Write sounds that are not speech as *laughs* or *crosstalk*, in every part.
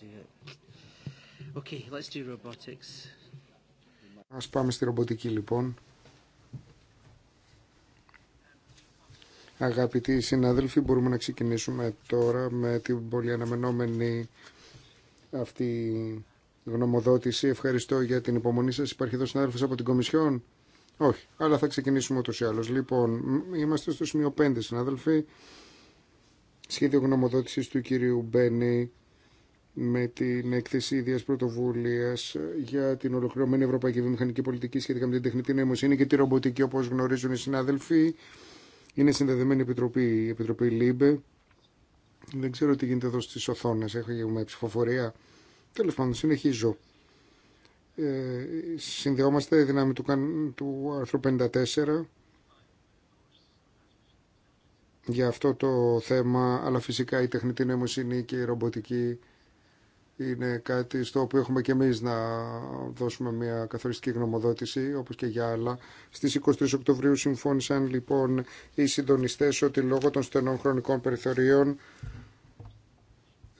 do Okay, let's do robotics. Ας πάμε στη ρομποτική λοιπόν. Αγαπητοί συνάδελφοι, μπορούμε να ξεκινήσουμε τώρα με την πολύ αναμενόμενη αυτή γνωμοδότηση. Ευχαριστώ για την υπομονή σας. Υπάρχει εδώ συνάδελφος από την Κομισιόν. Όχι, αλλά θα ξεκινήσουμε ούτως ή άλλως. Λοιπόν, είμαστε στο σημείο 5, συνάδελφοι. Σχέδιο γνωμοδότησης του κυρίου Μπένι με την έκθεση ίδια πρωτοβουλία για την ολοκληρωμένη ευρωπαϊκή βιομηχανική πολιτική σχετικά με την τεχνητή νοημοσύνη και τη ρομποτική, όπω γνωρίζουν οι συνάδελφοι. Είναι συνδεδεμένη η Επιτροπή, η Επιτροπή ΛΥΜΠΕ. Δεν ξέρω τι γίνεται εδώ στι οθόνε. Έχουμε ψηφοφορία. Τέλο πάντων, συνεχίζω. Ε, συνδεόμαστε δυνάμει του, του άρθρου 54 για αυτό το θέμα, αλλά φυσικά η τεχνητή νοημοσύνη και η ρομποτική είναι κάτι στο οποίο έχουμε και εμείς να δώσουμε μια καθοριστική γνωμοδότηση, όπως και για άλλα. Στις 23 Οκτωβρίου συμφώνησαν λοιπόν οι συντονιστές ότι λόγω των στενών χρονικών περιθωριών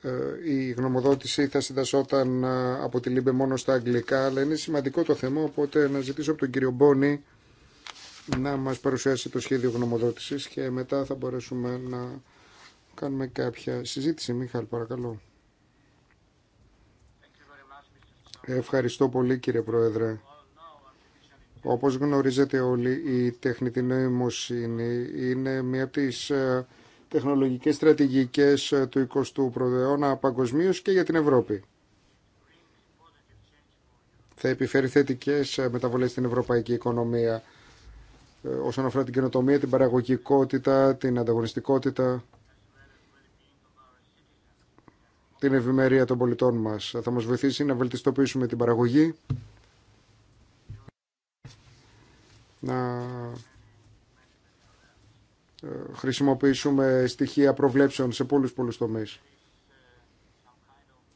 ε, η γνωμοδότηση θα συντασσόταν ε, από τη Λίμπε μόνο στα αγγλικά, αλλά είναι σημαντικό το θέμα, οπότε να ζητήσω από τον κύριο Μπόνη να μας παρουσιάσει το σχέδιο γνωμοδότησης και μετά θα μπορέσουμε να κάνουμε κάποια συζήτηση. Μίχαλ, παρακαλώ. Ευχαριστώ πολύ κύριε Πρόεδρε. Όπως γνωρίζετε όλοι, η τεχνητή νοημοσύνη είναι μία από τις ε, τεχνολογικές στρατηγικές ε, του 20 ου προδεώνα παγκοσμίω και για την Ευρώπη. Θα επιφέρει θετικές ε, μεταβολές στην ευρωπαϊκή οικονομία όσον αφορά την καινοτομία, την παραγωγικότητα, την ανταγωνιστικότητα την ευημερία των πολιτών μας. Θα μας βοηθήσει να βελτιστοποιήσουμε την παραγωγή, να ε, χρησιμοποιήσουμε στοιχεία προβλέψεων σε πολλούς πολλούς τομείς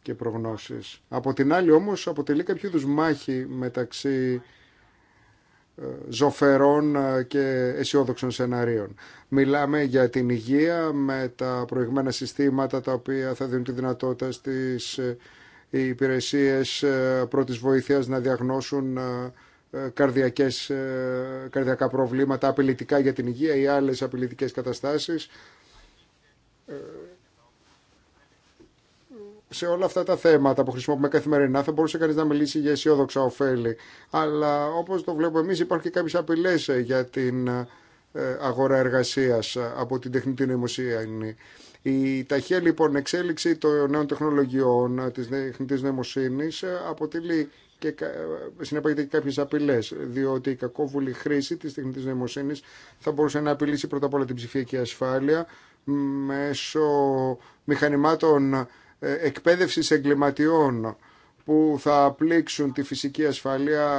και προγνώσεις. Από την άλλη όμως αποτελεί κάποιο είδους μάχη μεταξύ ζωφερών ε, και αισιόδοξων σενάριων. Μιλάμε για την υγεία με τα προηγμένα συστήματα τα οποία θα δίνουν τη δυνατότητα στις ε, υπηρεσίες ε, πρώτης βοήθειας να διαγνώσουν καρδιακές, καρδιακά προβλήματα απειλητικά για την υγεία ή άλλες απειλητικές καταστάσεις σε όλα αυτά τα θέματα που χρησιμοποιούμε καθημερινά θα μπορούσε κανεί να μιλήσει για αισιόδοξα ωφέλη. Αλλά όπω το βλέπουμε εμεί, υπάρχουν και κάποιε απειλέ για την ε, αγορά εργασία από την τεχνητή νοημοσύνη. Η ταχεία λοιπόν εξέλιξη των νέων τεχνολογιών τη τεχνητή νοημοσύνη αποτελεί και συνεπάγεται και κάποιε απειλέ. Διότι η κακόβουλη χρήση τη τεχνητή νοημοσύνη θα μπορούσε να απειλήσει πρώτα απ' όλα την ψηφιακή ασφάλεια μέσω μηχανημάτων ε, εκπαίδευσης εγκληματιών που θα πλήξουν τη φυσική ασφαλεία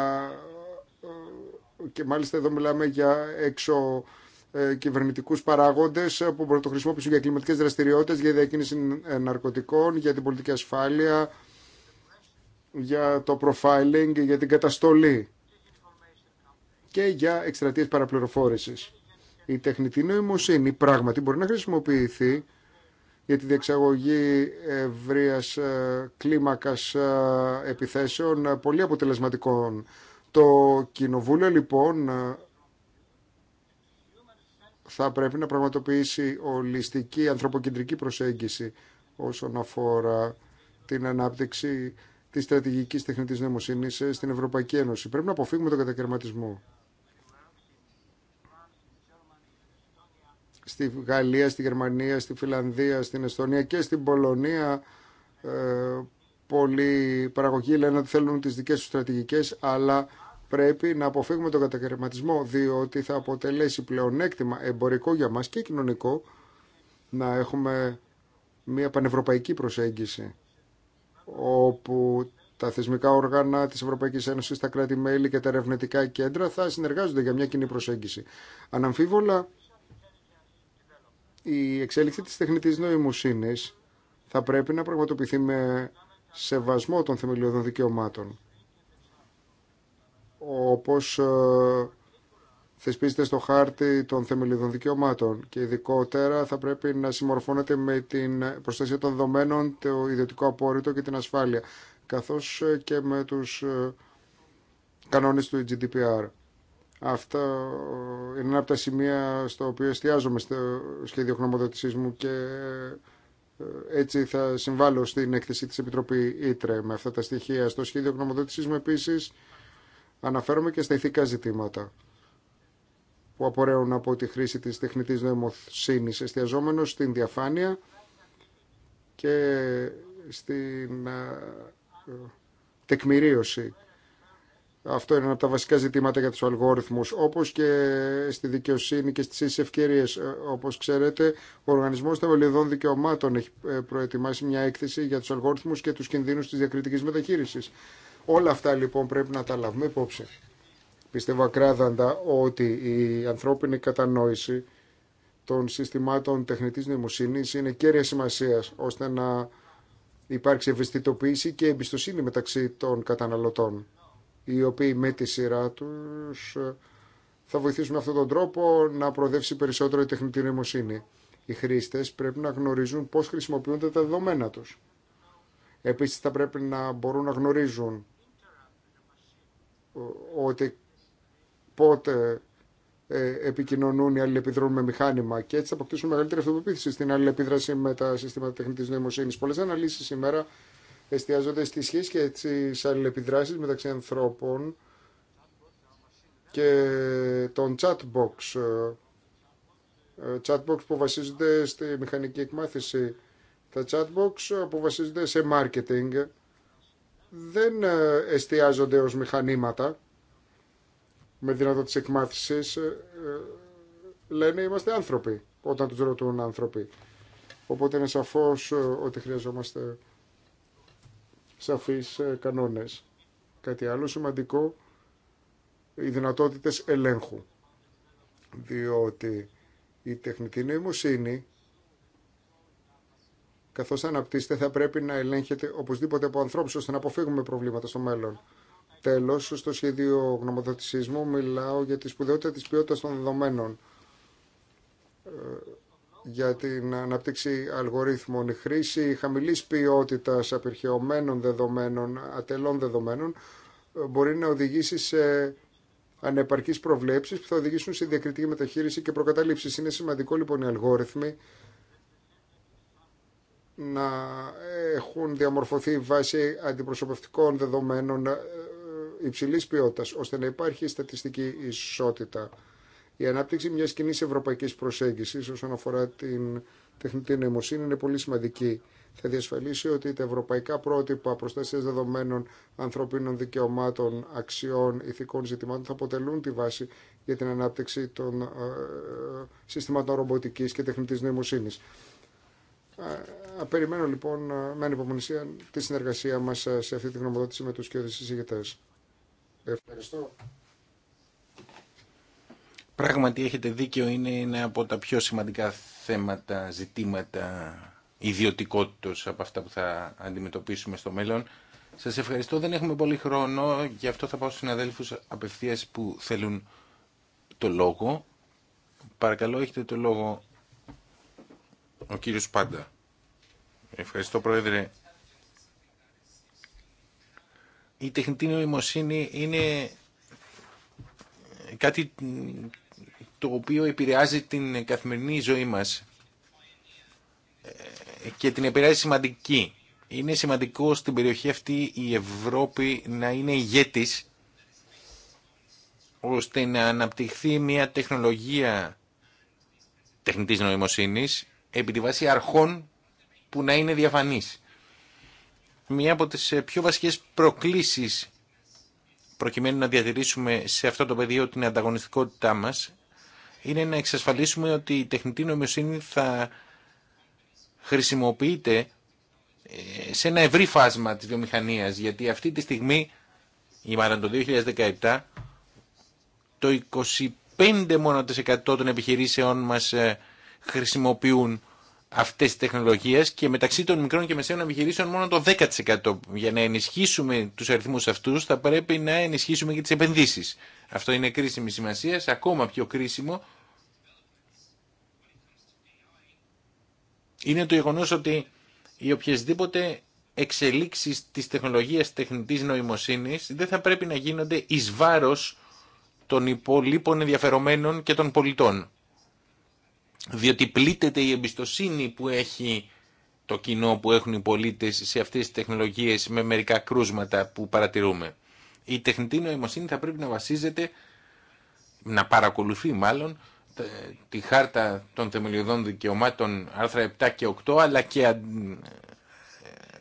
ε, και μάλιστα εδώ μιλάμε για έξω ε, κυβερνητικούς παράγοντες που μπορούν να το χρησιμοποιήσουν για κλιματικές δραστηριότητες, για διακίνηση ναρκωτικών, για την πολιτική ασφάλεια, για το profiling, για την καταστολή και για εκστρατείες παραπληροφόρησης. Η τεχνητή νοημοσύνη πράγματι μπορεί να χρησιμοποιηθεί για τη διεξαγωγή ευρεία ε, κλίμακας ε, επιθέσεων ε, πολύ αποτελεσματικών. Το Κοινοβούλιο λοιπόν θα πρέπει να πραγματοποιήσει ολιστική ανθρωποκεντρική προσέγγιση όσον αφορά την ανάπτυξη της στρατηγικής τεχνητής νοημοσύνης στην Ευρωπαϊκή Ένωση. Πρέπει να αποφύγουμε τον κατακαιρματισμό. στη Γαλλία, στη Γερμανία, στη Φιλανδία, στην Εστονία και στην Πολωνία ε, πολλοί παραγωγοί λένε ότι θέλουν τις δικές τους στρατηγικές αλλά πρέπει να αποφύγουμε τον κατακαιρματισμό διότι θα αποτελέσει πλεονέκτημα εμπορικό για μας και κοινωνικό να έχουμε μια πανευρωπαϊκή προσέγγιση όπου τα θεσμικά όργανα της Ευρωπαϊκής Ένωσης, τα κράτη-μέλη και τα ερευνητικά κέντρα θα συνεργάζονται για μια κοινή προσέγγιση. Αναμφίβολα η εξέλιξη της τεχνητής νοημοσύνης θα πρέπει να πραγματοποιηθεί με σεβασμό των θεμελιωδών δικαιωμάτων όπως ε, θεσπίζεται στο χάρτη των θεμελιωδών δικαιωμάτων και ειδικότερα θα πρέπει να συμμορφώνεται με την προστασία των δεδομένων, το ιδιωτικό απόρριτο και την ασφάλεια καθώς και με τους ε, κανόνες του GDPR. Αυτό ε, είναι ένα από τα σημεία στο οποίο εστιάζομαι στο σχέδιο γνωμοδότησής μου και ε, έτσι θα συμβάλλω στην έκθεση της Επιτροπή Ήτρε με αυτά τα στοιχεία. Στο σχέδιο γνωμοδότησής μου επίσης αναφέρομαι και στα ηθικά ζητήματα που απορρέουν από τη χρήση της τεχνητής νοημοσύνης εστιαζόμενος στην διαφάνεια και στην ε, τεκμηρίωση αυτό είναι ένα από τα βασικά ζητήματα για τους αλγόριθμους, όπως και στη δικαιοσύνη και στις ίσες ευκαιρίες. Ε, όπως ξέρετε, ο Οργανισμός Θεμελιωδών Δικαιωμάτων έχει ε, προετοιμάσει μια έκθεση για τους αλγόριθμους και τους κινδύνους της διακριτικής μεταχείρισης. Όλα αυτά λοιπόν πρέπει να τα λάβουμε υπόψη. Πιστεύω ακράδαντα ότι η ανθρώπινη κατανόηση των συστημάτων τεχνητής νοημοσύνης είναι κέρια σημασίας ώστε να υπάρξει ευαισθητοποίηση και εμπιστοσύνη μεταξύ των καταναλωτών οι οποίοι με τη σειρά τους ε, θα βοηθήσουν με αυτόν τον τρόπο να προοδεύσει περισσότερο η τεχνητή νοημοσύνη. Οι χρήστες πρέπει να γνωρίζουν πώς χρησιμοποιούνται τα δεδομένα τους. Επίσης θα πρέπει να μπορούν να γνωρίζουν ε, ότι πότε ε, επικοινωνούν ή αλληλεπιδρούν με μηχάνημα και έτσι θα αποκτήσουν μεγαλύτερη αυτοπεποίθηση στην αλληλεπίδραση με τα συστήματα τεχνητή νοημοσύνη. Πολλέ αναλύσει σήμερα εστιάζονται στη σχέση και τις αλληλεπιδράσεις μεταξύ ανθρώπων και των chatbox, ε, ε, chatbox που βασίζονται στη μηχανική εκμάθηση. Τα chatbox που βασίζονται σε marketing δεν ε, εστιάζονται ως μηχανήματα με δυνατότητα εκμάθησης. Λένε είμαστε άνθρωποι όταν τους ρωτούν άνθρωποι. Οπότε είναι σαφώς ότι χρειαζόμαστε σαφείς ε, κανόνες. Κάτι άλλο σημαντικό, οι δυνατότητες ελέγχου. Διότι η τεχνητή νοημοσύνη, καθώς αναπτύσσεται, θα πρέπει να ελέγχεται οπωσδήποτε από ανθρώπους, ώστε να αποφύγουμε προβλήματα στο μέλλον. Τέλος, στο σχέδιο γνωμοδοτησίσμου μιλάω για τη σπουδαιότητα της ποιότητας των δεδομένων ε, για την αναπτύξη αλγορίθμων, η χρήση χαμηλής ποιότητας απερχαιωμένων δεδομένων, ατελών δεδομένων, μπορεί να οδηγήσει σε ανεπαρκείς προβλέψεις που θα οδηγήσουν σε διακριτική μεταχείριση και προκατάληψη. Είναι σημαντικό λοιπόν οι αλγόριθμοι να έχουν διαμορφωθεί βάσει αντιπροσωπευτικών δεδομένων ε, υψηλής ποιότητας, ώστε να υπάρχει στατιστική ισότητα η ανάπτυξη μια κοινή ευρωπαϊκή προσέγγιση όσον αφορά την τεχνητή νοημοσύνη είναι πολύ σημαντική. Θα διασφαλίσει ότι τα ευρωπαϊκά πρότυπα προστασία δεδομένων ανθρωπίνων δικαιωμάτων, αξιών, ηθικών ζητημάτων θα αποτελούν τη βάση για την ανάπτυξη των ε, συστημάτων ρομποτική και τεχνητής νοημοσύνης. Περιμένω λοιπόν ε, με ανυπομονησία τη συνεργασία μας ε, σε αυτή τη γνωμοδότηση με τους και συζητητέ. Ευχαριστώ. Πράγματι έχετε δίκιο, είναι ένα από τα πιο σημαντικά θέματα, ζητήματα ιδιωτικότητος από αυτά που θα αντιμετωπίσουμε στο μέλλον. Σας ευχαριστώ, δεν έχουμε πολύ χρόνο, γι' αυτό θα πάω στους συναδέλφους απευθείας που θέλουν το λόγο. Παρακαλώ, έχετε το λόγο ο κύριος Πάντα. Ευχαριστώ, Πρόεδρε. Η τεχνητή νοημοσύνη είναι κάτι το οποίο επηρεάζει την καθημερινή ζωή μας ε, και την επηρεάζει σημαντική. Είναι σημαντικό στην περιοχή αυτή η Ευρώπη να είναι ηγέτης ώστε να αναπτυχθεί μια τεχνολογία τεχνητής νοημοσύνης επί τη βάση αρχών που να είναι διαφανής. Μία από τις ε, πιο βασικές προκλήσεις προκειμένου να διατηρήσουμε σε αυτό το πεδίο την ανταγωνιστικότητά μας είναι να εξασφαλίσουμε ότι η τεχνητή νοημοσύνη θα χρησιμοποιείται ε, σε ένα ευρύ φάσμα της βιομηχανίας, γιατί αυτή τη στιγμή, ή μάλλον το 2017, το 25 μόνο των επιχειρήσεών μας ε, χρησιμοποιούν αυτές τις τεχνολογίες και μεταξύ των μικρών και μεσαίων επιχειρήσεων μόνο το 10%. Για να ενισχύσουμε τους αριθμούς αυτούς θα πρέπει να ενισχύσουμε και τις επενδύσεις. Αυτό είναι κρίσιμη σημασία, ακόμα πιο κρίσιμο είναι το γεγονό ότι οι οποιασδήποτε εξελίξεις τη τεχνολογία τεχνητής νοημοσύνης δεν θα πρέπει να γίνονται ει βάρο των υπολείπων ενδιαφερομένων και των πολιτών. Διότι πλήττεται η εμπιστοσύνη που έχει το κοινό που έχουν οι πολίτες σε αυτές τις τεχνολογίες με μερικά κρούσματα που παρατηρούμε. Η τεχνητή νοημοσύνη θα πρέπει να βασίζεται, να παρακολουθεί μάλλον, τη χάρτα των θεμελιωδών δικαιωμάτων άρθρα 7 και 8 αλλά και ε,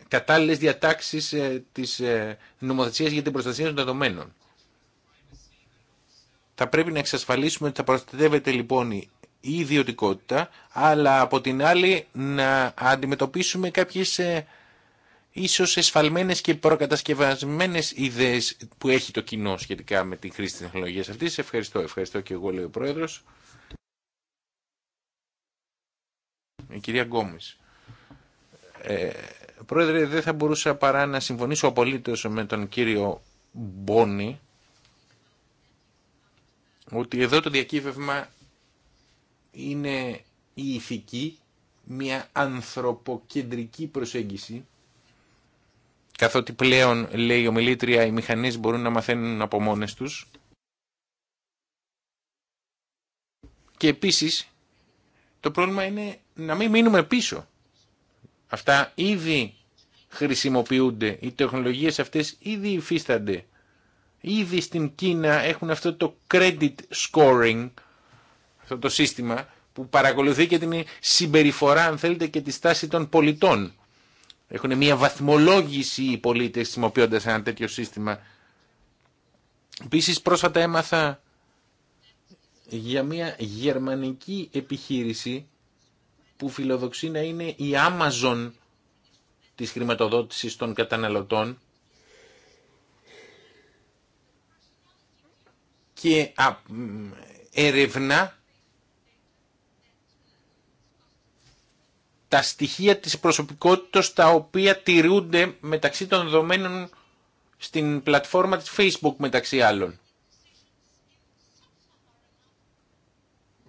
κατάλληλες διατάξεις ε, της ε, νομοθεσίας για την προστασία των δεδομένων. Θα πρέπει να εξασφαλίσουμε ότι θα προστατεύεται λοιπόν η ιδιωτικότητα αλλά από την άλλη να αντιμετωπίσουμε κάποιες ίσως εσφαλμένες και προκατασκευασμένες ιδέες που έχει το κοινό σχετικά με τη χρήση της τεχνολογίας αυτής. Ευχαριστώ, ευχαριστώ και εγώ λέει ο Πρόεδρος. η κυρία Γκόμη. Ε, πρόεδρε, δεν θα μπορούσα παρά να συμφωνήσω απολύτω με τον κύριο Μπόνι ότι εδώ το διακύβευμα είναι η ηθική, μια ανθρωποκεντρική προσέγγιση καθότι πλέον, λέει η ομιλήτρια, οι μηχανές μπορούν να μαθαίνουν από μόνες τους. Και επίσης, το πρόβλημα είναι να μην μείνουμε πίσω. Αυτά ήδη χρησιμοποιούνται, οι τεχνολογίες αυτές ήδη υφίστανται. Ήδη στην Κίνα έχουν αυτό το credit scoring, αυτό το σύστημα που παρακολουθεί και την συμπεριφορά, αν θέλετε, και τη στάση των πολιτών. Έχουν μια βαθμολόγηση οι πολίτες χρησιμοποιώντα ένα τέτοιο σύστημα. Επίση πρόσφατα έμαθα για μια γερμανική επιχείρηση που φιλοδοξεί να είναι η Amazon της χρηματοδότησης των καταναλωτών και ερευνά τα στοιχεία της προσωπικότητας τα οποία τηρούνται μεταξύ των δεδομένων στην πλατφόρμα της Facebook μεταξύ άλλων.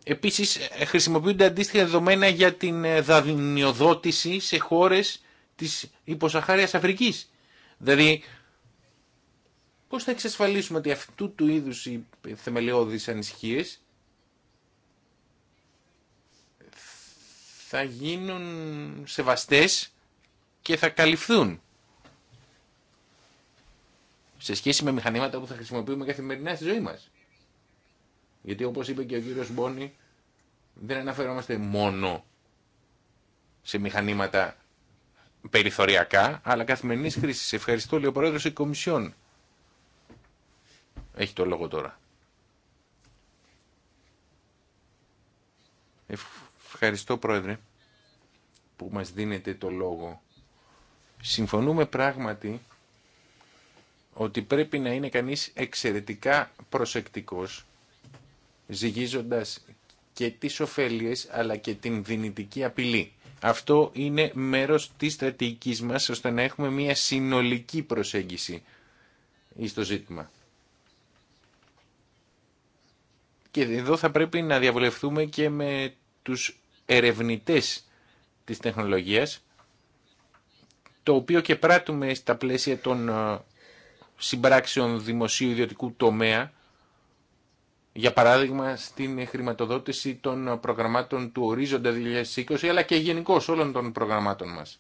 Επίσης ε, χρησιμοποιούνται αντίστοιχα δεδομένα για την ε, δανειοδότηση σε χώρες της υποσαχάριας Αφρικής. Δηλαδή, πώς θα εξασφαλίσουμε ότι αυτού του είδους οι θεμελιώδεις ανησυχίες θα γίνουν σεβαστές και θα καλυφθούν σε σχέση με μηχανήματα που θα χρησιμοποιούμε καθημερινά στη ζωή μας. Γιατί όπως είπε και ο κύριος Μπόνι, δεν αναφερόμαστε μόνο σε μηχανήματα περιθωριακά, αλλά καθημερινή χρήση. Ευχαριστώ, λέει ο Πρόεδρος η Κομισιόν. Έχει το λόγο τώρα. Ευχαριστώ, Πρόεδρε, που μας δίνετε το λόγο. Συμφωνούμε πράγματι ότι πρέπει να είναι κανείς εξαιρετικά προσεκτικός ζυγίζοντας και τις ωφέλειες αλλά και την δυνητική απειλή. Αυτό είναι μέρος της στρατηγικής μας ώστε να έχουμε μια συνολική προσέγγιση στο ζήτημα. Και εδώ θα πρέπει να διαβολευτούμε και με τους ερευνητές της τεχνολογίας, το οποίο και πράττουμε στα πλαίσια των ε, συμπράξεων δημοσίου ιδιωτικού τομέα, για παράδειγμα στην χρηματοδότηση των προγραμμάτων του ορίζοντα 2020 αλλά και γενικώ όλων των προγραμμάτων μας.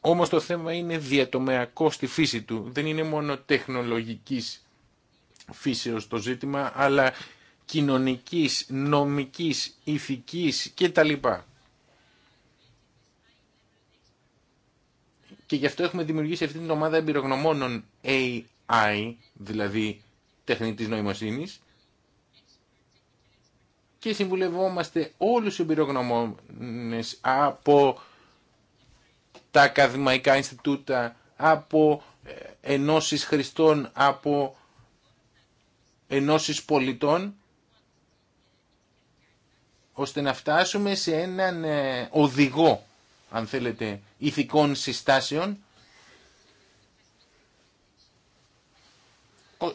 Όμως το θέμα είναι διατομεακό στη φύση του. Δεν είναι μόνο τεχνολογικής φύσεως το ζήτημα αλλά κοινωνικής, νομικής, ηθικής κτλ. Και γι' αυτό έχουμε δημιουργήσει αυτή την ομάδα εμπειρογνωμόνων AI, δηλαδή τεχνητής νοημοσύνης, και συμβουλευόμαστε όλους οι εμπειρογνωμόνες από τα ακαδημαϊκά Ινστιτούτα, από ε, ενώσεις χρηστών, από ενώσεις πολιτών, ώστε να φτάσουμε σε έναν ε, οδηγό, αν θέλετε, ηθικών συστάσεων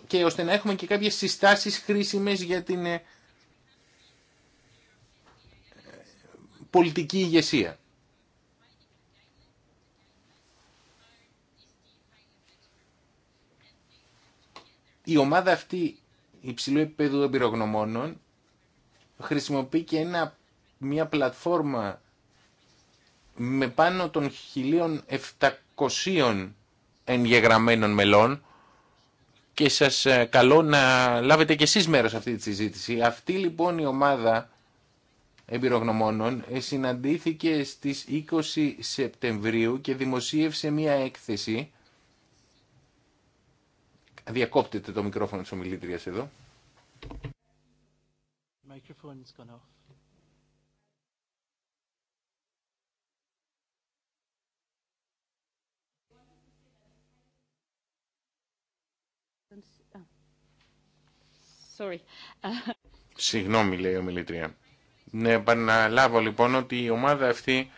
και ώστε να έχουμε και κάποιες συστάσεις χρήσιμες για την ε, πολιτική ηγεσία. Η ομάδα αυτή υψηλού επίπεδου εμπειρογνωμόνων χρησιμοποιεί και ένα, μια πλατφόρμα με πάνω των 1.700 εγγεγραμμένων μελών και σας ε, καλώ να λάβετε και εσείς μέρος αυτή τη συζήτηση. Αυτή λοιπόν η ομάδα εμπειρογνωμόνων ε, συναντήθηκε στις 20 Σεπτεμβρίου και δημοσίευσε μία έκθεση Διακόπτεται το μικρόφωνο της ομιλήτριας εδώ. Συγγνώμη, λέει η ομιλήτρια. Ναι, επαναλάβω λοιπόν ότι η ομάδα αυτή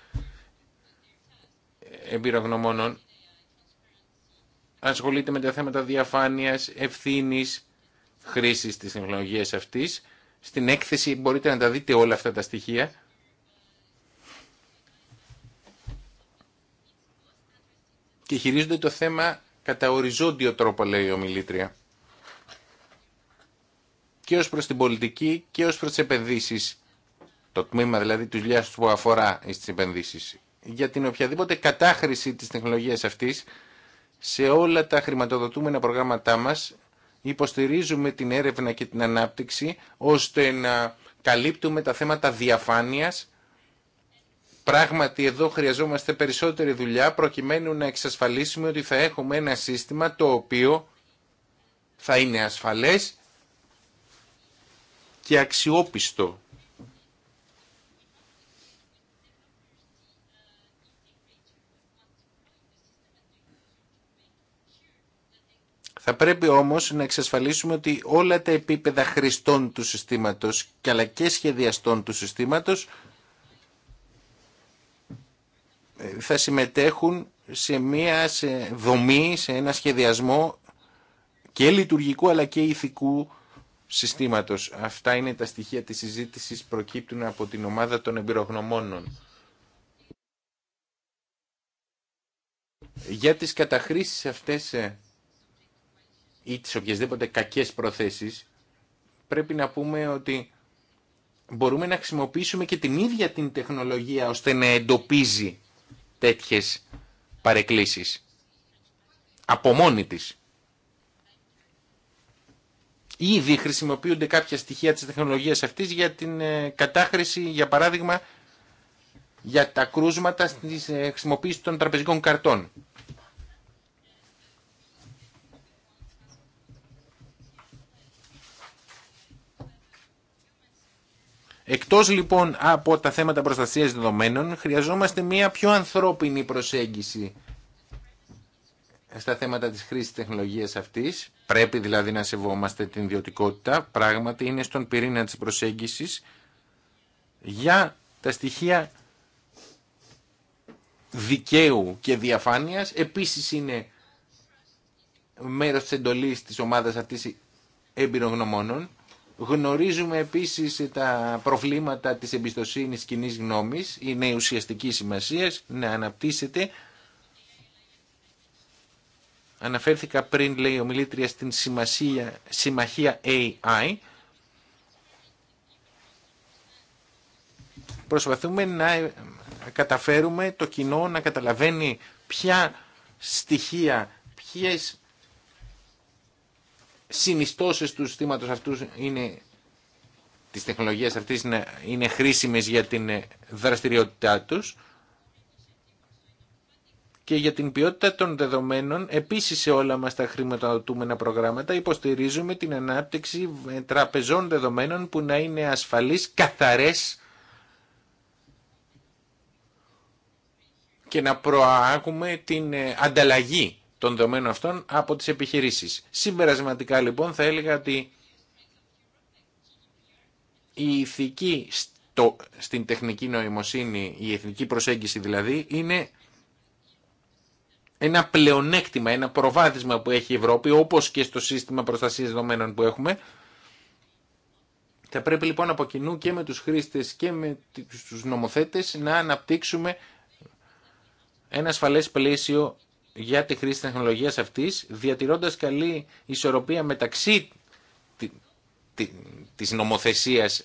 εμπειρογνωμόνων ασχολείται με τα θέματα διαφάνειας, ευθύνης, χρήσης της τεχνολογίας αυτής. Στην έκθεση μπορείτε να τα δείτε όλα αυτά τα στοιχεία. Και χειρίζονται το θέμα κατά οριζόντιο τρόπο, λέει η ομιλήτρια. Και ως προς την πολιτική και ως προς τις επενδύσεις το τμήμα δηλαδή τη δουλειά που αφορά στι επενδύσει για την οποιαδήποτε κατάχρηση τη τεχνολογία αυτή σε όλα τα χρηματοδοτούμενα προγράμματά μας υποστηρίζουμε την έρευνα και την ανάπτυξη ώστε να καλύπτουμε τα θέματα διαφάνειας. Πράγματι εδώ χρειαζόμαστε περισσότερη δουλειά προκειμένου να εξασφαλίσουμε ότι θα έχουμε ένα σύστημα το οποίο θα είναι ασφαλές και αξιόπιστο Θα πρέπει όμως να εξασφαλίσουμε ότι όλα τα επίπεδα χρηστών του συστήματος και αλλά και σχεδιαστών του συστήματος ε, θα συμμετέχουν σε μια σε δομή, σε ένα σχεδιασμό και λειτουργικού αλλά και ηθικού συστήματος. Αυτά είναι τα στοιχεία της συζήτησης προκύπτουν από την ομάδα των εμπειρογνωμόνων. Για τις καταχρήσεις αυτές ε, ή τις οποιασδήποτε κακές προθέσεις, πρέπει να πούμε ότι μπορούμε να χρησιμοποιήσουμε και την ίδια την τεχνολογία ώστε να εντοπίζει τέτοιες παρεκκλήσεις. Από μόνη της. Ήδη χρησιμοποιούνται κάποια στοιχεία της τεχνολογίας αυτής για την ε, κατάχρηση, για παράδειγμα, για τα κρούσματα στη ε, χρησιμοποίηση των τραπεζικών καρτών. Εκτός λοιπόν από τα θέματα προστασίας δεδομένων, χρειαζόμαστε μια πιο ανθρώπινη προσέγγιση στα θέματα της χρήσης τεχνολογίας αυτής. Πρέπει δηλαδή να σεβόμαστε την ιδιωτικότητα. Πράγματι είναι στον πυρήνα της προσέγγισης για τα στοιχεία δικαίου και διαφάνειας. Επίσης είναι μέρος της εντολής της ομάδας αυτής εμπειρογνωμόνων Γνωρίζουμε επίσης τα προβλήματα της εμπιστοσύνης κοινή γνώμης, είναι ουσιαστική σημασία να αναπτύσσεται. Αναφέρθηκα πριν, λέει ο Μιλήτρια, στην σημασία, συμμαχία AI. Προσπαθούμε να καταφέρουμε το κοινό να καταλαβαίνει ποια στοιχεία, ποιες συνιστώσεις του συστήματος αυτού είναι τις τεχνολογίες αυτής είναι, είναι χρήσιμες για την δραστηριότητά τους και για την ποιότητα των δεδομένων επίσης σε όλα μας τα χρηματοδοτούμενα προγράμματα υποστηρίζουμε την ανάπτυξη τραπεζών δεδομένων που να είναι ασφαλείς, καθαρές και να προάγουμε την ε, ανταλλαγή των δεδομένων αυτών από τις επιχειρήσεις. Συμπερασματικά λοιπόν θα έλεγα ότι η ηθική στην τεχνική νοημοσύνη, η εθνική προσέγγιση δηλαδή, είναι ένα πλεονέκτημα, ένα προβάδισμα που έχει η Ευρώπη, όπως και στο σύστημα προστασίας δεδομένων που έχουμε. Θα πρέπει λοιπόν από κοινού και με τους χρήστες και με τους νομοθέτες να αναπτύξουμε ένα ασφαλές πλαίσιο για τη χρήση τεχνολογίας αυτής, διατηρώντας καλή ισορροπία μεταξύ της νομοθεσίας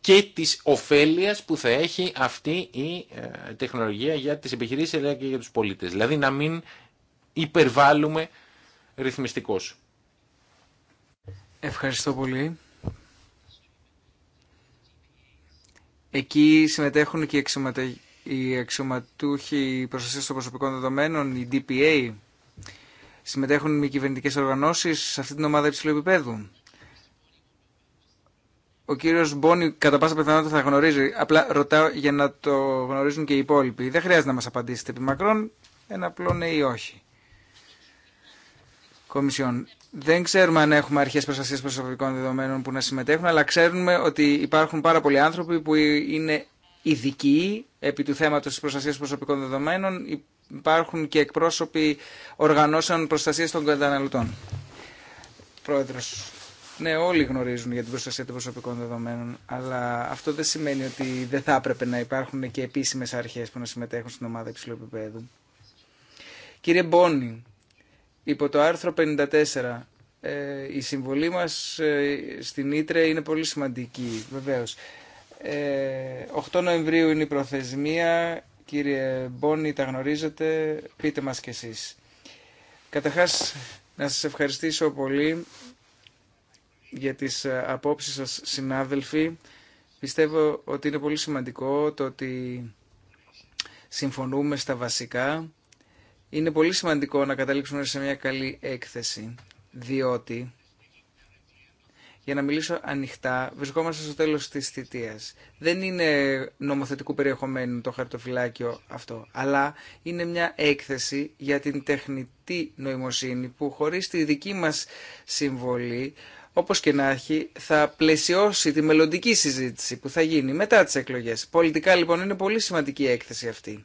και της ωφέλειας που θα έχει αυτή η ε, τεχνολογία για τις επιχειρήσεις αλλά και για τους πολίτες. Δηλαδή να μην υπερβάλλουμε ρυθμιστικώς. Ευχαριστώ πολύ. Εκεί συμμετέχουν και οι οι αξιωματούχοι προστασία των προσωπικών δεδομένων, οι DPA, συμμετέχουν με κυβερνητικέ οργανώσει σε αυτή την ομάδα υψηλού επίπεδου. Ο κύριο Μπόνι κατά πάσα πιθανότητα θα γνωρίζει. Απλά ρωτάω για να το γνωρίζουν και οι υπόλοιποι. Δεν χρειάζεται να μα απαντήσετε επί μακρόν. Ένα απλό ναι ή όχι. Κομισιόν. Δεν ξέρουμε αν έχουμε αρχέ προστασία προσωπικών δεδομένων που να συμμετέχουν, αλλά ξέρουμε ότι υπάρχουν πάρα πολλοί άνθρωποι που είναι ειδικοί επί του θέματος της προστασίας προσωπικών δεδομένων. Υπάρχουν και εκπρόσωποι οργανώσεων προστασίας των καταναλωτών. Πρόεδρος, ναι, όλοι γνωρίζουν για την προστασία των προσωπικών δεδομένων, αλλά αυτό δεν σημαίνει ότι δεν θα έπρεπε να υπάρχουν και επίσημες αρχές που να συμμετέχουν στην ομάδα υψηλού επίπεδου. Κύριε Μπόνι, υπό το άρθρο 54 ε, η συμβολή μας ε, στην Ήτρε είναι πολύ σημαντική, βεβαίως. 8 ε, Νοεμβρίου είναι η προθεσμία. Κύριε Μπόνι, τα γνωρίζετε. Πείτε μας κι εσείς. Καταρχάς, να σας ευχαριστήσω πολύ για τις ε, απόψεις σας, συνάδελφοι. Πιστεύω ότι είναι πολύ σημαντικό το ότι συμφωνούμε στα βασικά. Είναι πολύ σημαντικό να καταλήξουμε σε μια καλή έκθεση, διότι για να μιλήσω ανοιχτά, βρισκόμαστε στο τέλος της θητείας. Δεν είναι νομοθετικού περιεχομένου το χαρτοφυλάκιο αυτό, αλλά είναι μια έκθεση για την τεχνητή νοημοσύνη που χωρίς τη δική μας συμβολή, όπως και να έχει, θα πλαισιώσει τη μελλοντική συζήτηση που θα γίνει μετά τις εκλογές. Πολιτικά λοιπόν είναι πολύ σημαντική η έκθεση αυτή.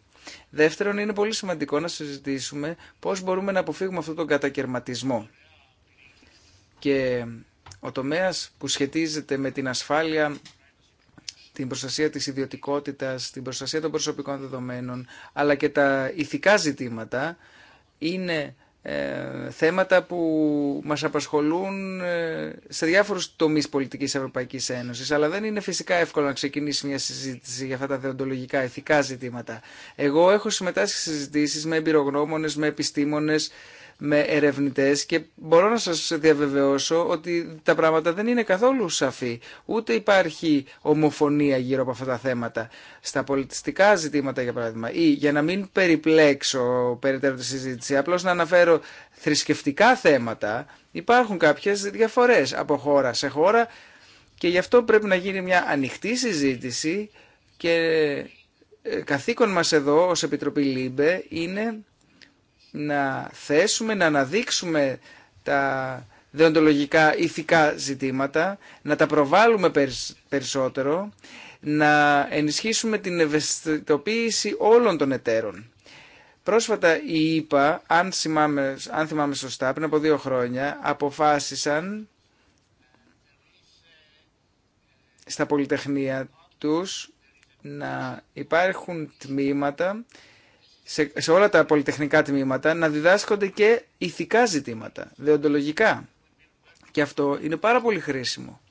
Δεύτερον, είναι πολύ σημαντικό να συζητήσουμε πώς μπορούμε να αποφύγουμε αυτόν τον κατακαιρματισμό. Και ο τομέας που σχετίζεται με την ασφάλεια, την προστασία της ιδιωτικότητας, την προστασία των προσωπικών δεδομένων, αλλά και τα ηθικά ζητήματα, είναι ε, θέματα που μας απασχολούν ε, σε διάφορους τομείς πολιτικής Ευρωπαϊκής Ένωσης, αλλά δεν είναι φυσικά εύκολο να ξεκινήσει μια συζήτηση για αυτά τα δεοντολογικά ηθικά ζητήματα. Εγώ έχω συμμετάσχει σε συζητήσεις με εμπειρογνώμονες, με επιστήμονες, με ερευνητές και μπορώ να σας διαβεβαιώσω ότι τα πράγματα δεν είναι καθόλου σαφή. Ούτε υπάρχει ομοφωνία γύρω από αυτά τα θέματα. Στα πολιτιστικά ζητήματα για παράδειγμα ή για να μην περιπλέξω περαιτέρω τη συζήτηση, απλώς να αναφέρω θρησκευτικά θέματα υπάρχουν κάποιες διαφορές από χώρα σε χώρα και γι' αυτό πρέπει να γίνει μια ανοιχτή συζήτηση και ε, καθήκον μας εδώ ως Επιτροπή ΛΥΜΠΕ είναι να θέσουμε, να αναδείξουμε τα δεοντολογικά ηθικά ζητήματα, να τα προβάλλουμε περισσότερο, να ενισχύσουμε την ευαισθητοποίηση όλων των εταίρων. Πρόσφατα η ΕΠΑ, αν, αν θυμάμαι σωστά, πριν από δύο χρόνια, αποφάσισαν στα πολυτεχνία τους να υπάρχουν τμήματα, σε, όλα τα πολυτεχνικά τμήματα, να διδάσκονται και ηθικά ζητήματα, δεοντολογικά. Και αυτό είναι πάρα πολύ χρήσιμο.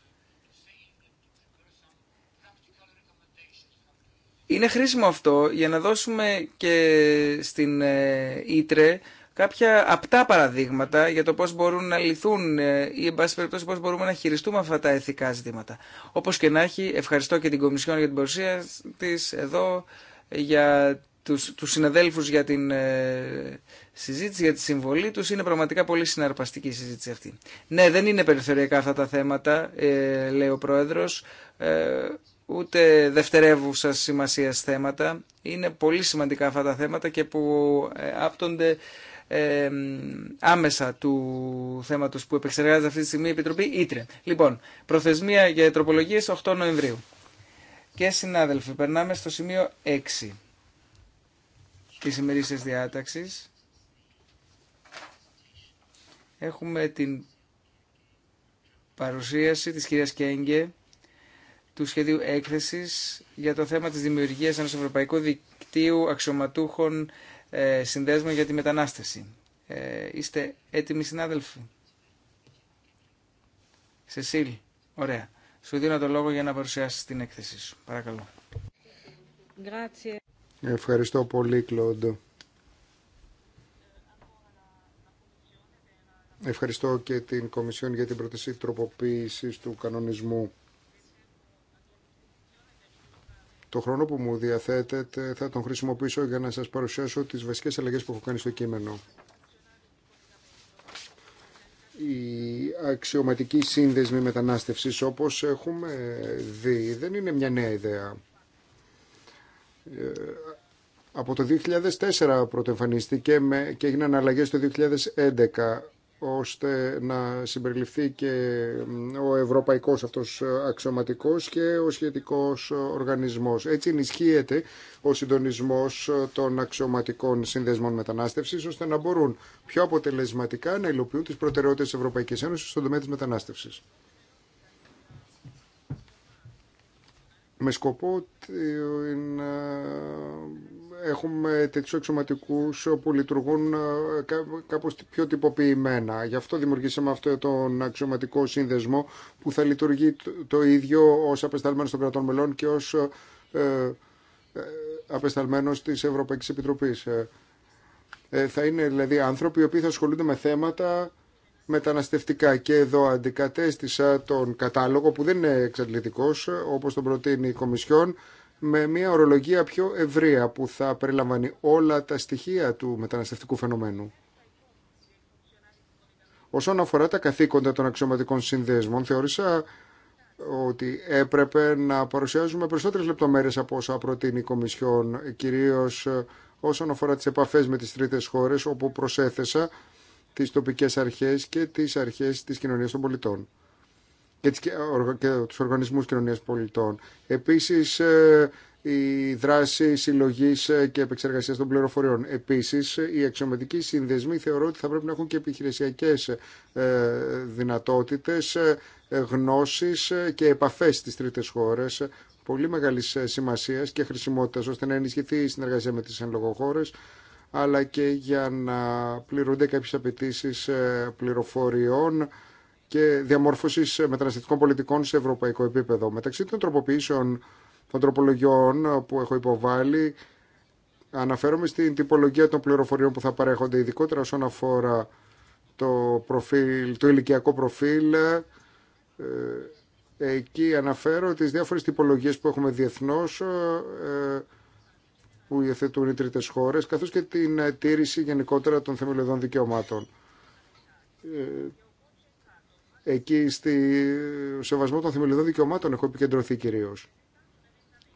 Είναι χρήσιμο αυτό για να δώσουμε και στην ε, Ήτρε κάποια απτά παραδείγματα για το πώς μπορούν να λυθούν ε, ή εν πάση περιπτώσει πώς μπορούμε να χειριστούμε αυτά τα ηθικά ζητήματα. Όπως και να έχει, ευχαριστώ και την Κομισιόν για την παρουσία της εδώ, για τους, τους συναδέλφους για την ε, συζήτηση, για τη συμβολή τους. Είναι πραγματικά πολύ συναρπαστική η συζήτηση αυτή. Ναι, δεν είναι περιθωριακά αυτά τα θέματα, ε, λέει ο Πρόεδρος. Ε, ούτε δευτερεύουσα σημασία θέματα. Είναι πολύ σημαντικά αυτά τα θέματα και που ε, άπτονται ε, άμεσα του θέματος που επεξεργάζεται αυτή τη στιγμή η Επιτροπή Ήτρε. Λοιπόν, προθεσμία για τροπολογίες 8 Νοεμβρίου. Και συνάδελφοι, περνάμε στο σημείο 6 της ημερήσιας διάταξης. Έχουμε την παρουσίαση της κυρίας Κέγγε του σχεδίου Έκθεση για το θέμα τη δημιουργία ενό ευρωπαϊκού δικτύου αξιωματούχων ε, συνδέσμων για τη μετανάστευση. Ε, είστε έτοιμοι συνάδελφοι. Σεσίλ, ωραία. Σου δίνω το λόγο για να παρουσιάσει την έκθεσή σου. Παρακαλώ. Ευχαριστώ πολύ, Κλόντο. Ευχαριστώ και την Κομισιόν για την πρόταση τροποποίησης του κανονισμού Το χρόνο που μου διαθέτετε θα τον χρησιμοποιήσω για να σας παρουσιάσω τις βασικές αλλαγές που έχω κάνει στο κείμενο. Η αξιωματική σύνδεσμη μετανάστευσης όπως έχουμε δει δεν είναι μια νέα ιδέα. Ε, από το 2004 πρωτοεμφανίστηκε και έγιναν αλλαγές το 2011 ώστε να συμπεριληφθεί και ο ευρωπαϊκός αυτός αξιωματικός και ο σχετικός οργανισμός. Έτσι ενισχύεται ο συντονισμός των αξιωματικών συνδεσμών μετανάστευσης ώστε να μπορούν πιο αποτελεσματικά να υλοποιούν τις προτεραιότητες της Ευρωπαϊκής Ένωσης στον τομέα της μετανάστευσης. Με σκοπό την έχουμε τέτοιου αξιωματικού που λειτουργούν ε, κάπως πιο τυποποιημένα. Γι' αυτό δημιουργήσαμε αυτό τον αξιωματικό σύνδεσμο που θα λειτουργεί το ίδιο ως απεσταλμένος των κρατών μελών και ως ε, ε απεσταλμένος της Ευρωπαϊκής Επιτροπής. Ε, θα είναι δηλαδή άνθρωποι οι οποίοι θα ασχολούνται με θέματα μεταναστευτικά και εδώ αντικατέστησα τον κατάλογο που δεν είναι εξαντλητικός όπως τον προτείνει η Κομισιόν με μια ορολογία πιο ευρεία που θα περιλαμβάνει όλα τα στοιχεία του μεταναστευτικού φαινομένου. Όσον αφορά τα καθήκοντα των αξιωματικών συνδέσμων, θεώρησα ότι έπρεπε να παρουσιάζουμε περισσότερες λεπτομέρειες από όσα προτείνει η Κομισιόν, κυρίως όσον αφορά τις επαφές με τις τρίτες χώρες, όπου προσέθεσα τις τοπικές αρχές και τις αρχές της κοινωνίας των πολιτών και τους οργανισμούς κοινωνίας πολιτών. Επίσης, ε, η δράση συλλογή ε, και επεξεργασία των πληροφοριών. Επίση, οι αξιωματικοί συνδεσμοί θεωρώ ότι θα πρέπει να έχουν και επιχειρησιακέ ε, δυνατότητε, γνώσει και επαφέ στι τρίτε χώρε. Πολύ μεγάλη σημασία και χρησιμότητα ώστε να ενισχυθεί η συνεργασία με τι εν αλλά και για να πληρούνται κάποιε απαιτήσει πληροφοριών και διαμόρφωση ε, μεταναστευτικών πολιτικών σε ευρωπαϊκό επίπεδο. Μεταξύ των τροποποιήσεων των τροπολογιών ε, που έχω υποβάλει, αναφέρομαι στην τυπολογία των πληροφοριών που θα παρέχονται, ειδικότερα όσον αφορά το, προφίλ, το ηλικιακό προφίλ. Ε, εκεί αναφέρω τις διάφορες τυπολογίες που έχουμε διεθνώς που υιοθετούν οι τρίτες χώρες καθώς και την τήρηση γενικότερα των θεμελιωδών δικαιωμάτων Εκεί στη σεβασμό των θεμελιωδών δικαιωμάτων έχω επικεντρωθεί κυρίω.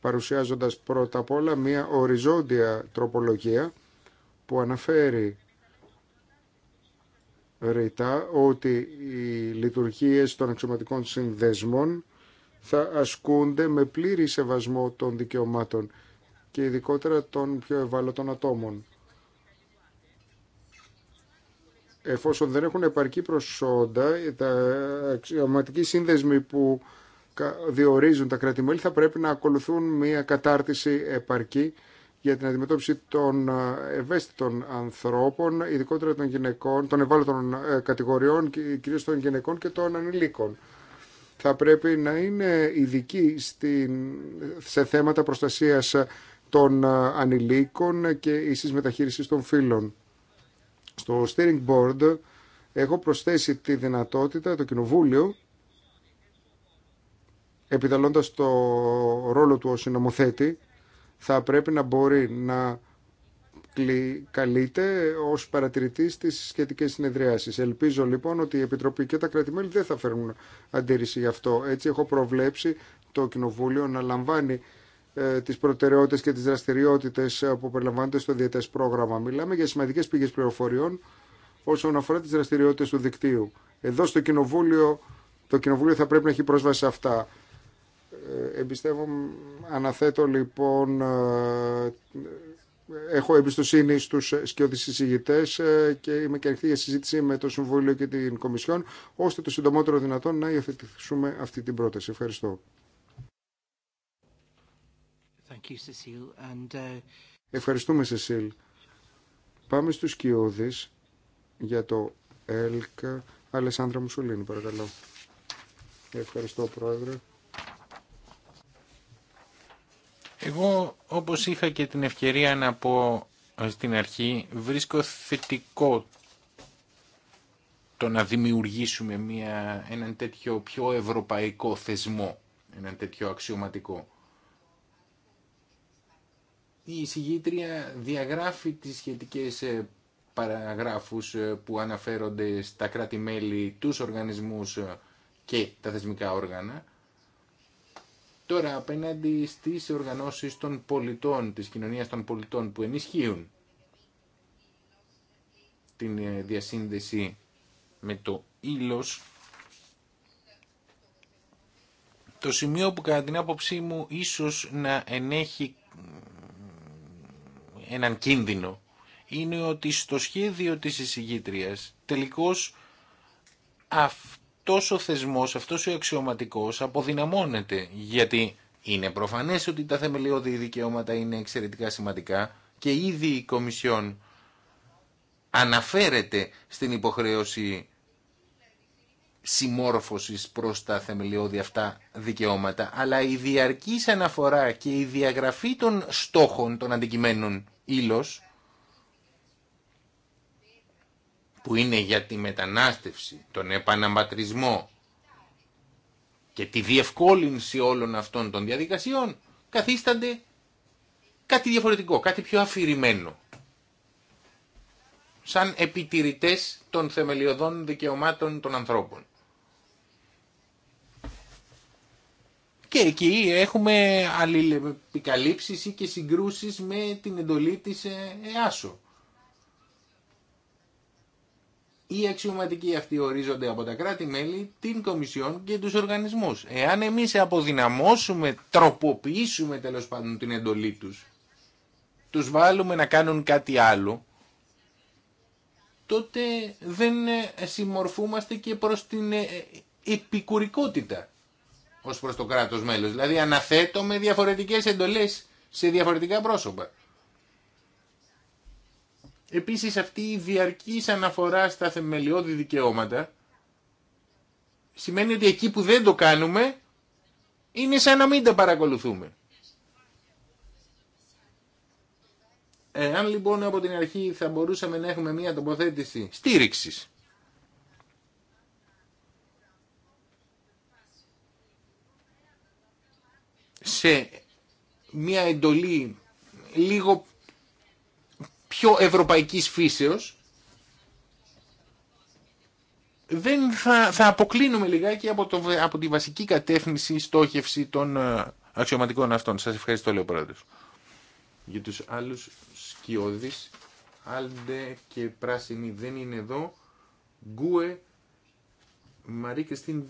Παρουσιάζοντα πρώτα απ' όλα μια οριζόντια τροπολογία που αναφέρει ρητά ότι οι λειτουργίες των εξωματικών συνδεσμών θα ασκούνται με πλήρη σεβασμό των δικαιωμάτων και ειδικότερα των πιο ευάλωτων ατόμων. εφόσον δεν έχουν επαρκή προσόντα, τα αξιωματικοί σύνδεσμοι που διορίζουν τα κρατη θα πρέπει να ακολουθούν μια κατάρτιση επαρκή για την αντιμετώπιση των ε, ευαίσθητων ανθρώπων, ειδικότερα των γυναικών, των ευάλωτων ε, κατηγοριών, κυρίως των γυναικών και των ανηλίκων. Θα πρέπει να είναι ειδικοί στην, σε θέματα προστασίας των ε, ανηλίκων και ίσης μεταχείρισης των φύλων. Στο steering board έχω προσθέσει τη δυνατότητα το κοινοβούλιο επιδαλώντας το ρόλο του ως συνομοθέτη θα πρέπει να μπορεί να καλείται ως παρατηρητής στις σχετικές συνεδριάσεις. Ελπίζω λοιπόν ότι η Επιτροπή και τα κρατημέλη δεν θα φέρουν αντίρρηση γι' αυτό. Έτσι έχω προβλέψει το Κοινοβούλιο να λαμβάνει ε, τις προτεραιότητες και τις δραστηριότητες ε, που περιλαμβάνονται στο διαιτές πρόγραμμα. Μιλάμε για σημαντικές πηγές πληροφοριών όσον αφορά τις δραστηριότητες του δικτύου. Εδώ στο Κοινοβούλιο, το Κοινοβούλιο θα πρέπει να έχει πρόσβαση σε αυτά. Ε, εμπιστεύω, αναθέτω λοιπόν, έχω εμπιστοσύνη στους σκιώδεις συζητητές και είμαι και ανοιχτή για συζήτηση με το Συμβούλιο και την Κομισιόν, ώστε το συντομότερο δυνατόν να υιοθετήσουμε αυτή την πρόταση. Ευχαριστώ. Uh, Ευχαριστούμε, Σεσίλ. Πάμε στους Κιώδης για το ΕΛΚΑ. Αλεσάνδρα Μουσουλίνη, παρακαλώ. Ευχαριστώ, Πρόεδρε. Εγώ, όπως είχα και την ευκαιρία να πω ε, στην αρχή, βρίσκω θετικό το να δημιουργήσουμε μια, έναν τέτοιο πιο ευρωπαϊκό θεσμό, έναν τέτοιο αξιωματικό η εισηγήτρια διαγράφει τις σχετικές ε, παραγράφους ε, που αναφέρονται στα κράτη-μέλη, τους οργανισμούς ε, και τα θεσμικά όργανα. Τώρα, απέναντι στις οργανώσεις των πολιτών, της κοινωνίας των πολιτών που ενισχύουν την διασύνδεση με το ήλος, το σημείο που κατά την άποψή μου ίσως να ενέχει έναν κίνδυνο είναι ότι στο σχέδιο της εισηγήτριας τελικώς αυτός ο θεσμός, αυτός ο αξιωματικός αποδυναμώνεται γιατί είναι προφανές ότι τα θεμελιώδη δικαιώματα είναι εξαιρετικά σημαντικά και ήδη η Κομισιόν αναφέρεται στην υποχρέωση συμμόρφωσης προς τα θεμελιώδη αυτά δικαιώματα αλλά η διαρκής αναφορά και η διαγραφή των στόχων των αντικειμένων ύλος που είναι για τη μετανάστευση, τον επαναματρισμό και τη διευκόλυνση όλων αυτών των διαδικασιών καθίστανται κάτι διαφορετικό, κάτι πιο αφηρημένο. Σαν επιτηρητές των θεμελιωδών δικαιωμάτων των ανθρώπων. και εκεί έχουμε αλληλεπικαλύψεις ή και συγκρούσεις με την εντολή της ε, ΕΑΣΟ. Οι αξιωματικοί αυτοί ορίζονται από τα κράτη-μέλη, την Κομισιόν και τους οργανισμούς. Εάν εμείς αποδυναμώσουμε, τροποποιήσουμε τέλος πάντων την εντολή τους, τους βάλουμε να κάνουν κάτι άλλο, τότε δεν ε, συμμορφούμαστε και προς την ε, επικουρικότητα ως προς το κράτος μέλος. Δηλαδή αναθέτω με διαφορετικές εντολές σε διαφορετικά πρόσωπα. Επίσης αυτή η διαρκής αναφορά στα θεμελιώδη δικαιώματα σημαίνει ότι εκεί που δεν το κάνουμε είναι σαν να μην τα παρακολουθούμε. Εάν λοιπόν από την αρχή θα μπορούσαμε να έχουμε μια τοποθέτηση στήριξης σε μια εντολή λίγο πιο ευρωπαϊκής φύσεως δεν θα, θα αποκλίνουμε λιγάκι από, το, από τη βασική κατεύθυνση στόχευση των ε, αξιωματικών αυτών. Σας ευχαριστώ λέω Για τους άλλους σκιώδεις, Άλντε και Πράσινη δεν είναι εδώ. Γκούε, Μαρή Κριστίν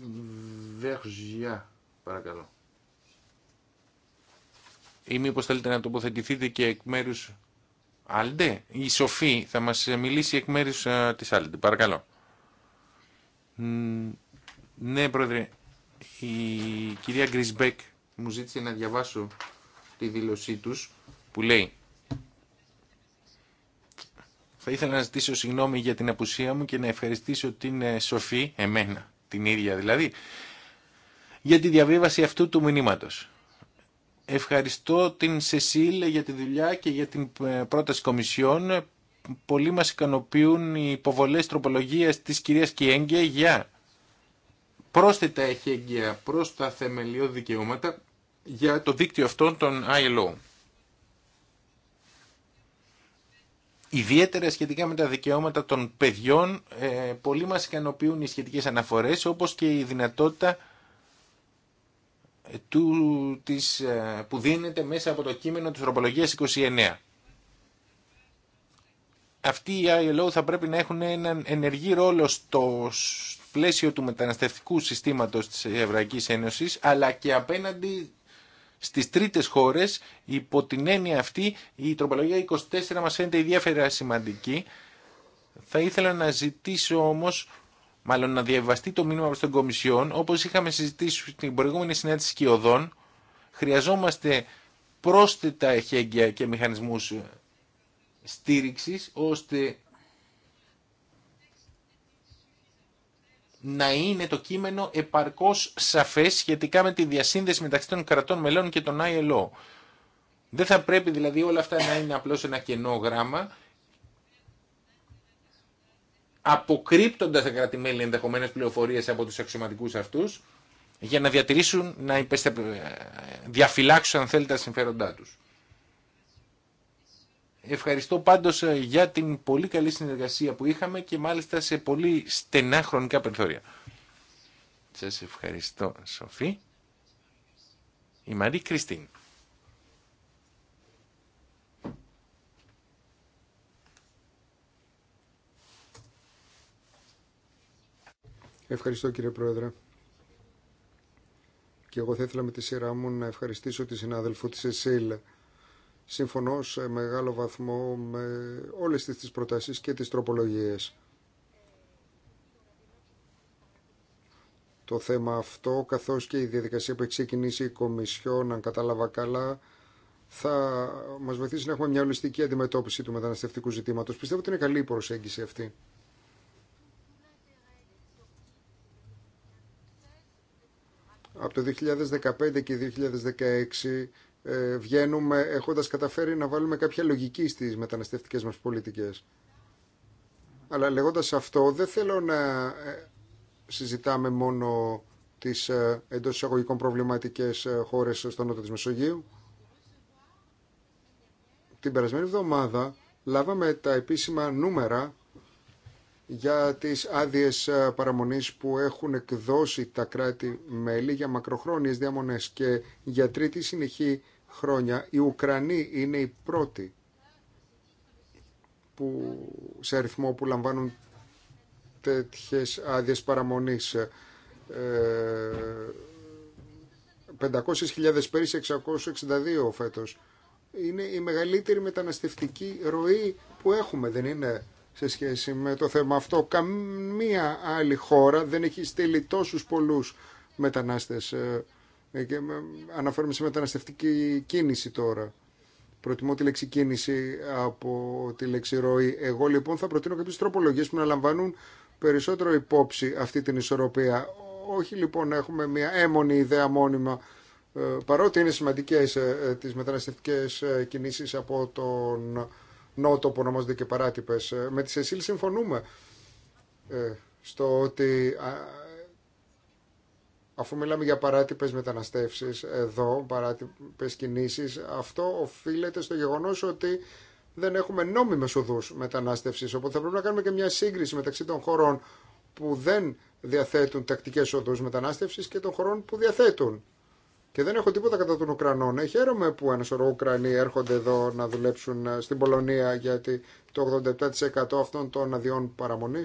Βεργιά, παρακαλώ ή μήπως θέλετε να τοποθετηθείτε και εκ μέρους Άλντε, η Σοφή θα μας μιλήσει εκ μέρους ε, της Άλντε, παρακαλώ. Ναι, πρόεδρε, η κυρία Γκρισμπέκ μου ζήτησε να διαβάσω τη δήλωσή τους που λέει θα ήθελα να ζητήσω συγγνώμη για την απουσία μου και να ευχαριστήσω την ε, Σοφή, εμένα, την ίδια δηλαδή, για τη διαβίβαση αυτού του μηνύματος. Ευχαριστώ την Σεσίλ για τη δουλειά και για την ε, πρόταση κομισιών. Πολλοί μας ικανοποιούν οι υποβολές τροπολογίας της κυρίας Κιέγκε για πρόσθετα εχέγγυα προς τα θεμελιώδη δικαιώματα για το δίκτυο αυτών των ILO. Ιδιαίτερα σχετικά με τα δικαιώματα των παιδιών, ε, πολύ μας ικανοποιούν οι σχετικές αναφορές, όπως και η δυνατότητα του, της, ε, που δίνεται μέσα από το κείμενο της τροπολογίας 29. Αυτοί οι ILO θα πρέπει να έχουν έναν ενεργή ρόλο στο πλαίσιο του μεταναστευτικού συστήματος της Ευρωπαϊκής Ένωσης, αλλά και απέναντι στις τρίτες χώρες, υπό την έννοια αυτή, η τροπολογία 24 μας φαίνεται ιδιαίτερα σημαντική. Θα ήθελα να ζητήσω όμως μάλλον να διαβαστεί το μήνυμα προς τον Κομισιόν, όπως είχαμε συζητήσει στην προηγούμενη συνέντευξη σκιωδών, χρειαζόμαστε πρόσθετα εχέγγυα και μηχανισμούς στήριξης, ώστε να είναι το κείμενο επαρκώς σαφές σχετικά με τη διασύνδεση μεταξύ των κρατών μελών και των ILO. Δεν θα πρέπει δηλαδή όλα αυτά να είναι απλώς ένα κενό γράμμα αποκρύπτοντας τα κρατημέλη ενδεχομένε πληροφορίες από τους αξιωματικούς αυτούς για να διατηρήσουν, να διαφυλάξουν αν θέλετε τα συμφέροντά τους. Ευχαριστώ πάντως ε, για την πολύ καλή συνεργασία που είχαμε και μάλιστα σε πολύ στενά χρονικά περιθώρια. Σας ευχαριστώ Σοφή. Η Μαρή Κριστίν. Ευχαριστώ κύριε Πρόεδρε. Και εγώ θα ήθελα με τη σειρά μου να ευχαριστήσω τη συνάδελφο τη ΕΣΥΛ. Συμφωνώ σε μεγάλο βαθμό με όλες τις προτάσεις και τις τροπολογίες. Το θέμα αυτό, καθώς και η διαδικασία που έχει ξεκινήσει η Κομισιόν, αν κατάλαβα καλά, θα μας βοηθήσει να έχουμε μια ολιστική αντιμετώπιση του μεταναστευτικού ζητήματος. Πιστεύω ότι είναι καλή η προσέγγιση αυτή. Από το 2015 και 2016 ε, βγαίνουμε έχοντας καταφέρει να βάλουμε κάποια λογική στις μεταναστευτικές μας πολιτικές. Αλλά λέγοντας αυτό δεν θέλω να ε, συζητάμε μόνο τις ε, εντός εισαγωγικών προβληματικές ε, χώρες στο νότο της Μεσογείου. Την περασμένη εβδομάδα λάβαμε τα επίσημα νούμερα για τις άδειες ε, παραμονής που έχουν εκδώσει τα κράτη-μέλη για μακροχρόνιες διαμονές και για τρίτη συνεχή χρόνια. Οι Ουκρανοί είναι η πρώτη που, σε αριθμό που λαμβάνουν τέτοιες άδειες παραμονής. 500.000 πέρυσι, 662 φέτος. Είναι η μεγαλύτερη μεταναστευτική ροή που έχουμε, δεν είναι σε σχέση με το θέμα αυτό. Καμία άλλη χώρα δεν έχει στείλει τόσους πολλούς μετανάστες. Ε, ε, και ε, σε μεταναστευτική κίνηση τώρα. Προτιμώ τη λέξη κίνηση από τη λέξη ροή. Εγώ λοιπόν θα προτείνω κάποιες τροπολογίες που να λαμβάνουν περισσότερο υπόψη αυτή την ισορροπία. Όχι λοιπόν να έχουμε μια έμονη ιδέα μόνιμα παρότι είναι σημαντικές τις μεταναστευτικές κινήσεις από τον νότο που ονομάζονται και παράτυπες. Ε, με τη Σεσίλ συμφωνούμε ε, στο ότι αφού μιλάμε για παράτυπες μεταναστεύσεις εδώ, παράτυπες κινήσεις, αυτό οφείλεται στο γεγονός ότι δεν έχουμε νόμιμες οδούς μετανάστευσης, οπότε θα πρέπει να κάνουμε και μια σύγκριση μεταξύ των χωρών που δεν διαθέτουν τακτικές οδούς μετανάστευσης και των χωρών που διαθέτουν. Και δεν έχω τίποτα κατά των Ουκρανών. Χαίρομαι που ένα σωρό Ουκρανοί έρχονται εδώ να δουλέψουν ε, στην Πολωνία γιατί το 87% αυτών των αδειών παραμονή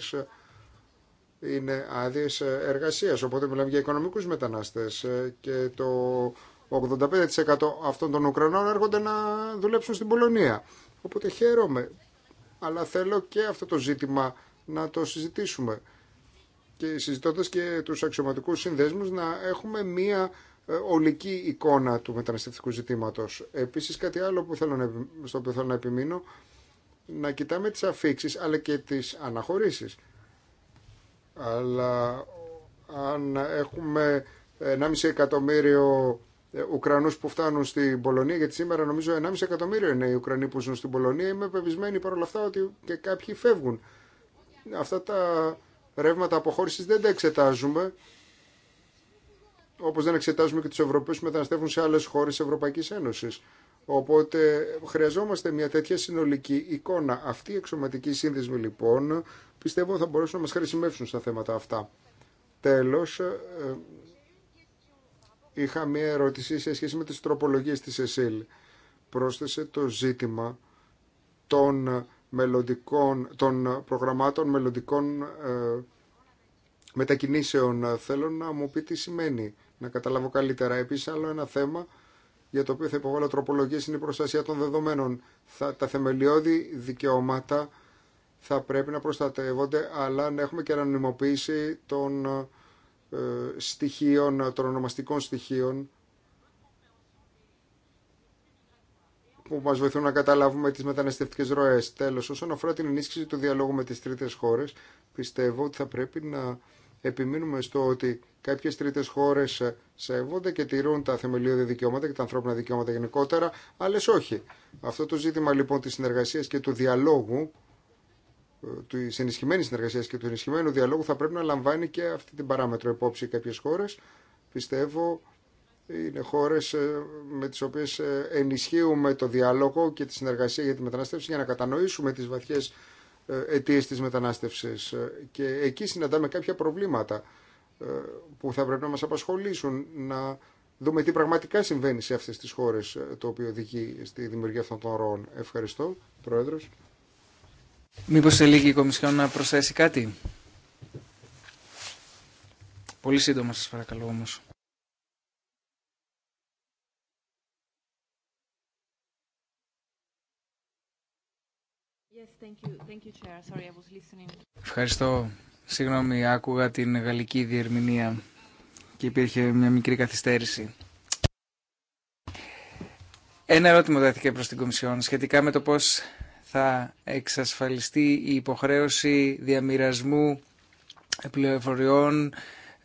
ε, είναι άδειε εργασία. Οπότε μιλάμε για οικονομικού μετανάστε ε, και το 85% αυτών των Ουκρανών έρχονται να δουλέψουν στην Πολωνία. Οπότε χαίρομαι. Αλλά θέλω και αυτό το ζήτημα να το συζητήσουμε. Και συζητώντα και του αξιωματικού συνδέσμου να έχουμε μία ε, ολική εικόνα του μεταναστευτικού ζητήματος. Επίσης κάτι άλλο που θέλω να, στο οποίο θέλω να επιμείνω, να κοιτάμε τις αφήξεις αλλά και τις αναχωρήσεις. Αλλά αν έχουμε 1,5 εκατομμύριο ε, Ουκρανού που φτάνουν στην Πολωνία, γιατί σήμερα νομίζω 1,5 εκατομμύριο είναι οι Ουκρανοί που ζουν στην Πολωνία. Είμαι πεπισμένη παρόλα αυτά ότι και κάποιοι φεύγουν. Αυτά τα ρεύματα αποχώρηση δεν τα εξετάζουμε όπως δεν εξετάζουμε και τους Ευρωπαίους που μεταναστεύουν σε άλλες χώρες Ευρωπαϊκής Ένωσης. Οπότε χρειαζόμαστε μια τέτοια συνολική εικόνα. Αυτή η εξωματική σύνδεσμοι λοιπόν πιστεύω θα μπορέσουν να μας χρησιμεύσουν στα θέματα αυτά. Τέλος, ε, είχα μια ερώτηση σε σχέση με τις τροπολογίες της ΕΣΥΛ. Πρόσθεσε το ζήτημα των, των προγραμμάτων μελλοντικών ε, μετακινήσεων. Θέλω να μου πει τι σημαίνει να καταλάβω καλύτερα. Επίσης άλλο ένα θέμα για το οποίο θα υποβάλω τροπολογίες είναι η προστασία των δεδομένων. Θα, τα θεμελιώδη δικαιώματα θα πρέπει να προστατεύονται αλλά να έχουμε και ανανυμοποίηση των ε, στοιχείων, των ονομαστικών στοιχείων που μας βοηθούν να καταλάβουμε τις μεταναστευτικές ροές. Τέλος, όσον αφορά την ενίσχυση του διαλόγου με τις τρίτες χώρες, πιστεύω ότι θα πρέπει να επιμείνουμε στο ότι κάποιε τρίτε χώρε ε, σέβονται και τηρούν τα θεμελιώδη δικαιώματα και τα ανθρώπινα δικαιώματα γενικότερα, άλλε όχι. Αυτό το ζήτημα λοιπόν τη συνεργασία και του διαλόγου, ε, τη ενισχυμένη συνεργασία και του ενισχυμένου διαλόγου θα πρέπει να λαμβάνει και αυτή την παράμετρο υπόψη κάποιε χώρε. Πιστεύω είναι χώρε ε, με τι οποίε ενισχύουμε το διάλογο και τη συνεργασία για τη μετανάστευση για να κατανοήσουμε τι βαθιέ ε, αιτίε της μετανάστευσης ε, και εκεί συναντάμε κάποια προβλήματα ε, που θα πρέπει να μας απασχολήσουν να δούμε τι πραγματικά συμβαίνει σε αυτές τις χώρες το οποίο οδηγεί στη δημιουργία αυτών των ροών. Ευχαριστώ, Πρόεδρος. Μήπως σε λίγη Κομισιόν να προσθέσει κάτι. Πολύ σύντομα σας παρακαλώ όμως. Ευχαριστώ. Συγγνώμη, άκουγα την γαλλική διερμηνία και υπήρχε μια μικρή καθυστέρηση. Ένα ερώτημα δέθηκε προς την Κομισιόν σχετικά με το πώς θα εξασφαλιστεί η υποχρέωση διαμοιρασμού πληροφοριών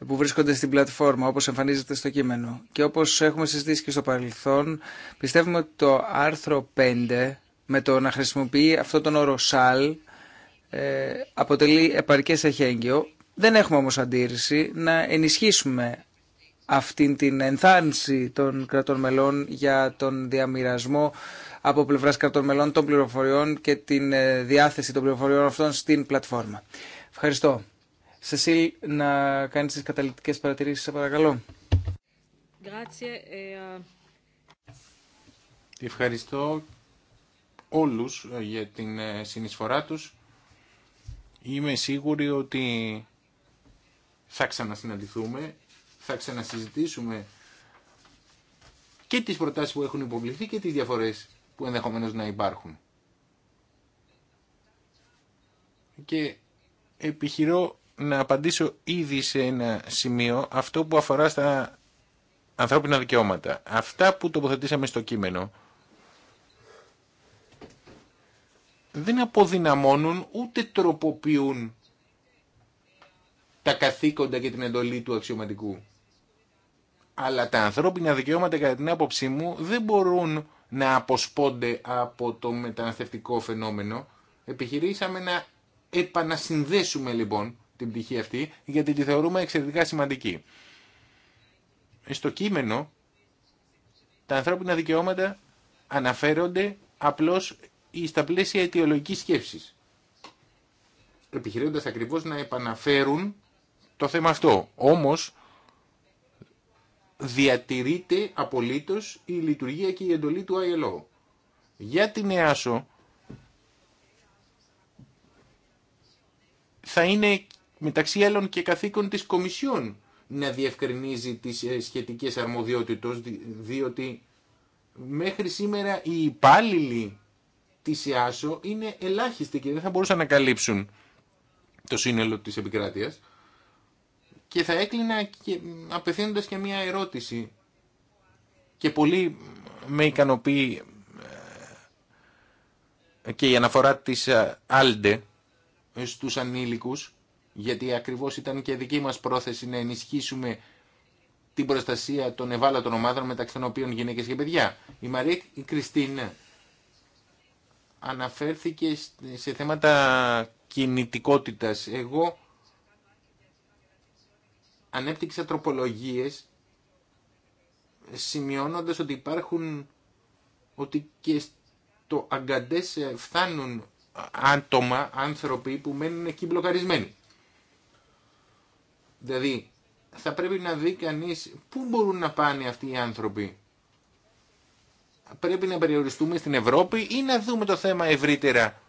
που βρίσκονται στην πλατφόρμα, όπως εμφανίζεται στο κείμενο. Και όπως έχουμε συζητήσει και στο παρελθόν, πιστεύουμε ότι το άρθρο 5 με το να χρησιμοποιεί αυτό τον όρο «σαλ» ε, αποτελεί επαρκές εχέγγυο. Δεν έχουμε όμως αντίρρηση να ενισχύσουμε αυτήν την ενθάρρυνση των κρατών μελών για τον διαμοιρασμό από πλευράς κρατών μελών των πληροφοριών και την ε, διάθεση των πληροφοριών αυτών στην πλατφόρμα. Ευχαριστώ. Σεσίλ, να κάνεις τις καταληκτικές παρατηρήσεις, σε παρακαλώ. Ε, Ευχαριστώ όλους ε, για την ε, συνεισφορά τους. Είμαι σίγουρη ότι θα ξανασυναντηθούμε, θα ξανασυζητήσουμε και τις προτάσεις που έχουν υποβληθεί και τις διαφορές που ενδεχομένως να υπάρχουν. Και επιχειρώ να απαντήσω ήδη σε ένα σημείο αυτό που αφορά στα ανθρώπινα δικαιώματα. Αυτά που τοποθετήσαμε στο κείμενο δεν αποδυναμώνουν ούτε τροποποιούν τα καθήκοντα και την εντολή του αξιωματικού. Αλλά τα ανθρώπινα δικαιώματα κατά την άποψή μου δεν μπορούν να αποσπώνται από το μεταναστευτικό φαινόμενο. Επιχειρήσαμε να επανασυνδέσουμε λοιπόν την πτυχή αυτή γιατί τη θεωρούμε εξαιρετικά σημαντική. Στο κείμενο τα ανθρώπινα δικαιώματα αναφέρονται απλώς ή στα πλαίσια αιτιολογικής σκέψης. Επιχειρώντας ακριβώς να επαναφέρουν το θέμα αυτό. Όμως διατηρείται απολύτως η λειτουργία και η εντολή του ILO. Για την ΕΑΣΟ θα είναι μεταξύ άλλων και καθήκον της Κομισιόν να διευκρινίζει τις ε, σχετικές αρμοδιότητες, διότι μέχρι σήμερα οι υπάλληλοι Τη ΕΑΣΟ είναι ελάχιστη και δεν θα μπορούσαν να καλύψουν το σύνολο της επικράτειας. Και θα έκλεινα και, απευθύνοντας και μια ερώτηση και πολύ με ικανοποιεί ε, και η αναφορά της ε, Άλντε στους ανήλικους γιατί ακριβώς ήταν και δική μας πρόθεση να ενισχύσουμε την προστασία των ευάλωτων ομάδων μεταξύ των οποίων γυναίκες και παιδιά. Η Μαρία Κριστίνα αναφέρθηκε σε θέματα κινητικότητας. Εγώ ανέπτυξα τροπολογίες σημειώνοντας ότι υπάρχουν ότι και στο Αγκαντές φτάνουν άτομα, άνθρωποι που μένουν εκεί μπλοκαρισμένοι. Δηλαδή θα πρέπει να δει κανείς πού μπορούν να πάνε αυτοί οι άνθρωποι πρέπει να περιοριστούμε στην Ευρώπη ή να δούμε το θέμα ευρύτερα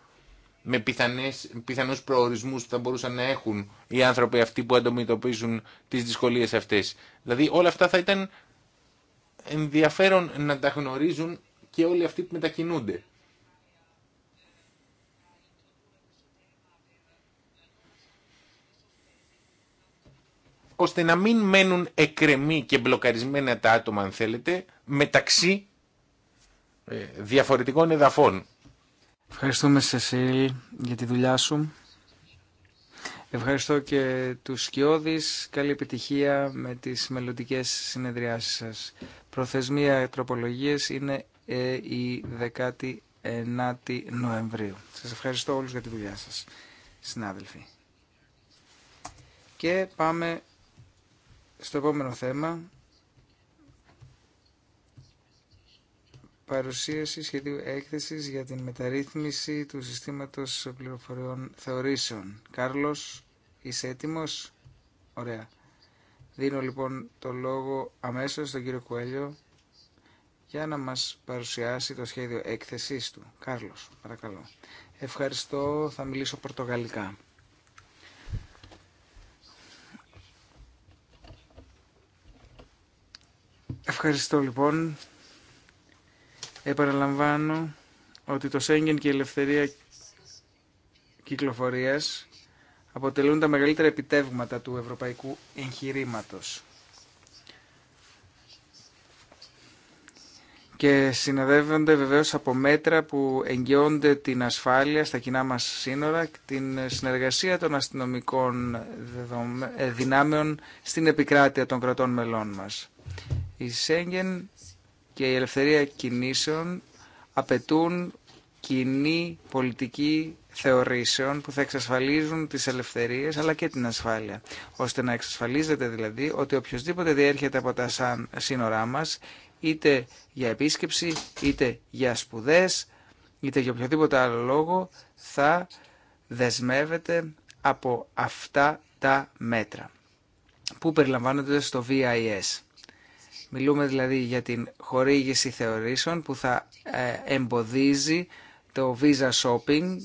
με πιθανές, πιθανούς προορισμούς που θα μπορούσαν να έχουν οι άνθρωποι αυτοί που αντιμετωπίζουν τις δυσκολίες αυτές. Δηλαδή όλα αυτά θα ήταν ενδιαφέρον να τα γνωρίζουν και όλοι αυτοί που μετακινούνται. ώστε να μην μένουν εκρεμή και μπλοκαρισμένα τα άτομα, αν θέλετε, μεταξύ ε, διαφορετικών εδαφών. Ευχαριστούμε Σεσίλ για τη δουλειά σου. Ευχαριστώ και τους Σκιώδης. Καλή επιτυχία με τις μελλοντικέ συνεδριάσεις σας. Προθεσμία τροπολογίες είναι ε, η 19η Νοεμβρίου. Σας ευχαριστώ όλους για τη δουλειά σας, συνάδελφοι. Και πάμε στο επόμενο θέμα. παρουσίαση σχεδίου έκθεσης για την μεταρρύθμιση του συστήματος πληροφοριών θεωρήσεων. Κάρλος, είσαι έτοιμος? Ωραία. Δίνω λοιπόν το λόγο αμέσως στον κύριο Κουέλιο για να μας παρουσιάσει το σχέδιο έκθεσής του. Κάρλος, παρακαλώ. Ευχαριστώ, θα μιλήσω πορτογαλικά. Ευχαριστώ λοιπόν Επαναλαμβάνω ότι το Σέγγεν και η ελευθερία κυκλοφορίας αποτελούν τα μεγαλύτερα επιτεύγματα του ευρωπαϊκού εγχειρήματος. και συνοδεύονται βεβαίως από μέτρα που εγγυώνται την ασφάλεια στα κοινά μας σύνορα και την συνεργασία των αστυνομικών ε, δυνάμεων στην επικράτεια των κρατών μελών μας. Η Σέγγεν και η ελευθερία κινήσεων απαιτούν κοινή πολιτική θεωρήσεων που θα εξασφαλίζουν τις ελευθερίες αλλά και την ασφάλεια, ώστε να εξασφαλίζεται δηλαδή ότι οποιοδήποτε διέρχεται από τα σύνορά μας, είτε για επίσκεψη, είτε για σπουδές, είτε για οποιοδήποτε άλλο λόγο, θα δεσμεύεται από αυτά τα μέτρα που περιλαμβάνονται στο VIS. Μιλούμε δηλαδή για την χορήγηση θεωρήσεων που θα ε, εμποδίζει το visa shopping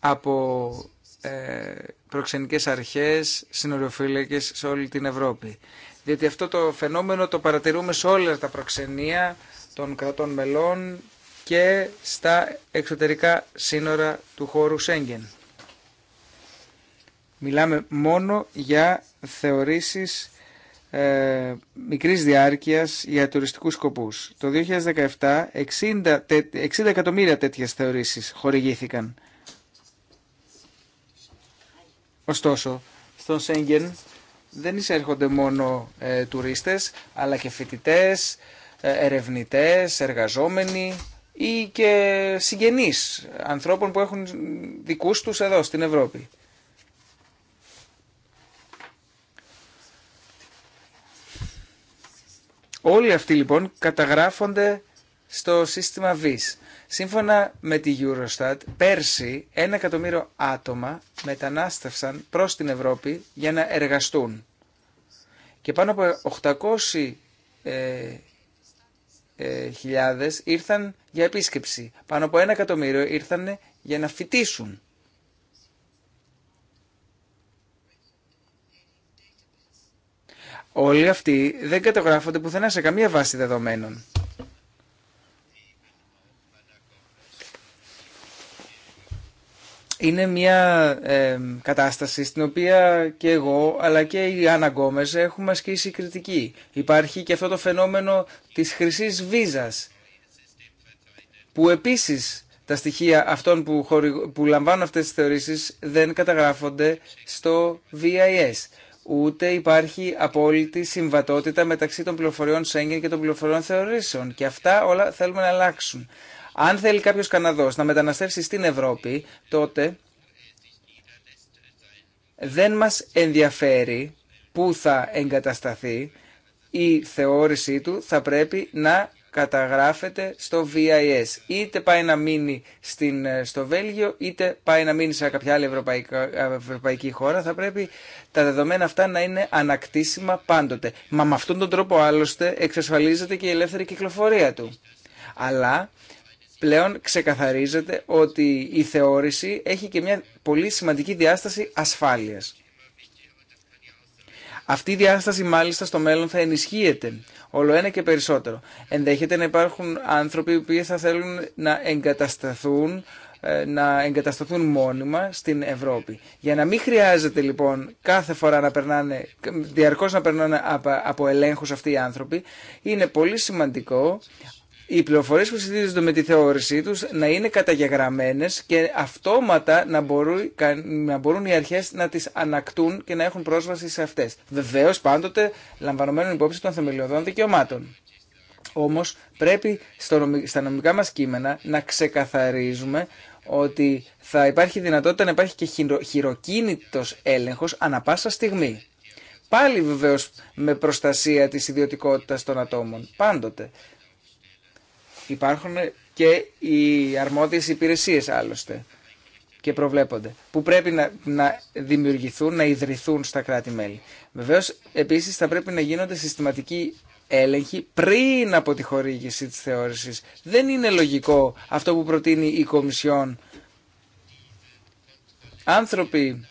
από ε, προξενικές αρχές, συνοριοφύλακες σε όλη την Ευρώπη. Διότι αυτό το φαινόμενο το παρατηρούμε σε όλα τα προξενία των κρατών μελών και στα εξωτερικά σύνορα του χώρου Σέγγεν. Μιλάμε μόνο για θεωρήσεις ε, μικρής διάρκειας για τουριστικούς σκοπούς. Το 2017 60, 60 εκατομμύρια τέτοιες θεωρήσεις χορηγήθηκαν. Ωστόσο, στον Σέγγεν δεν εισέρχονται μόνο ε, τουρίστες, αλλά και φοιτητές, ε, ερευνητές, εργαζόμενοι ή και συγγενείς ανθρώπων που έχουν δικούς τους εδώ στην Ευρώπη. Όλοι αυτοί λοιπόν καταγράφονται στο σύστημα VIS. Σύμφωνα με τη Eurostat, πέρσι ένα εκατομμύριο άτομα μετανάστευσαν προς την Ευρώπη για να εργαστούν. Και πάνω από 800 ε, ε, ήρθαν για επίσκεψη. Πάνω από ένα εκατομμύριο ήρθαν για να φοιτήσουν. όλοι αυτοί δεν καταγράφονται πουθενά σε καμία βάση δεδομένων. Είναι μια κατάσταση στην οποία και εγώ αλλά και η Άννα έχουμε ασκήσει κριτική. Υπάρχει και αυτό το φαινόμενο της χρυσή βίζας που επίσης τα στοιχεία αυτών που, που λαμβάνουν αυτές τις θεωρήσεις δεν καταγράφονται στο VIS ούτε υπάρχει απόλυτη συμβατότητα μεταξύ των πληροφοριών Σέγγεν και των πληροφοριών θεωρήσεων. Και αυτά όλα θέλουμε να αλλάξουν. Αν θέλει κάποιο Καναδό να μεταναστεύσει στην Ευρώπη, τότε δεν μας ενδιαφέρει πού θα εγκατασταθεί η θεώρησή του θα πρέπει να καταγράφεται στο VIS. Είτε πάει να μείνει στην, ε, στο Βέλγιο, είτε πάει να μείνει σε κάποια άλλη ε, ευρωπαϊκή χώρα. Θα πρέπει τα δεδομένα αυτά να είναι ανακτήσιμα πάντοτε. Μα με αυτόν τον τρόπο άλλωστε εξασφαλίζεται και η ελεύθερη κυκλοφορία του. Αλλά πλέον ξεκαθαρίζεται ότι η θεώρηση έχει και μια πολύ σημαντική διάσταση ασφάλειας. Αυτή η διάσταση μάλιστα στο μέλλον θα ενισχύεται όλο ένα και περισσότερο. Ενδέχεται να υπάρχουν άνθρωποι που θα θέλουν να εγκατασταθούν ε, να εγκατασταθούν μόνιμα στην Ευρώπη. Για να μην χρειάζεται λοιπόν κάθε φορά να περνάνε, διαρκώς να περνάνε από ελέγχους αυτοί οι άνθρωποι, είναι πολύ σημαντικό οι πληροφορίε που συνδύονται με τη θεώρησή του να είναι καταγεγραμμένες και αυτόματα να μπορούν, να μπορούν οι αρχέ να τι ανακτούν και να έχουν πρόσβαση σε αυτέ. Βεβαίω πάντοτε λαμβανομένων υπόψη των θεμελιωδών δικαιωμάτων. Όμω πρέπει στα νομικά μα κείμενα να ξεκαθαρίζουμε ότι θα υπάρχει δυνατότητα να υπάρχει και χειροκίνητο έλεγχο ανα πάσα στιγμή. Πάλι βεβαίως με προστασία της ιδιωτικότητας των ατόμων, πάντοτε. Υπάρχουν και οι αρμόδιες υπηρεσίες άλλωστε και προβλέπονται, που πρέπει να, να δημιουργηθούν, να ιδρυθούν στα κράτη-μέλη. Βεβαίως, επίσης, θα πρέπει να γίνονται συστηματικοί έλεγχοι πριν από τη χορήγηση της θεώρησης. Δεν είναι λογικό αυτό που προτείνει η Κομισιόν. Άνθρωποι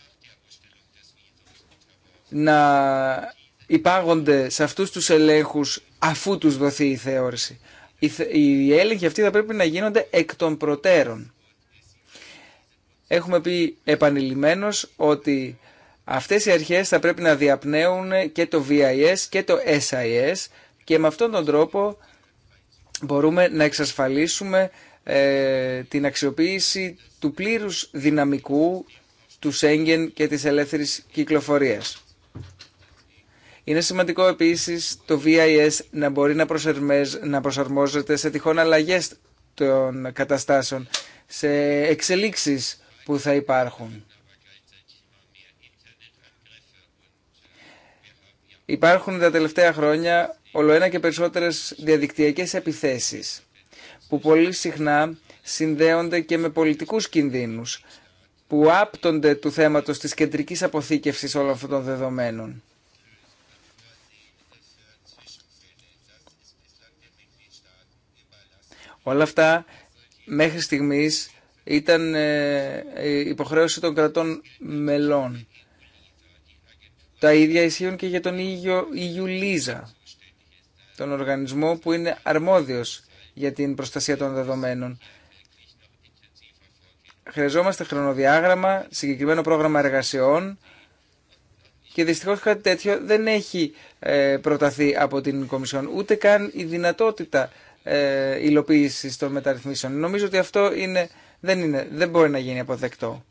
να υπάγονται σε αυτούς τους ελέγχους αφού τους δοθεί η θεώρηση οι έλεγχοι αυτοί θα πρέπει να γίνονται εκ των προτέρων. Έχουμε πει επανειλημμένως ότι αυτές οι αρχές θα πρέπει να διαπνέουν και το VIS και το SIS και με αυτόν τον τρόπο μπορούμε να εξασφαλίσουμε ε, την αξιοποίηση του πλήρους δυναμικού του Σέγγεν και της ελεύθερης κυκλοφορίας. Είναι σημαντικό επίσης το VIS να μπορεί να προσαρμόζεται σε τυχόν αλλαγές των καταστάσεων, σε εξελίξεις που θα υπάρχουν. Υπάρχουν τα τελευταία χρόνια ολοένα και περισσότερες διαδικτυακές επιθέσεις που πολύ συχνά συνδέονται και με πολιτικούς κινδύνους που άπτονται του θέματος της κεντρικής αποθήκευσης όλων αυτών των δεδομένων. Όλα αυτά μέχρι στιγμής ήταν ε, ε, υποχρέωση των κρατών μελών. Τα ίδια ισχύουν και για τον Ιουλίζα, τον οργανισμό που είναι αρμόδιος για την προστασία των δεδομένων. Χρειαζόμαστε χρονοδιάγραμμα, συγκεκριμένο πρόγραμμα εργασιών και δυστυχώς κάτι τέτοιο δεν έχει ε, προταθεί από την Κομισιόν, ούτε καν η δυνατότητα ε, υλοποίησης των μεταρρυθμίσεων. Νομίζω ότι αυτό είναι, δεν, είναι, δεν μπορεί να γίνει αποδεκτό.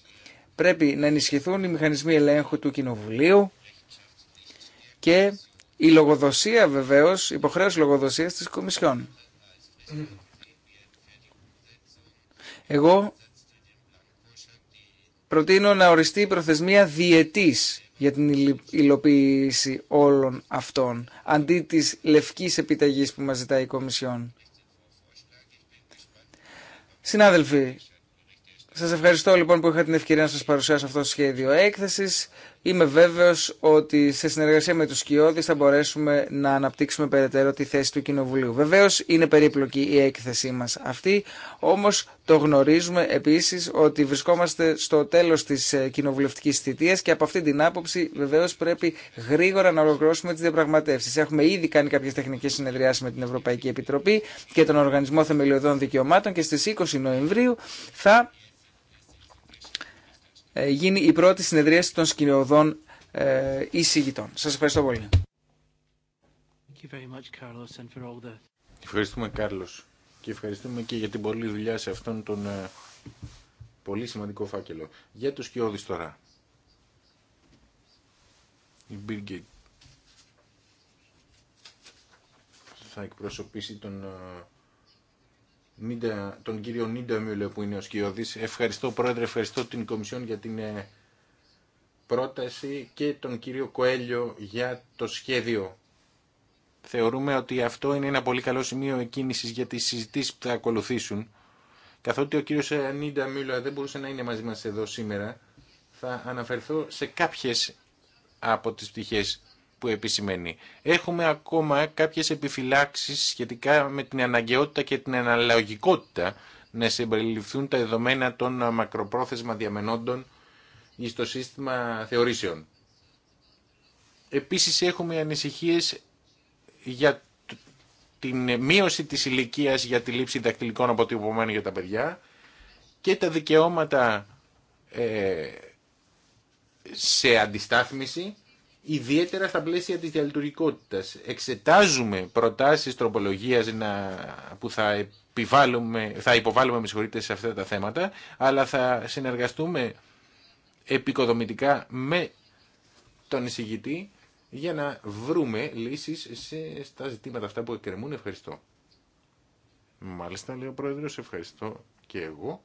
Πρέπει να ενισχυθούν οι μηχανισμοί ελέγχου του Κοινοβουλίου και η λογοδοσία βεβαίως, υποχρέωση λογοδοσίας της Κομισιόν. Εγώ προτείνω να οριστεί η προθεσμία διετής για την υλοποίηση όλων αυτών, αντί της λευκής επιταγής που μας ζητάει η Κομισιόν. Συνάδελφοι, Σα ευχαριστώ λοιπόν που είχα την ευκαιρία να σα παρουσιάσω αυτό το σχέδιο έκθεση. Είμαι βέβαιο ότι σε συνεργασία με του Σκιώδης θα μπορέσουμε να αναπτύξουμε περαιτέρω τη θέση του Κοινοβουλίου. Βεβαίω είναι περίπλοκη η έκθεσή μα αυτή, Όμω το γνωρίζουμε επίση ότι βρισκόμαστε στο τέλο τη ε, κοινοβουλευτική θητεία και από αυτή την άποψη βεβαίω πρέπει γρήγορα να ολοκληρώσουμε τι διαπραγματεύσει. Έχουμε ήδη κάνει κάποιε τεχνικέ συνεδριάσει με την Ευρωπαϊκή Επιτροπή και τον Οργανισμό Θεμελιωδών Δικαιωμάτων και στι 20 Νοεμβρίου θα ε, γίνει η πρώτη συνεδρίαση των σκηνοδών ε, εισηγητών. Σας ευχαριστώ πολύ. Ευχαριστούμε Κάρλος και ευχαριστούμε και για την πολλή δουλειά σε αυτόν τον ε, πολύ σημαντικό φάκελο. Για τους κοιόδης τώρα. Η Birgit θα εκπροσωπήσει τον τον κύριο Νίντα Μιούλε που είναι ο Σκιώδης. Ευχαριστώ Πρόεδρε, ευχαριστώ την Κομισιόν για την ε, πρόταση και τον κύριο Κοέλιο για το σχέδιο. Θεωρούμε ότι αυτό είναι ένα πολύ καλό σημείο εκκίνησης για τις συζητήσεις που θα ακολουθήσουν. Καθότι ο κύριος ε, Νίντα Μιούλε δεν μπορούσε να είναι μαζί μας εδώ σήμερα, θα αναφερθώ σε κάποιες από τις πτυχές που επισημαίνει. Έχουμε ακόμα κάποιες επιφυλάξεις σχετικά με την αναγκαιότητα και την αναλογικότητα να συμπεριληφθούν τα δεδομένα των μακροπρόθεσμα διαμενόντων στο σύστημα θεωρήσεων. Επίσης έχουμε ανησυχίες για την μείωση της ηλικία για τη λήψη δακτυλικών αποτυπωμένων για τα παιδιά και τα δικαιώματα ε, σε αντιστάθμιση ιδιαίτερα στα πλαίσια της διαλειτουργικότητας. Εξετάζουμε προτάσεις τροπολογίας να, που θα, επιβάλλουμε, θα υποβάλλουμε με σε αυτά τα θέματα, αλλά θα συνεργαστούμε επικοδομητικά με τον εισηγητή για να βρούμε λύσεις σε, στα ζητήματα αυτά που εκκρεμούν. Ευχαριστώ. Μάλιστα, λέει ο Πρόεδρος, ευχαριστώ και εγώ.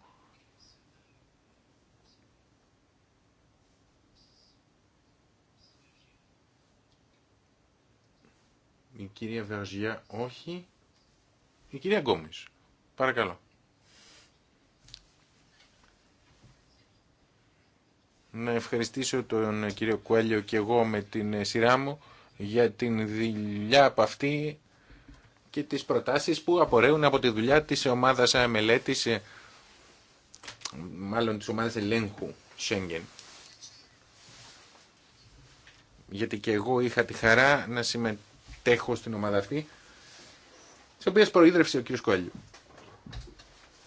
Η κυρία Βεωζιά, όχι. Η κυρία Γκόμης. Παρακαλώ. Να ευχαριστήσω τον κύριο Κουέλιο και εγώ με την σειρά μου για την δουλειά από αυτή και τις προτάσεις που απορρέουν από τη δουλειά της ομάδας μελέτης, μάλλον της ομάδας ελέγχου Σέγγεν. Γιατί και εγώ είχα τη χαρά να συμμετέχω τέχος στην ομάδα αυτή, τη οποία προείδρευσε ο κ.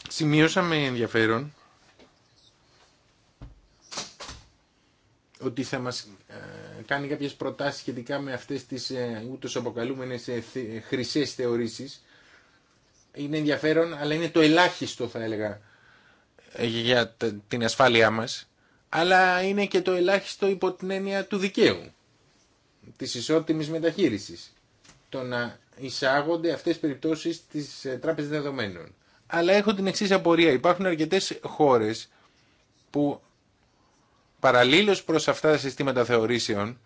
Σημείωσα με ενδιαφέρον ότι θα μας ε, κάνει κάποιες προτάσεις σχετικά με αυτές τις ε, ούτως αποκαλούμενες ε, χρυσές θεωρήσεις. Είναι ενδιαφέρον, αλλά είναι το ελάχιστο θα έλεγα για την ασφάλειά μας, αλλά είναι και το ελάχιστο υπό την έννοια του δικαίου, της ισότιμης μεταχείρισης το να εισάγονται αυτές τι περιπτώσεις στις ε, τράπεζες δεδομένων. Αλλά έχω την εξή απορία. Υπάρχουν αρκετές χώρες που παραλίλω προς αυτά τα συστήματα θεωρήσεων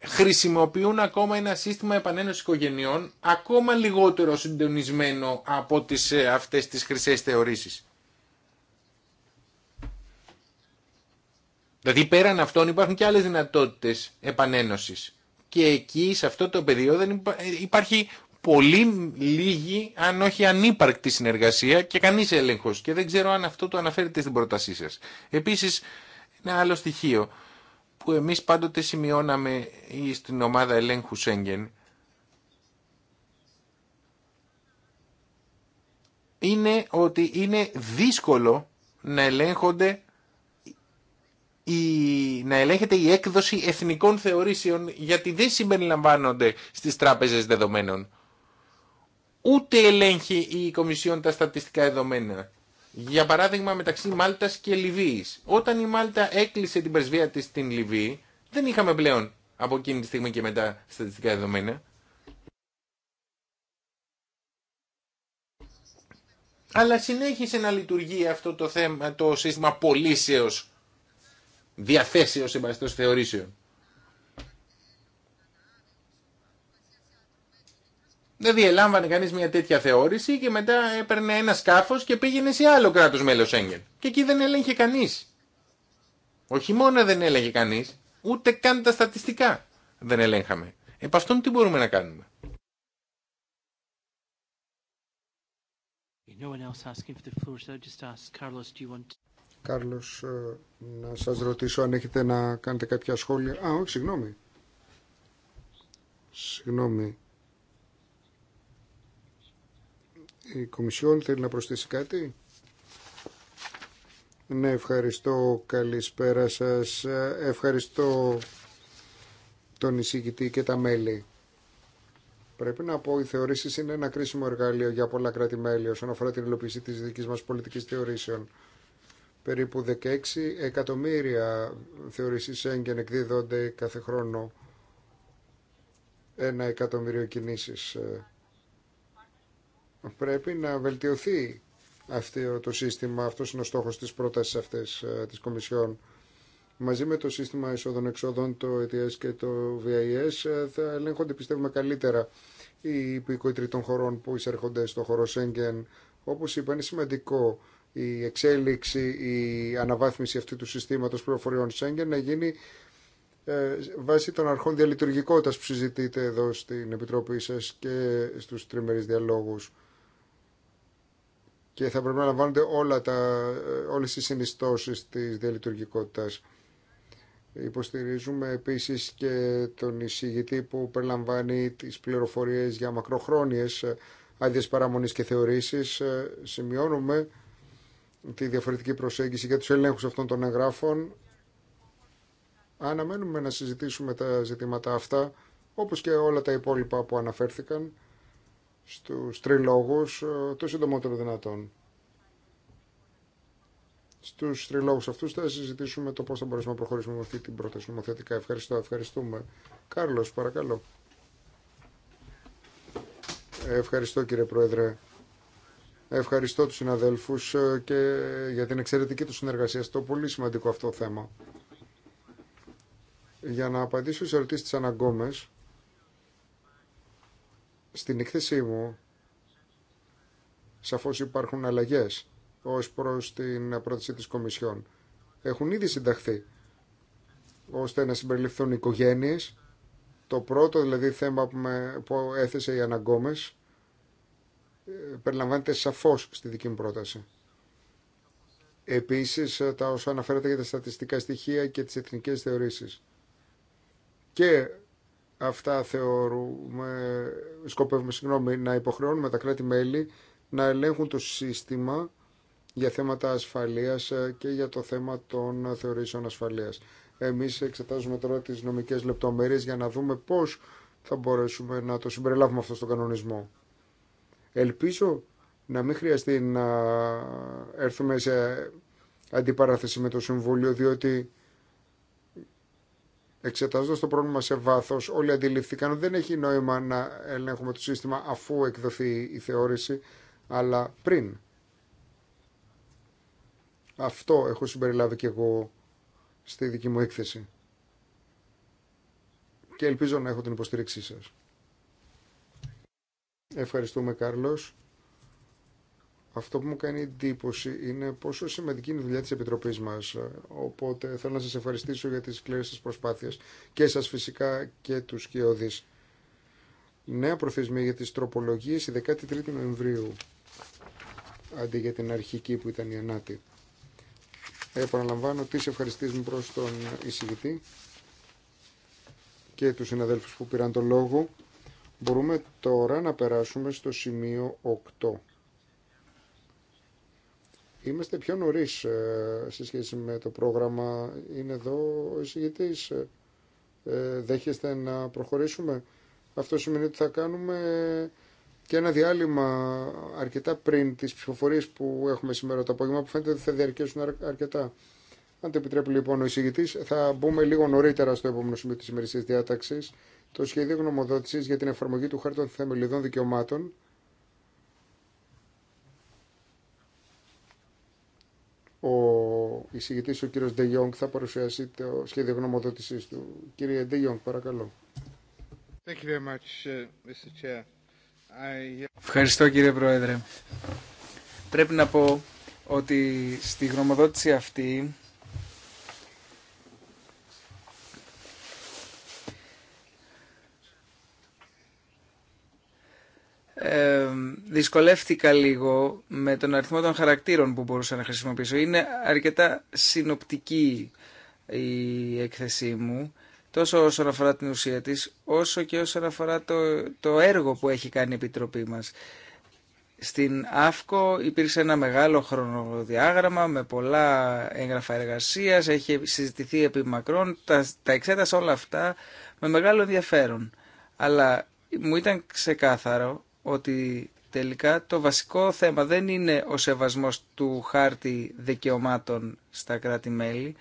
χρησιμοποιούν ακόμα ένα σύστημα επανένωση οικογενειών ακόμα λιγότερο συντονισμένο από τις, ε, αυτές τις χρυσές θεωρήσεις. Δηλαδή πέραν αυτών υπάρχουν και άλλες δυνατότητες επανένωσης και εκεί σε αυτό το πεδίο δεν ε, υπάρχει πολύ λίγη αν όχι ανύπαρκτη συνεργασία και κανείς έλεγχος και δεν ξέρω αν αυτό το αναφέρετε στην πρότασή σας. Επίσης ένα άλλο στοιχείο που εμείς πάντοτε σημειώναμε στην ομάδα ελέγχου Σέγγεν είναι ότι είναι δύσκολο να ελέγχονται η, να ελέγχεται η έκδοση εθνικών θεωρήσεων γιατί δεν συμπεριλαμβάνονται στις τράπεζες δεδομένων. Ούτε ελέγχει η Κομισιόν τα στατιστικά δεδομένα. Για παράδειγμα μεταξύ Μάλτας και Λιβύης. Όταν η Μάλτα έκλεισε την πρεσβεία της στην Λιβύη δεν είχαμε πλέον από εκείνη τη στιγμή και μετά στατιστικά δεδομένα. Αλλά συνέχισε να λειτουργεί αυτό το, θέμα, το σύστημα πωλήσεως διαθέσεως εμπαστός θεωρήσεων. Δεν δηλαδή, διελάμβανε κανείς μια τέτοια θεώρηση και μετά έπαιρνε ένα σκάφος και πήγαινε σε άλλο κράτος μέλος Έγγελ. Και εκεί δεν έλεγχε κανείς. Όχι μόνο δεν έλεγε κανείς, ούτε καν τα στατιστικά δεν ελέγχαμε. Επ' αυτόν τι μπορούμε να κάνουμε. No one else the floor, so just ask Carlos, do you want Κάρλος, ε, να σας ρωτήσω αν έχετε να κάνετε κάποια σχόλια. Α, όχι, συγγνώμη. Συγγνώμη. Η Κομισιόν θέλει να προσθέσει κάτι. Ναι, ευχαριστώ. Καλησπέρα σας. Ευχαριστώ τον εισηγητή και τα μέλη. Πρέπει να πω, οι θεωρήσει είναι ένα κρίσιμο εργαλείο για πολλά κράτη-μέλη όσον αφορά την υλοποίηση τη δική μα πολιτική θεωρήσεων. Περίπου 16 εκατομμύρια θεωρήσεις έγκεν εκδίδονται κάθε χρόνο ένα εκατομμύριο κινήσεις. Ε. Πρέπει να βελτιωθεί αυτό το σύστημα, αυτός είναι ο στόχος της πρότασης αυτής ε, της Κομισιόν. Μαζί με το σύστημα εισόδων-εξόδων, το ETS ε και το VIS θα ελέγχονται πιστεύουμε καλύτερα οι υπηκοίτροι των χωρών που εισέρχονται στο χώρο Σέγγεν. Όπως είπα είναι σημαντικό η εξέλιξη, η αναβάθμιση αυτού του συστήματος πληροφοριών Σέγγεν να γίνει ε, βάσει των αρχών διαλειτουργικότητας που συζητείτε εδώ στην Επιτροπή σας και στους τριμερείς διαλόγους και θα πρέπει να λαμβάνονται όλα τα, όλες οι συνιστώσεις της διαλειτουργικότητας. Υποστηρίζουμε επίσης και τον εισηγητή που περιλαμβάνει τις πληροφορίες για μακροχρόνιες άδειες παραμονής και θεωρήσεις. Ε, σημειώνουμε τη διαφορετική προσέγγιση για τους ελέγχους αυτών των εγγράφων. Αναμένουμε να συζητήσουμε τα ζητήματα αυτά, όπως και όλα τα υπόλοιπα που αναφέρθηκαν στους τριλόγους, ε, το συντομότερο δυνατόν. Στους τριλόγους αυτούς θα συζητήσουμε το πώς θα μπορέσουμε να προχωρήσουμε με αυτή την πρόταση νομοθετικά. Ευχαριστώ, ευχαριστούμε. Κάρλος, παρακαλώ. Ευχαριστώ κύριε Πρόεδρε. Ευχαριστώ τους συναδέλφους ε, και για την εξαιρετική του συνεργασία στο πολύ σημαντικό αυτό θέμα. Για να απαντήσω στις ερωτήσεις της Αναγκόμες, στην εκθέσή μου σαφώς υπάρχουν αλλαγές ως προς την πρόταση της Κομισιόν. Έχουν ήδη συνταχθεί ώστε να συμπεριληφθούν οι οικογένειες. Το πρώτο δηλαδή θέμα που, έθεσε η Αναγκόμες ε, περιλαμβάνεται σαφώς στη δική μου πρόταση. Επίσης, ε, τα όσα αναφέρατε για τα στατιστικά στοιχεία και τις εθνικές θεωρήσεις. Και αυτά θεωρούμε, σκοπεύουμε, συγγνώμη, να υποχρεώνουμε τα κράτη-μέλη να ελέγχουν το σύστημα για θέματα ασφαλείας ε, και για το θέμα των θεωρήσεων ασφαλείας. Εμείς εξετάζουμε τώρα τις νομικές λεπτομέρειε για να δούμε πώς θα μπορέσουμε να το συμπεριλάβουμε αυτό στον κανονισμό. Ελπίζω να μην χρειαστεί να έρθουμε σε αντιπαράθεση με το Συμβούλιο, διότι εξετάζοντας το πρόβλημα σε βάθος, όλοι αντιληφθήκαν ότι δεν έχει νόημα να ελέγχουμε το σύστημα αφού εκδοθεί η θεώρηση, αλλά πριν. Αυτό έχω συμπεριλάβει και εγώ στη δική μου έκθεση. Και ελπίζω να έχω την υποστήριξή σας. Ευχαριστούμε, Κάρλος. Αυτό που μου κάνει εντύπωση είναι πόσο σημαντική είναι η δουλειά της Επιτροπής μας. Οπότε θέλω να σας ευχαριστήσω για τις σκληρές σας προσπάθειες και σας φυσικά και του σκιώδεις. Νέα προθεσμία για τις τροπολογίες η 13η Νοεμβρίου αντί για την αρχική που ήταν η 9η. Επαναλαμβάνω τι ευχαριστή μου προς τον εισηγητή και τους συναδέλφους που πήραν τον λόγο. Μπορούμε τώρα να περάσουμε στο σημείο 8. Είμαστε πιο νωρίς ε, σε σχέση με το πρόγραμμα. Είναι εδώ ο εισηγητής. Ε, ε, δέχεστε να προχωρήσουμε. Αυτό σημαίνει ότι θα κάνουμε και ένα διάλειμμα αρκετά πριν τις ψηφοφορίες που έχουμε σήμερα το απόγευμα που φαίνεται ότι θα διαρκέσουν αρκετά. Αν το επιτρέπει λοιπόν ο εισηγητή, θα μπούμε λίγο νωρίτερα στο επόμενο σημείο τη ημερησία διάταξη, το σχέδιο γνωμοδότηση για την εφαρμογή του Χάρτη των Θεμελιδών Δικαιωμάτων. Ο εισηγητή, ο κύριο Ντε θα παρουσιάσει το σχέδιο γνωμοδότηση του. Κύριε Ντε παρακαλώ. Uh, uh, Ευχαριστώ κύριε Πρόεδρε. Πρέπει να πω ότι στη γνωμοδότηση αυτή δυσκολεύτηκα λίγο με τον αριθμό των χαρακτήρων που μπορούσα να χρησιμοποιήσω. Είναι αρκετά συνοπτική η έκθεσή μου, τόσο όσον αφορά την ουσία της, όσο και όσον αφορά το, το έργο που έχει κάνει η Επιτροπή μας. Στην ΑΦΚΟ υπήρξε ένα μεγάλο χρονοδιάγραμμα με πολλά έγγραφα εργασίας, έχει συζητηθεί επί μακρόν, τα, τα εξέτασα όλα αυτά με μεγάλο ενδιαφέρον. Αλλά μου ήταν ξεκάθαρο ότι τελικά το βασικό θέμα δεν είναι ο σεβασμός του χάρτη δικαιωμάτων στα κράτη-μέλη,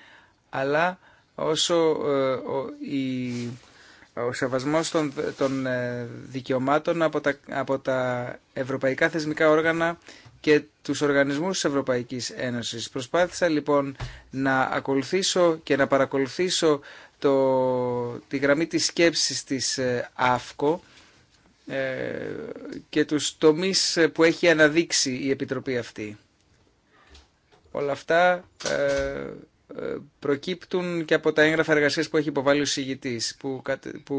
αλλά όσο ε, ο, η, ο σεβασμός των, ε, δικαιωμάτων από τα, ευρωπαϊκά θεσμικά όργανα και τους οργανισμούς της Ευρωπαϊκής Ένωσης. Προσπάθησα λοιπόν να ακολουθήσω και να παρακολουθήσω το, τη γραμμή της σκέψης της ε, ΑΦΚΟ ε, και τους τομείς που έχει αναδείξει η Επιτροπή αυτή. Όλα αυτά ε, ε, προκύπτουν και από τα έγγραφα εργασίας που έχει υποβάλει ο συγητής, που, που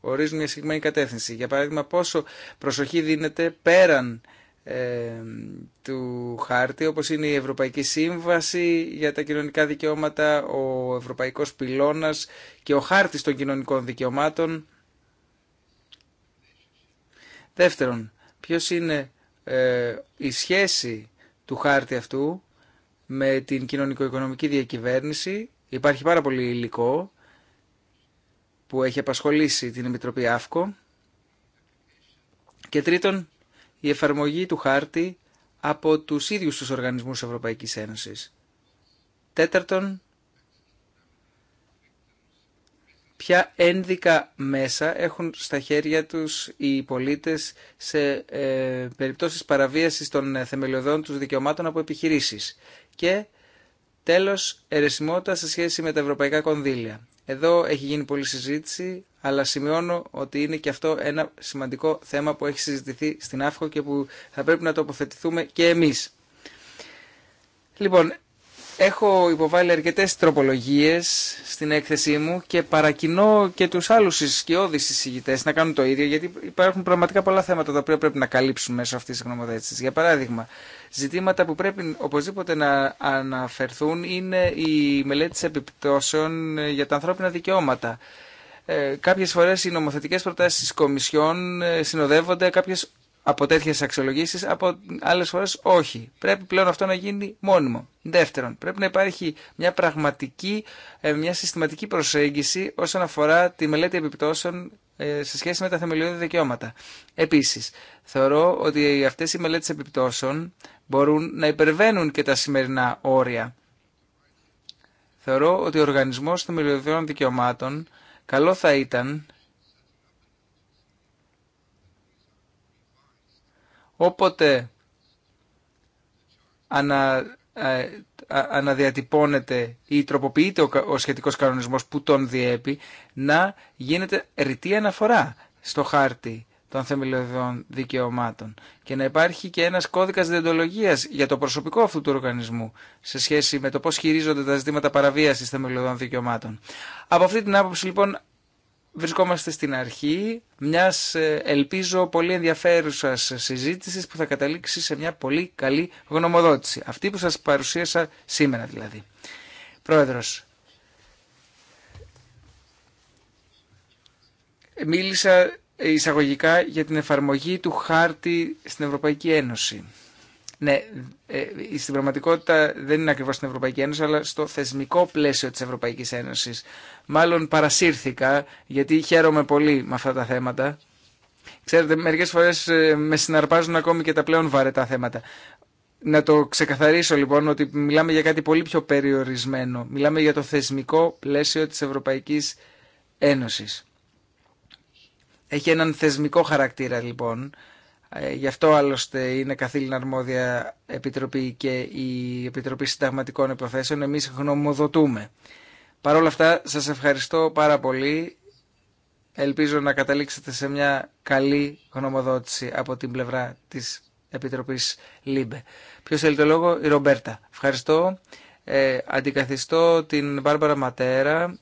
ορίζουν μια συγκεκριμένη κατεύθυνση. Για παράδειγμα, πόσο προσοχή δίνεται πέραν του χάρτη, όπως είναι η Ευρωπαϊκή Σύμβαση για τα κοινωνικά δικαιώματα, ο Ευρωπαϊκός Πυλώνας και ο Χάρτης των Κοινωνικών Δικαιωμάτων, Δεύτερον, ποιος είναι ε, η σχέση του χάρτη αυτού με την κοινωνικο-οικονομική διακυβέρνηση. Υπάρχει πάρα πολύ υλικό που έχει απασχολήσει την Επιτροπή ΑΦΚΟ. Και τρίτον, η εφαρμογή του χάρτη από τους ίδιους τους οργανισμούς Ευρωπαϊκής Ένωσης. Τέταρτον, ποια ένδικα μέσα έχουν στα χέρια τους οι πολίτες σε ε, περιπτώσεις παραβίασης των θεμελιωδών τους δικαιωμάτων από επιχειρήσεις. Και τέλος, ερεσιμότητα σε σχέση με τα ευρωπαϊκά κονδύλια. Εδώ έχει γίνει πολλή συζήτηση, αλλά σημειώνω ότι είναι και αυτό ένα σημαντικό θέμα που έχει συζητηθεί στην ΑΦΧΟ και που θα πρέπει να τοποθετηθούμε και εμείς. Λοιπόν, Έχω υποβάλει αρκετέ τροπολογίε στην έκθεσή μου και παρακινώ και τους άλλους ισχυώδεις συζητητέ, να κάνουν το ίδιο γιατί υπάρχουν πραγματικά πολλά θέματα τα οποία πρέπει να καλύψουν μέσω αυτή τη γνωμοδέτησης. Για παράδειγμα, ζητήματα που πρέπει οπωσδήποτε να αναφερθούν είναι η μελέτη επιπτώσεων για τα ανθρώπινα δικαιώματα. Ε, κάποιες φορές οι νομοθετικές προτάσεις της Κομισιόν ε, συνοδεύονται κάποιες από τέτοιε αξιολογήσει, από άλλε φορέ όχι. Πρέπει πλέον αυτό να γίνει μόνιμο. Δεύτερον, πρέπει να υπάρχει μια πραγματική, ε, μια συστηματική προσέγγιση όσον αφορά τη μελέτη επιπτώσεων ε, σε σχέση με τα θεμελιώδη δικαιώματα. Επίσης, θεωρώ ότι αυτές οι μελέτες επιπτώσεων μπορούν να υπερβαίνουν και τα σημερινά όρια. Θεωρώ ότι ο οργανισμό Θεμελιωδών Δικαιωμάτων καλό θα ήταν όποτε ανα, ε, αναδιατυπώνεται ή τροποποιείται ο, ο σχετικός κανονισμός που τον διέπει, να γίνεται ρητή αναφορά στο χάρτη των θεμελιωδών δικαιωμάτων και να υπάρχει και ένας κώδικας διοντολογίας για το προσωπικό αυτού του οργανισμού σε σχέση με το πώς χειρίζονται τα ζητήματα παραβίασης θεμελιωδών δικαιωμάτων. Από αυτή την άποψη λοιπόν βρισκόμαστε στην αρχή μιας ε, ελπίζω πολύ ενδιαφέρουσας συζήτησης που θα καταλήξει σε μια πολύ καλή γνωμοδότηση. Αυτή που σας παρουσίασα σήμερα δηλαδή. Πρόεδρος, μίλησα εισαγωγικά για την εφαρμογή του χάρτη στην Ευρωπαϊκή Ένωση. Ναι, ε, ε, στην πραγματικότητα δεν είναι ακριβώς στην Ευρωπαϊκή Ένωση, αλλά στο θεσμικό πλαίσιο της Ευρωπαϊκής Ένωσης. Μάλλον παρασύρθηκα, γιατί χαίρομαι πολύ με αυτά τα θέματα. Ξέρετε, μερικές φορές ε, με συναρπάζουν ακόμη και τα πλέον βαρετά θέματα. Να το ξεκαθαρίσω λοιπόν ότι μιλάμε για κάτι πολύ πιο περιορισμένο. Μιλάμε για το θεσμικό πλαίσιο της Ευρωπαϊκής Ένωσης. Έχει έναν θεσμικό χαρακτήρα λοιπόν ε, γι' αυτό άλλωστε είναι καθήλυνα αρμόδια επιτροπή και η Επιτροπή Συνταγματικών Υποθέσεων. Εμείς γνωμοδοτούμε. Παρ' όλα αυτά σας ευχαριστώ πάρα πολύ. Ελπίζω να καταλήξετε σε μια καλή γνωμοδότηση από την πλευρά της Επιτροπής ΛΥΜΠΕ. Ποιο θέλει το λόγο, η Ρομπέρτα. Ευχαριστώ. Ε, αντικαθιστώ την Μπάρμπαρα Ματέρα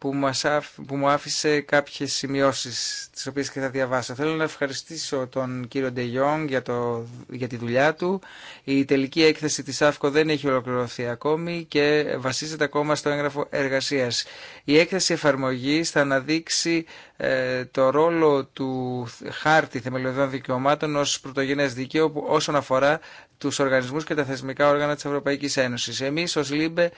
που, μας, που μου άφησε κάποιες σημειώσεις τις οποίες και θα διαβάσω. Θέλω να ευχαριστήσω τον κύριο Ντε για, το, για τη δουλειά του. Η τελική έκθεση της ΑΦΚΟ δεν έχει ολοκληρωθεί ακόμη και βασίζεται ακόμα στο έγγραφο εργασίας. Η έκθεση εφαρμογής θα αναδείξει ε, το ρόλο του χάρτη θεμελιωδών δικαιωμάτων ως πρωτογενές δικαίου όσον αφορά τους οργανισμούς και τα θεσμικά όργανα της Ευρωπαϊκής Ένωσης. Εμείς ως ΛΥΜΠΕ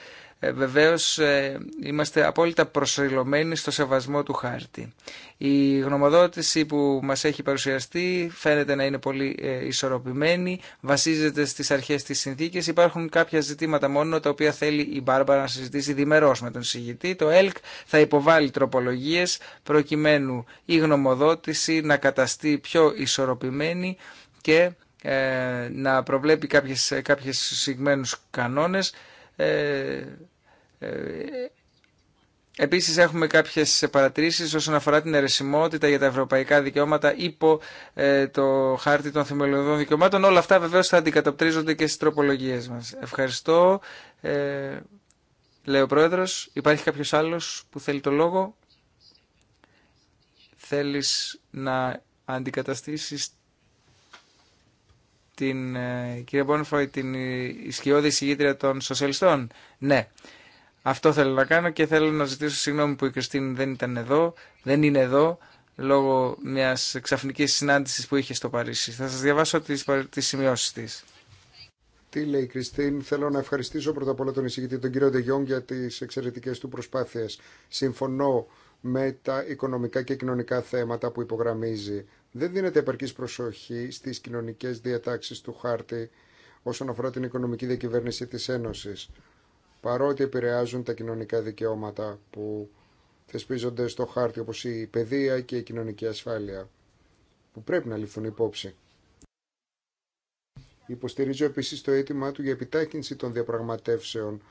ε, βεβαίως ε, είμαστε απόλυτα προσελωμένοι στο σεβασμό του χάρτη. Η γνωμοδότηση που μας έχει παρουσιαστεί φαίνεται να είναι πολύ ε, ισορροπημένη, βασίζεται στις αρχές της συνθήκης. Υπάρχουν κάποια ζητήματα μόνο τα οποία θέλει η Μπάρμπαρα να συζητήσει διμερώς με τον συγητή. Το ΕΛΚ θα υποβάλει τροπολογίες προκειμένου η γνωμοδότηση να καταστεί πιο ισορροπημένη και να προβλέπει κάποιες, κάποιες συγκεκριμένους κανόνες ε, επίσης έχουμε κάποιες παρατηρήσεις όσον αφορά την αιρεσιμότητα για τα ευρωπαϊκά δικαιώματα υπό ε, το χάρτη των θεμελιωδών δικαιωμάτων. Όλα αυτά βεβαίως θα αντικατοπτρίζονται και στις τροπολογίες μας. Ευχαριστώ. Ε, λέει ο Πρόεδρος. Υπάρχει κάποιος άλλος που θέλει το λόγο. Θέλεις να αντικαταστήσεις την ε, κυρία Μπόνφροϊ, την ισχυώδη συγγύτρια των σοσιαλιστών. Ναι. Αυτό θέλω να κάνω και θέλω να ζητήσω συγγνώμη που η Κριστίν δεν ήταν εδώ, δεν είναι εδώ, λόγω μια ξαφνική συνάντηση που είχε στο Παρίσι. Θα σα διαβάσω τι τις σημειώσεις της. Τι λέει η Κριστίν, θέλω να ευχαριστήσω πρώτα απ' όλα τον εισηγητή, τον κύριο Ντεγιόν, για τι εξαιρετικέ του προσπάθειες. Συμφωνώ με τα οικονομικά και κοινωνικά θέματα που υπογραμμίζει. Δεν δίνεται επαρκή προσοχή στι κοινωνικέ διατάξει του χάρτη όσον αφορά την οικονομική διακυβέρνηση τη Ένωση παρότι επηρεάζουν τα κοινωνικά δικαιώματα που θεσπίζονται στο χάρτη όπως η παιδεία και η κοινωνική ασφάλεια που πρέπει να ληφθούν υπόψη. Υποστηρίζω επίσης το αίτημά του για επιτάκυνση των διαπραγματεύσεων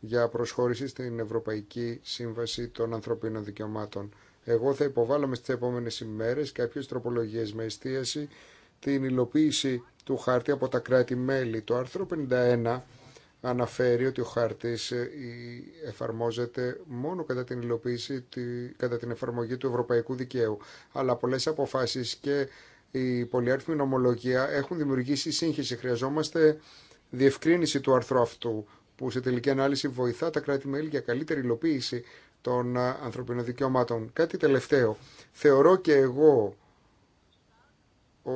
για προσχώρηση στην Ευρωπαϊκή Σύμβαση των Ανθρωπίνων Δικαιωμάτων. Εγώ θα υποβάλω με στις επόμενες ημέρες κάποιες τροπολογίες με εστίαση την υλοποίηση του χάρτη από τα κράτη-μέλη. Το άρθρο 51 αναφέρει ότι ο χάρτης ε, εφαρμόζεται μόνο κατά την υλοποίηση, κατά την εφαρμογή του ευρωπαϊκού δικαίου. Αλλά πολλές αποφάσεις και η πολυάριθμη νομολογία έχουν δημιουργήσει σύγχυση. Χρειαζόμαστε διευκρίνηση του άρθρου αυτού που σε τελική ανάλυση βοηθά τα κράτη-μέλη για καλύτερη υλοποίηση των ε, ανθρωπίνων δικαιωμάτων. Κάτι τελευταίο. Θεωρώ και εγώ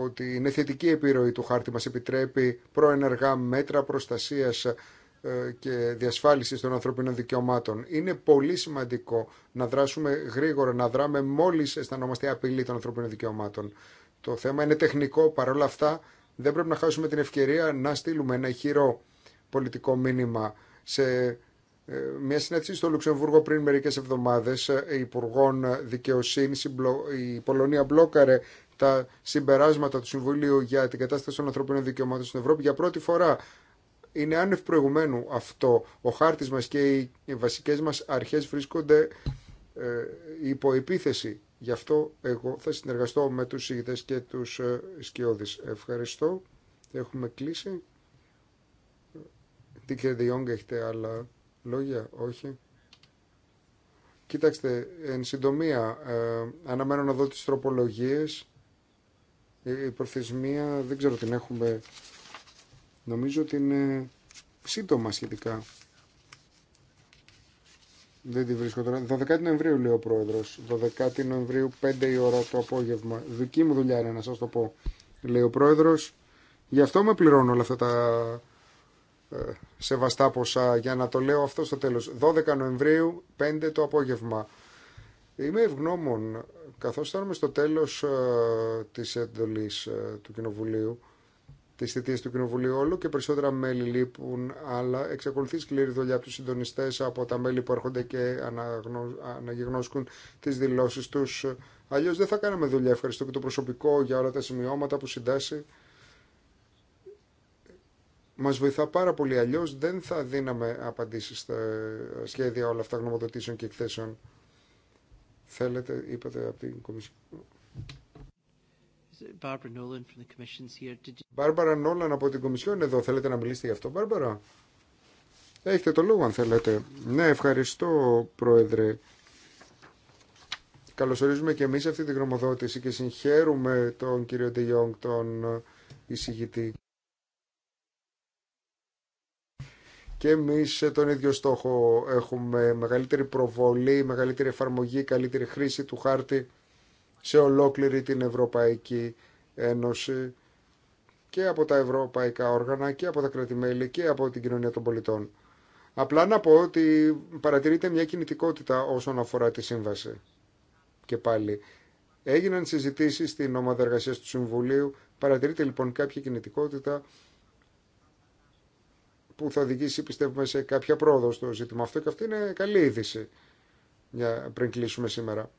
ότι είναι θετική επιρροή του χάρτη μας επιτρέπει προενεργά μέτρα προστασίας ε, και διασφάλισης των ανθρωπίνων δικαιωμάτων. Είναι πολύ σημαντικό να δράσουμε γρήγορα, να δράμε μόλις αισθανόμαστε απειλή των ανθρωπίνων δικαιωμάτων. Το θέμα είναι τεχνικό, παρόλα αυτά δεν πρέπει να χάσουμε την ευκαιρία να στείλουμε ένα χειρό πολιτικό μήνυμα σε ε, μια συνέντευξη στο Λουξεμβούργο πριν μερικέ εβδομάδε ε, υπουργών δικαιοσύνη. Η Πολωνία μπλόκαρε τα συμπεράσματα του Συμβουλίου για την κατάσταση των ανθρωπίνων δικαιωμάτων στην Ευρώπη για πρώτη φορά. Είναι άνευ προηγουμένου αυτό. Ο χάρτης μας και οι βασικές μας αρχές βρίσκονται ε, υπό επίθεση. Γι' αυτό εγώ θα συνεργαστώ με τους ηγητές και τους ε, Ευχαριστώ. Έχουμε κλείσει. Τι κύριε Διόγκ, έχετε άλλα λόγια, όχι. Κοιτάξτε, εν συντομία, ε, αναμένω να δω τις τροπολογίες ε, η προθεσμία δεν ξέρω την έχουμε. Νομίζω ότι είναι σύντομα σχετικά. Δεν τη βρίσκω τώρα. 12 Νοεμβρίου λέει ο πρόεδρο. 12 Νοεμβρίου, 5 η ώρα το απόγευμα. Δική μου δουλειά είναι να σα το πω. Λέει ο πρόεδρο. Γι' αυτό με πληρώνω όλα αυτά τα ε, σεβαστά ποσά για να το λέω αυτό στο τέλος. 12 Νοεμβρίου, 5 το απόγευμα. Είμαι ευγνώμων, καθώς φτάνουμε στο τέλος ε, της εντολής ε, του Κοινοβουλίου, της θητείας του Κοινοβουλίου όλο και περισσότερα μέλη λείπουν, αλλά εξακολουθεί σκληρή δουλειά από τους συντονιστές, από τα μέλη που έρχονται και αναγνω... αναγυγνώσκουν τις δηλώσεις τους. Αλλιώς δεν θα κάναμε δουλειά. Ευχαριστώ και το προσωπικό για όλα τα σημειώματα που συντάσσει. μα βοηθά πάρα πολύ. αλλιώ, δεν θα δίναμε απαντήσει στα σχέδια όλα αυτά γνωμοδοτήσεων και εκθέσεων. Θέλετε, είπατε από την Κομισιόν. Μπάρμπαρα Νόλαν από την Κομισιόν εδώ. Θέλετε να μιλήσετε γι' αυτό, Μπάρμπαρα. Έχετε το λόγο αν θέλετε. Ναι, ευχαριστώ Πρόεδρε. Καλωσορίζουμε και εμείς αυτή τη γνωμοδότηση και συγχαίρουμε τον κύριο Ντεγιόγκ, τον εισηγητή. Και εμεί ε, τον ίδιο στόχο έχουμε μεγαλύτερη προβολή, μεγαλύτερη εφαρμογή, καλύτερη χρήση του χάρτη σε ολόκληρη την Ευρωπαϊκή Ένωση και από τα ευρωπαϊκά όργανα και από τα κρατημέλη και από την κοινωνία των πολιτών. Απλά να πω ότι παρατηρείται μια κινητικότητα όσον αφορά τη σύμβαση. Και πάλι έγιναν συζητήσεις στην ομάδα εργασίας του Συμβουλίου, παρατηρείται λοιπόν κάποια κινητικότητα που θα οδηγήσει πιστεύουμε σε κάποια πρόοδο στο ζήτημα αυτό και αυτή είναι καλή είδηση για πριν κλείσουμε σήμερα.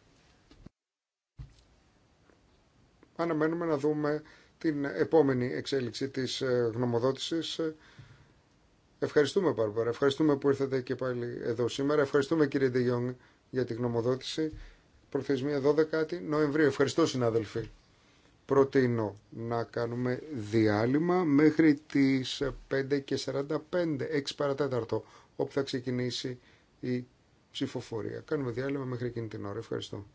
Αναμένουμε να δούμε την επόμενη εξέλιξη της ε, γνωμοδότησης. Ευχαριστούμε Μπάρμπαρα, ευχαριστούμε που ήρθατε και πάλι εδώ σήμερα. Ευχαριστούμε κύριε Ντεγιόνγκ για τη γνωμοδότηση. Προθεσμία 12 Νοεμβρίου. Ευχαριστώ συνάδελφοι προτείνω να κάνουμε διάλειμμα μέχρι τις 5 και 45, 6 παρατέταρτο, όπου θα ξεκινήσει η ψηφοφορία. Κάνουμε διάλειμμα μέχρι εκείνη την ώρα. Ευχαριστώ.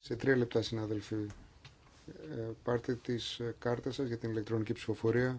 Σε τρία λεπτά, συνάδελφοι, ε, πάρτε τις ε, κάρτες σας για την ηλεκτρονική ψηφοφορία.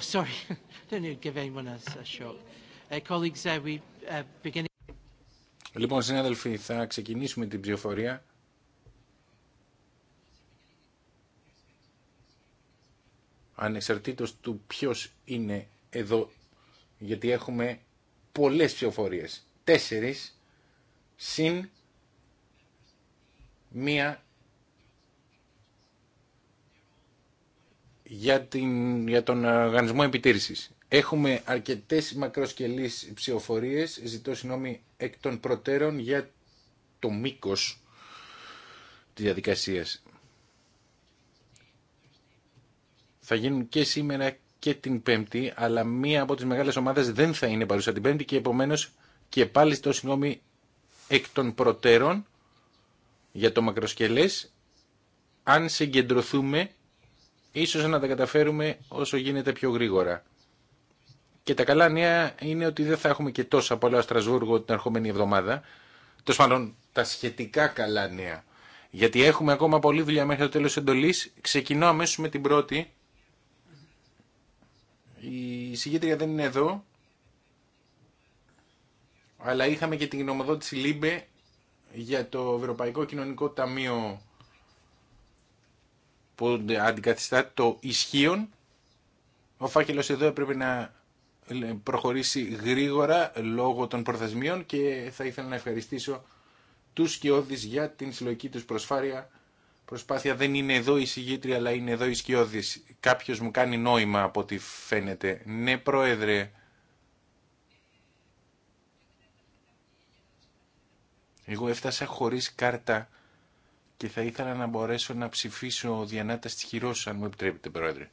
Oh, sorry. *laughs* Don't need to give anyone a, a shock. Uh, colleagues, uh, we uh, beginning. Λοιπόν, συνάδελφοι, θα ξεκινήσουμε την ψηφοφορία. Ανεξαρτήτως του ποιος είναι εδώ, γιατί έχουμε πολλές ψηφοφορίες. Τέσσερις, συν μία για, την, για τον οργανισμό επιτήρησης. Έχουμε αρκετές μακροσκελεί ψηφοφορίε ζητώ συγγνώμη εκ των προτέρων για το μήκος τη διαδικασία. Θα γίνουν και σήμερα και την Πέμπτη, αλλά μία από τις μεγάλες ομάδες δεν θα είναι παρούσα την Πέμπτη και επομένω, και πάλι στο συγγνώμη εκ των προτέρων για το μακροσκελές αν συγκεντρωθούμε ίσως να τα καταφέρουμε όσο γίνεται πιο γρήγορα. Και τα καλά νέα είναι ότι δεν θα έχουμε και τόσα πολλά Στρασβούργο την ερχόμενη εβδομάδα. Τόσο μάλλον τα σχετικά καλά νέα. Γιατί έχουμε ακόμα πολλή δουλειά μέχρι το τέλος εντολής. Ξεκινώ αμέσω με την πρώτη. Η συγκέντρια δεν είναι εδώ. Αλλά είχαμε και την γνωμοδότηση ΛΥΜΠΕ για το Ευρωπαϊκό Κοινωνικό Ταμείο που αντικαθιστά το ισχύον. Ο φάκελος εδώ έπρεπε να ε, προχωρήσει γρήγορα λόγω των προθεσμίων και θα ήθελα να ευχαριστήσω τους σκιώδεις για την συλλογική τους προσφάρια. Προσπάθεια δεν είναι εδώ η συγγήτρια αλλά είναι εδώ η σκιώδης. Κάποιος μου κάνει νόημα από ό,τι φαίνεται. Ναι πρόεδρε. Εγώ έφτασα χωρίς κάρτα και θα ήθελα να μπορέσω να ψηφίσω διανάτα τη χειρός, αν μου επιτρέπετε, Πρόεδρε.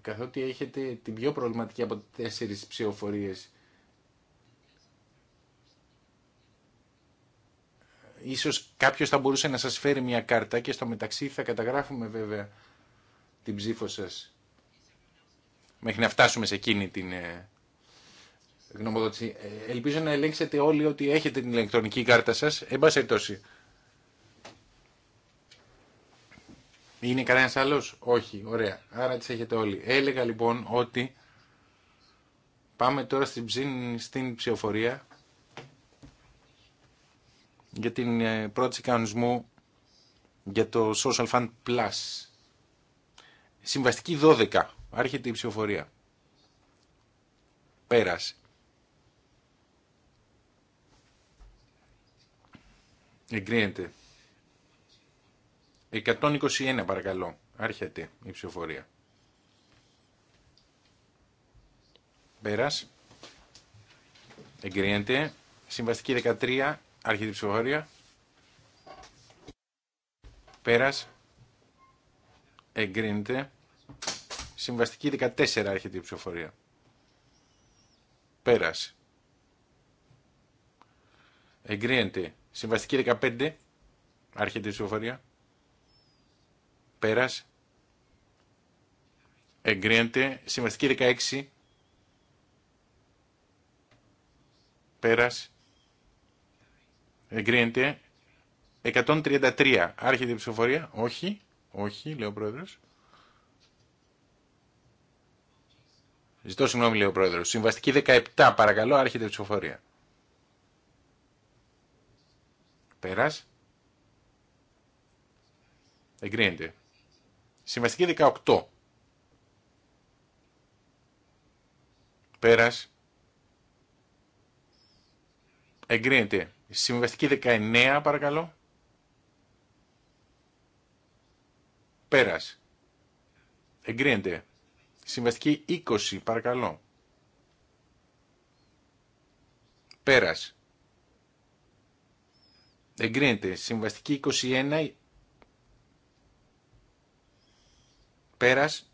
Καθότι έχετε την πιο προβληματική από τέσσερις ψηφοφορίες. Ίσως κάποιος θα μπορούσε να σας φέρει μια κάρτα και στο μεταξύ θα καταγράφουμε βέβαια την ψήφο σας. Μέχρι να φτάσουμε σε εκείνη την ε, ε, ελπίζω να ελέγξετε όλοι ότι έχετε την ηλεκτρονική κάρτα σας. Εν πάση Είναι κανένα άλλος. Όχι. Ωραία. Άρα τις έχετε όλοι. Έλεγα λοιπόν ότι πάμε τώρα στην ψηφοφορία για την ε, πρόταση κανονισμού για το Social Fund Plus. Συμβαστική 12. Άρχεται η ψηφοφορία. Πέρασε. Εγκρίνεται. 121 παρακαλώ. Άρχεται η ψηφοφορία. Πέρας. Εγκρίνεται. Συμβαστική 13. Άρχεται η ψηφοφορία. Πέρας. Εγκρίνεται. Συμβαστική 14. Άρχεται η ψηφοφορία. Πέρας. Εγκρίνεται. Συμβαστική 15. Άρχεται η ψηφοφορία. Πέρας. Εγκρίνεται. Συμβαστική 16. Πέρας. Εγκρίνεται. 133. Άρχεται η ψηφοφορία. Όχι. Όχι, λέει ο πρόεδρος. Ζητώ συγγνώμη, λέει ο πρόεδρος. Συμβαστική 17, παρακαλώ, άρχεται η ψηφοφορία. Πέρας. Εγκρίνεται. Συμβαστική 18. Πέρας. Εγκρίνεται. Συμβαστική 19 παρακαλώ. Πέρας. Εγκρίνεται. Συμβαστική 20 παρακαλώ. Πέρας. Εγκρίνεται. Συμβαστική 21. Πέρας.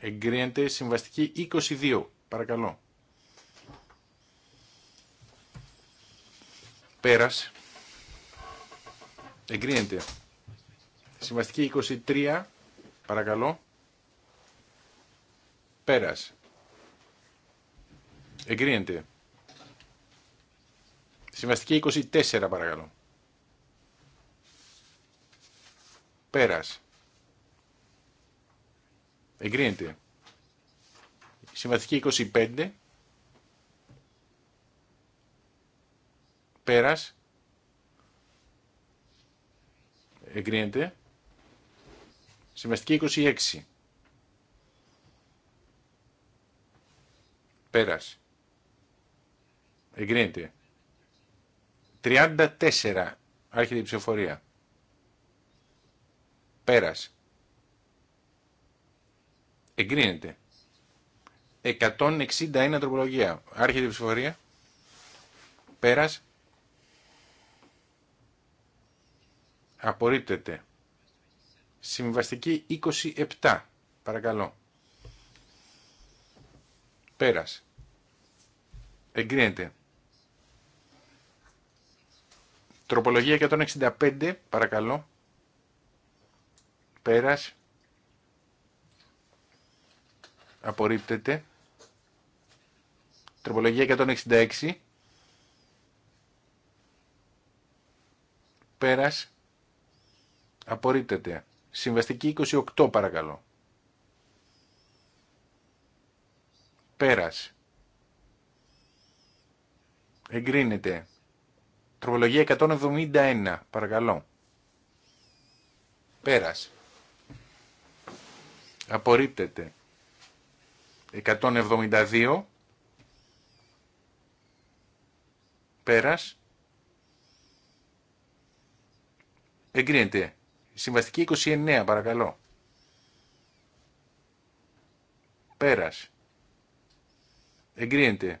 Εγκρίνεται. Συμβαστική 22. Παρακαλώ. Πέρας. Εγκρίνεται. Συμβαστική 23. Παρακαλώ. Πέρας. Εγκρίνεται. Συμβαστική 24 παρακαλώ. Πέρας. Εγκρίνεται. Συμβαστική 25. Πέρας. Εγκρίνεται. Συμβαστική 26. Πέρας. Εγκρίνεται. 34. Άρχεται η ψηφοφορία. Πέρας. Εγκρίνεται. 161 τροπολογία. Άρχεται η ψηφοφορία. Πέρας. Απορρίπτεται. Συμβαστική 27. Παρακαλώ. Πέρας. Εγκρίνεται. Τροπολογία 165, παρακαλώ. Πέρας. Απορρίπτεται. Τροπολογία 166. Πέρας. Απορρίπτεται. Συμβαστική 28, παρακαλώ. Πέρας. Εγκρίνεται. Τροπολογία 171, παρακαλώ. Πέρας. Απορρίπτεται. 172. Πέρας. Εγκρίνεται. Συμβαστική 29, παρακαλώ. Πέρας. Εγκρίνεται.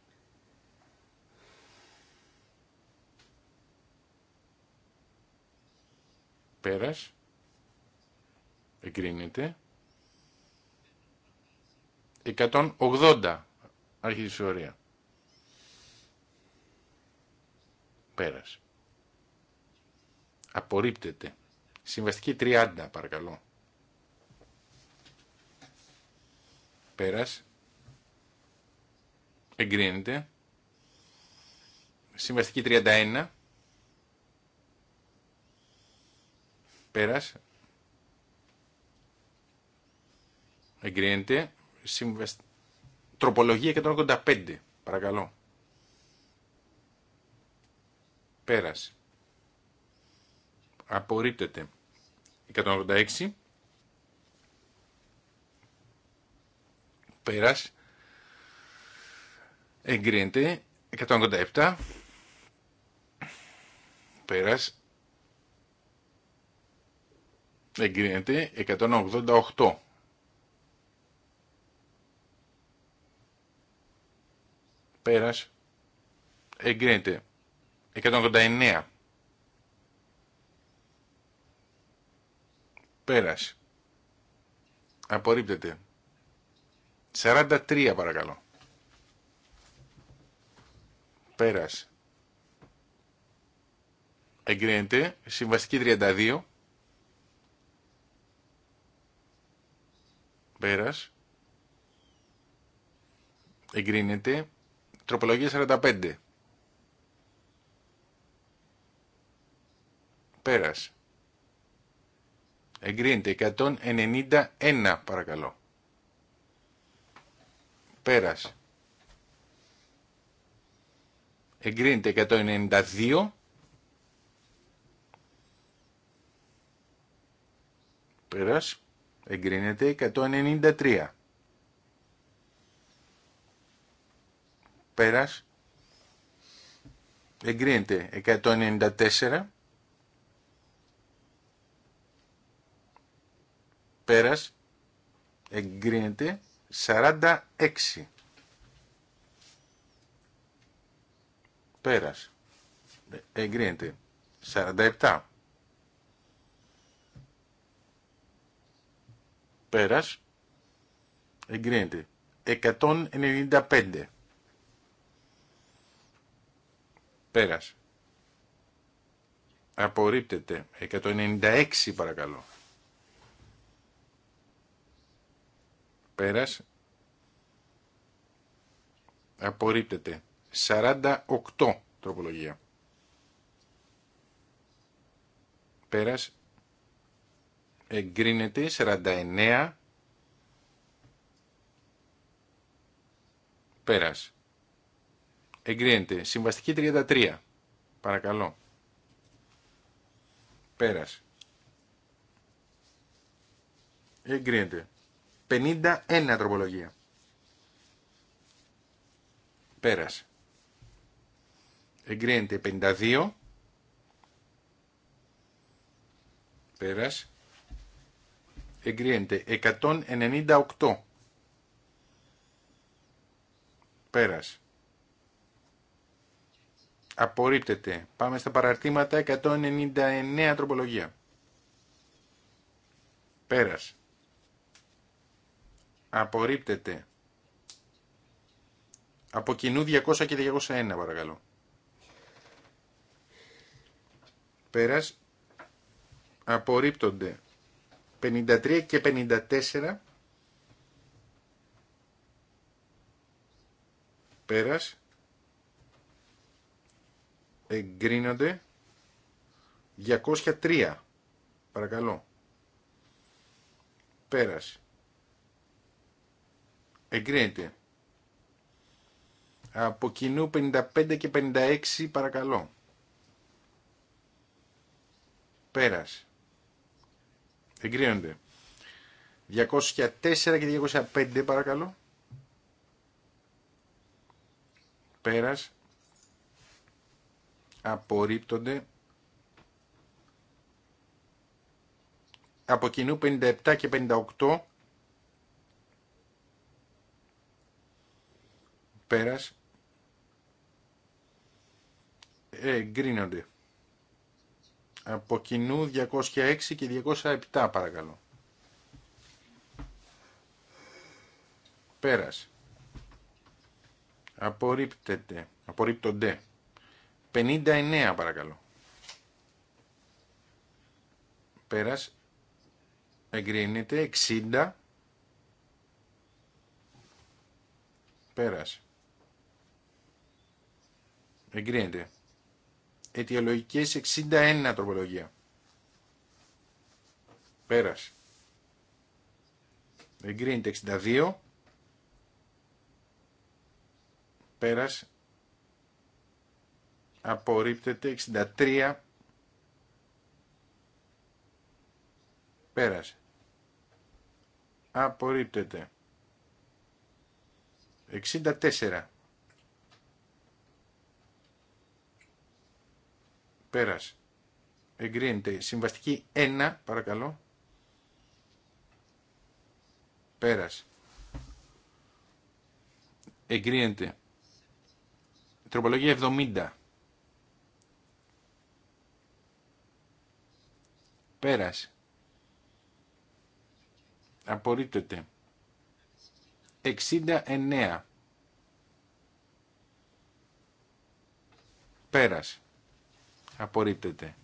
Πέρας. Εγκρίνεται. 180 άρχη της Πέρας. Απορρίπτεται. Συμβαστική 30 παρακαλώ. Πέρας. Εγκρίνεται. Συμβαστική 31 Πέρας. Εγκρίνεται. Συμβεσ... Τροπολογία 185. Παρακαλώ. Πέρας. Απορρίπτεται. 186. Πέρας. Εγκρίνεται. 187. Πέρας Εγκρίνεται 188. Πέρας. Εγκρίνεται 189. Πέρας. Απορρίπτεται. 43 παρακαλώ. Πέρας. Εγκρίνεται. Συμβαστική 32. Πέρας. Εγκρίνεται. Τροπολογία 45. Πέρας. Εγκρίνεται. 191 παρακαλώ. Πέρας. Εγκρίνεται 192. Πέρας. Εγκρίνεται 193. Πέρας. Εγκρίνεται 194. Πέρας. Εγκρίνεται 46. Πέρας. Εγκρίνεται 47. Πέρας. Εγκρίνεται. 195. Πέρας. Απορρίπτεται. 196 παρακαλώ. Πέρας. Απορρίπτεται. 48 τροπολογία. Πέρας εγκρίνεται 49 πέρας. Εγκρίνεται. Συμβαστική 33. Παρακαλώ. Πέρας. Εγκρίνεται. 51 τροπολογία. Πέρας. Εγκρίνεται 52. Πέρας εγκρίνεται 198 πέρας απορρίπτεται πάμε στα παραρτήματα 199 τροπολογία πέρας απορρίπτεται από κοινού 200 και 201 παρακαλώ πέρας απορρίπτονται 53 και 54 πέρας εγκρίνονται 203 παρακαλώ πέρας εγκρίνεται από κοινού 55 και 56 παρακαλώ πέρας Εγκρίνονται. 204 και 205 παρακαλώ. Πέρας. Απορρίπτονται. Από κοινού 57 και 58. Πέρας. Εγκρίνονται. Από κοινού 206 και 207 παρακαλώ. Πέρας. Απορρίπτεται. Απορρίπτονται. 59 παρακαλώ. Πέρας. Εγκρίνεται. 60. Πέρας. Εγκρίνεται αιτιολογικές 61 τροπολογία. Πέρας. Εγκρίνεται 62. Πέρας. Απορρίπτεται 63. Πέρας. Απορρίπτεται. 64. Πέρας. Εγκρίνεται. Συμβαστική 1, παρακαλώ. Πέρας. Εγκρίνεται. Τροπολογία 70. Πέρας. Απορρίπτεται. 69. Πέρας. Απορρίπτεται.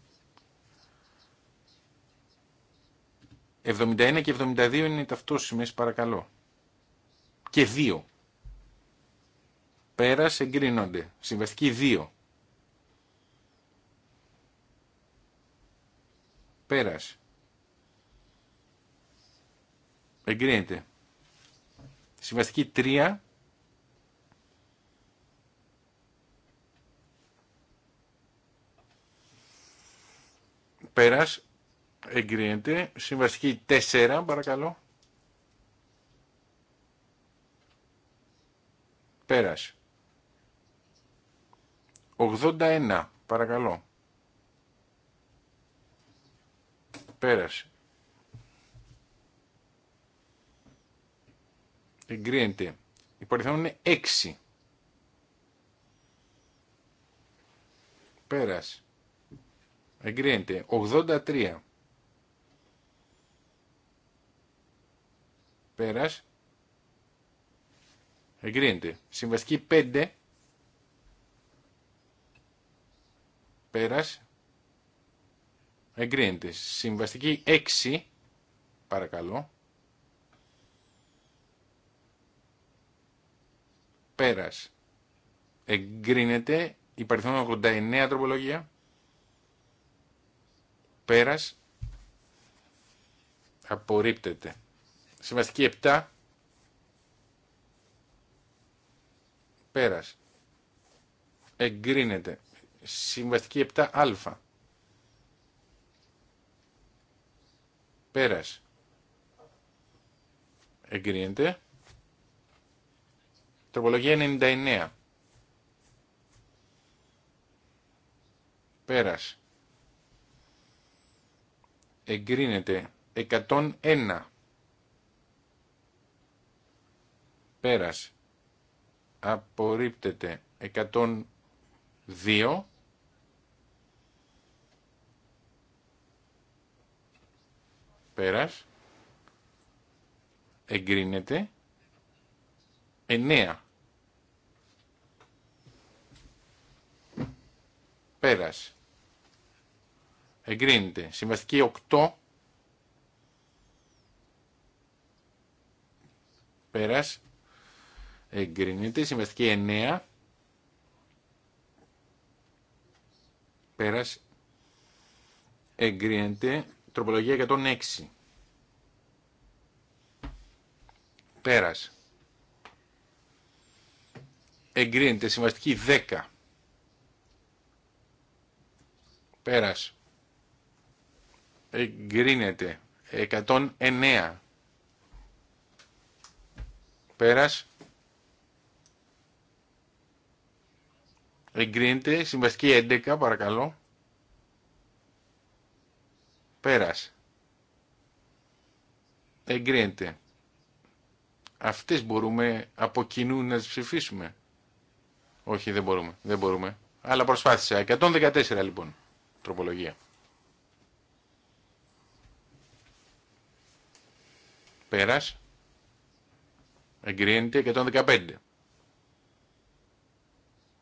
71 και 72 είναι ταυτόσιμες παρακαλώ. Και 2. Πέρας εγκρίνονται. Συμβαστική 2. Πέρας. Εγκρίνεται. Συμβαστική 3 Πέρας. Εγκρίνεται. Συμβαστική 4 παρακαλώ. Πέρας. 81 παρακαλώ. Πέρας. Εγκρίνεται. Η παριθμόν είναι 6. Πέρας. Εγκρίνεται. 83. Πέρας. Εγκρίνεται. Συμβαστική 5. Πέρας. Εγκρίνεται. Συμβαστική 6. Παρακαλώ. Πέρας. Εγκρίνεται. Υπαριθμό 89 τροπολογία. Πέρας. Απορρίπτεται. Συμβαστική 7. Πέρας. Εγκρίνεται. Συμβαστική 7α. Πέρας. Εγκρίνεται. Τροπολογία 99. Πέρας εγκρίνεται 101 πέρας απορρίπτεται 102 πέρας εγκρίνεται 9 πέρας εγκρίνεται. Συμβαστική 8 πέρας εγκρίνεται. Συμβαστική 9 πέρας εγκρίνεται. Τροπολογία 106 πέρας εγκρίνεται. Συμβαστική 10 πέρας εγκρίνεται 109 πέρας εγκρίνεται συμβαστική 11 παρακαλώ πέρας εγκρίνεται αυτές μπορούμε από κοινού να τις ψηφίσουμε όχι δεν μπορούμε δεν μπορούμε αλλά προσπάθησα 114 λοιπόν τροπολογία Πέρας. Εγκρίνεται 115.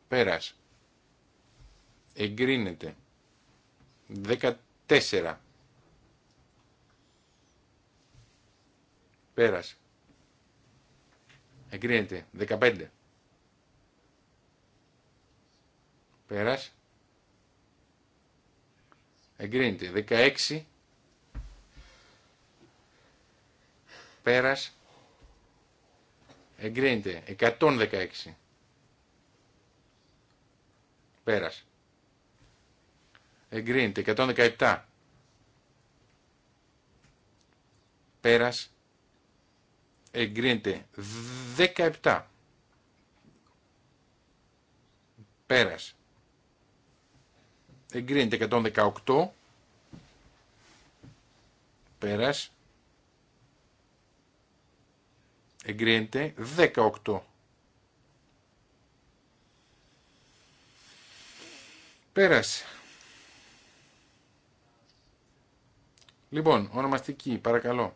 Πέρας. Εγκρίνεται 14. Πέρας. Εγκρίνεται 15. Πέρας. Εγκρίνεται 16. Πέρας. Εγκρίνεται. 116. Πέρας. Εγκρίνεται. 117. Πέρας. Εγκρίνεται. 17. Πέρας. Εγκρίνεται. 118. Πέρας. εγκρίνεται 18. Πέρασε. Λοιπόν, ονομαστική, παρακαλώ.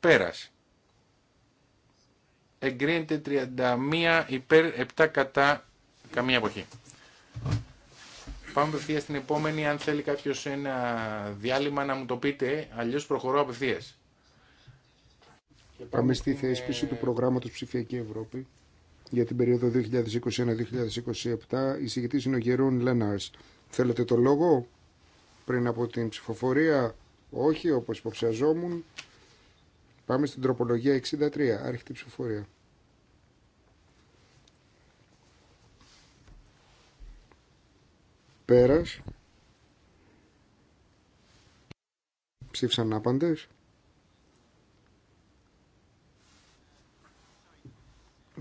Πέρασε. Εγκρίνεται 31 υπέρ 7 κατά καμία εποχή. Πάμε απευθεία στην επόμενη. Αν θέλει κάποιο ένα διάλειμμα να μου το πείτε, αλλιώ προχωρώ απευθεία. Πάμε στη θέσπιση του προγράμματος Ψηφιακή Ευρώπη για την περίοδο 2021-2027. Η συγκεκριτή είναι ο Γερούν Λέναρς. Θέλετε το λόγο πριν από την ψηφοφορία. Όχι, όπως υποψιαζόμουν. Πάμε στην τροπολογία 63. Άρχεται η ψηφοφορία. Πέρας. Ψήφισαν άπαντες.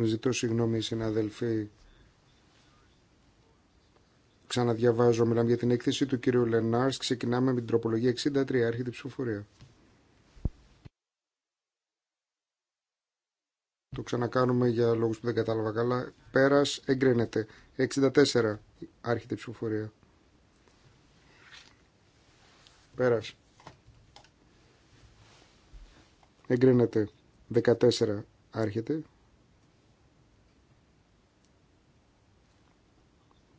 Ζητώ συγγνώμη συναδελφοί. Ξαναδιαβάζω, μιλάμε για την έκθεση του κύριου Λενάρς. Ξεκινάμε με την τροπολογία 63, Άρχιτε ψηφοφορία. Το ξανακάνουμε για λόγους που δεν κατάλαβα καλά. Πέρας εγκρίνεται. 64. Άρχεται η ψηφοφορία. Πέρας. Εγκρίνεται. 14 άρχεται.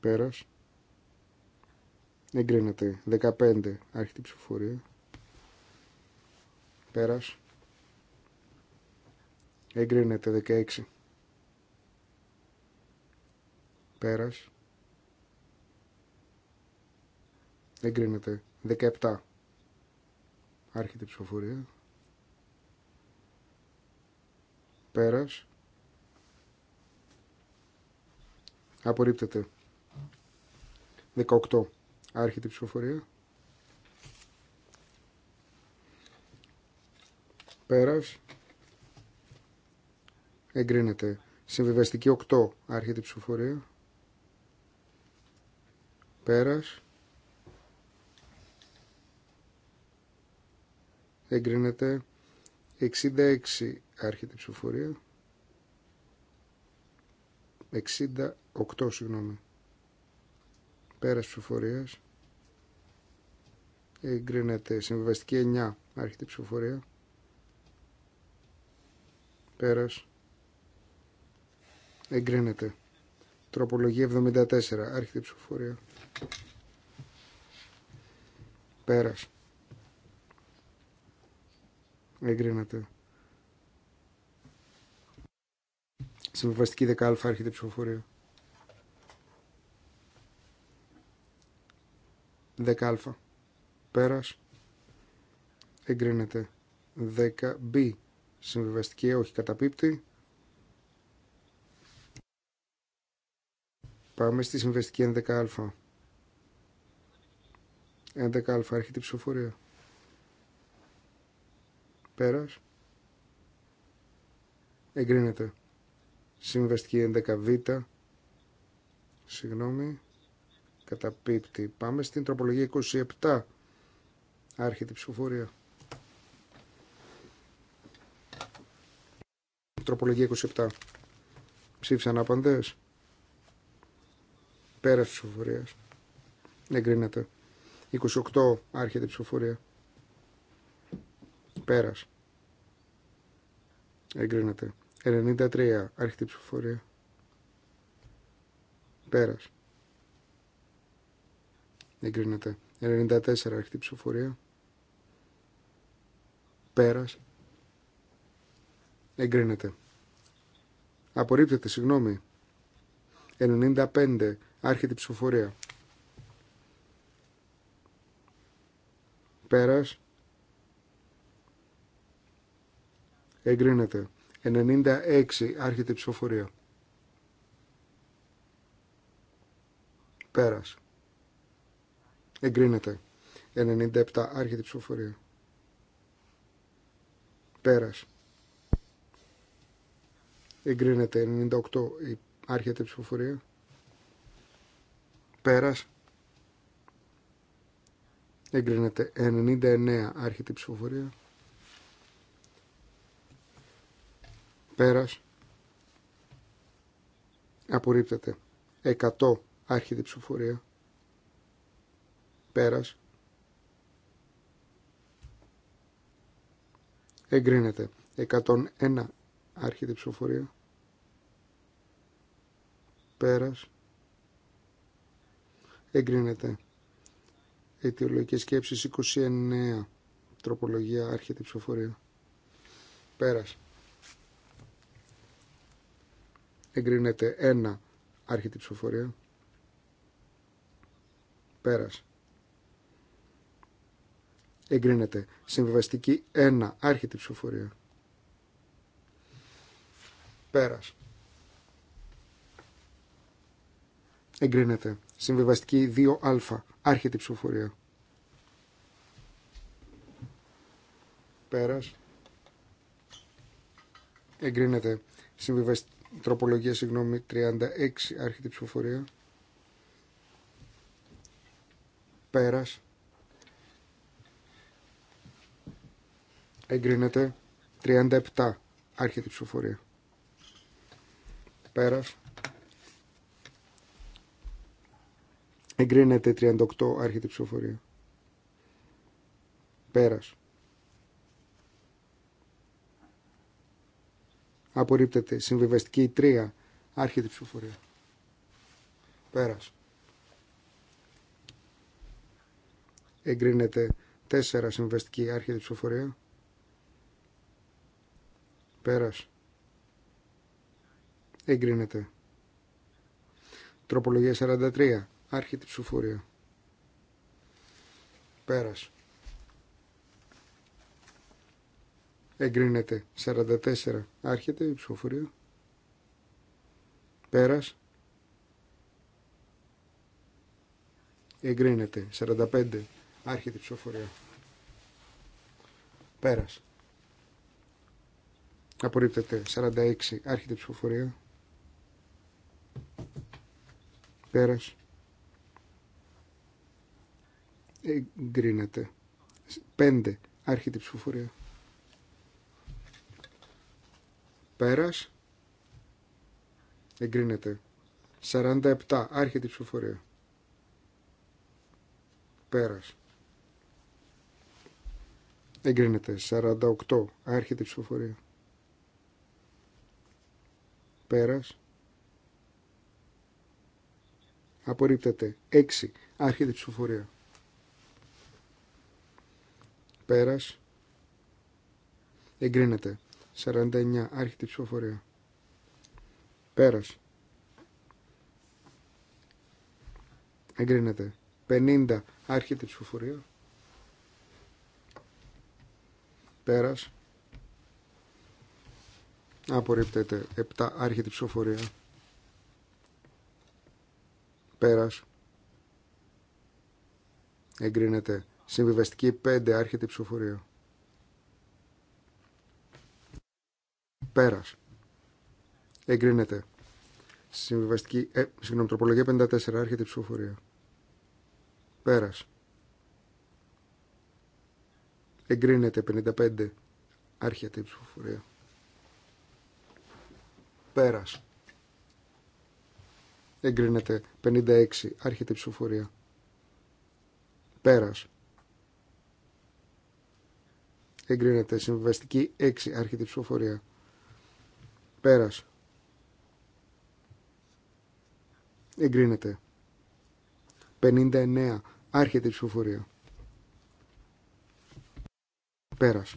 Πέρας. Εγκρίνεται. 15 άρχεται η ψηφοφορία. Πέρας. Εγκρίνεται. 16. Πέρας. Εγκρίνεται. 17. Άρχεται η ψηφοφορία. Πέρας. Απορρίπτεται. 18. Άρχεται η ψηφοφορία. Πέρας. Εγκρίνεται. Συμβιβαστική 8. Άρχεται η ψηφοφορία. Πέρας. εγκρίνεται 66 άρχεται ψηφοφορία 68 συγγνώμη πέρας ψηφοφορίας εγκρίνεται συμβιβαστική 9 άρχεται ψηφοφορία πέρας εγκρίνεται τροπολογία 74 άρχεται ψηφοφορία πέρας εγκρίνεται. Συμβιβαστική 10α έρχεται ψηφοφορία. 10α. Πέρας. Εγκρίνεται. 10b. Συμβιβαστική όχι καταπίπτει. Πάμε στη συμβιβαστική 11α. 11α έρχεται η ψηφοφορία. Πέρας. Εγκρίνεται. Συμβαστική 11β. Συγγνώμη. Καταπίπτει. Πάμε στην τροπολογία 27. Άρχεται η ψηφοφορία. Τροπολογία 27. Ψήφισαν άπαντες. Πέρας ψηφοφορίας. Εγκρίνεται. 28. Άρχεται η ψηφοφορία. Πέρας. Εγκρίνεται. 93. Άρχιτη ψηφοφορία. Πέρας. Εγκρίνεται. 94. Άρχιτη ψηφοφορία. Πέρας. Εγκρίνεται. Απορρίπτεται, συγγνώμη. 95. Άρχιτη ψηφοφορία. Πέρας. εγκρίνεται. 96 άρχεται η ψηφοφορία. Πέρας. Εγκρίνεται. 97 άρχεται η ψηφοφορία. Πέρας. Εγκρίνεται. 98 άρχεται η ψηφοφορία. Πέρας. Εγκρίνεται. 99 άρχεται η ψηφοφορία. Πέρας. Απορρίπτεται. 100 άρχιδη ψηφοφορία. Πέρας. Εγκρίνεται. 101 άρχιδη ψηφοφορία. Πέρας. Εγκρίνεται. Αιτιολογικές σκέψεις 29. Τροπολογία άρχιτη ψηφοφορία. Πέρας. εγκρίνεται 1 άρχιτη ψηφοφορία πέρας εγκρίνεται συμβιβαστική 1 άρχιτη ψηφοφορία πέρας εγκρίνεται συμβιβαστική 2α άρχιτη ψηφοφορία πέρας εγκρίνεται συμβιβαστική η τροπολογία, συγγνώμη, 36 άρχεται ψηφοφορία. Πέρας. Εγκρίνεται. 37 άρχεται ψηφοφορία. Πέρας. Εγκρίνεται 38 άρχεται ψηφοφορία. Πέρας. απορρίπτεται. Συμβιβαστική 3, άρχεται η ψηφοφορία. Πέρας. Εγκρίνεται 4, συμβιβαστική, άρχεται ψηφοφορία. Πέρας. Εγκρίνεται. Τροπολογία 43, άρχεται η ψηφοφορία. Πέρας. Εγκρίνεται. 44. Άρχεται η ψηφοφορία. Πέρας. Εγκρίνεται. 45. Άρχεται η ψηφοφορία. Πέρας. Απορρίπτεται. 46. Άρχεται η ψηφοφορία. Πέρας. Εγκρίνεται. 5. Άρχεται η ψηφοφορία. Πέρας. Εγκρίνεται. 47. Άρχεται η ψηφοφορία. Πέρας. Εγκρίνεται. 48. Άρχεται η ψηφοφορία. Πέρας. Απορρίπτεται. 6. Άρχεται η ψηφοφορία. Πέρας. Εγκρίνεται. 49. Άρχιτη ψηφοφορία. Πέρας. Εγκρίνεται. 50. Άρχιτη ψηφοφορία. Πέρας. Απορρίπτεται. 7. Άρχιτη ψηφοφορία. Πέρας. Εγκρίνεται. Συμβιβαστική 5. Άρχιτη ψηφοφορία. Πέρας. Εγκρίνεται. Συμβιβαστική, ε, συγγνώμη, τροπολογία 54, άρχεται η ψηφοφορία. Πέρας. Εγκρίνεται 55, άρχεται η ψηφοφορία. Πέρας. Εγκρίνεται 56, άρχεται η ψηφοφορία. Πέρας. Εγκρίνεται συμβιβαστική 6, άρχεται η ψηφοφορία. Πέρας. Εγκρίνεται. 59. Άρχεται η ψηφοφορία. Πέρας.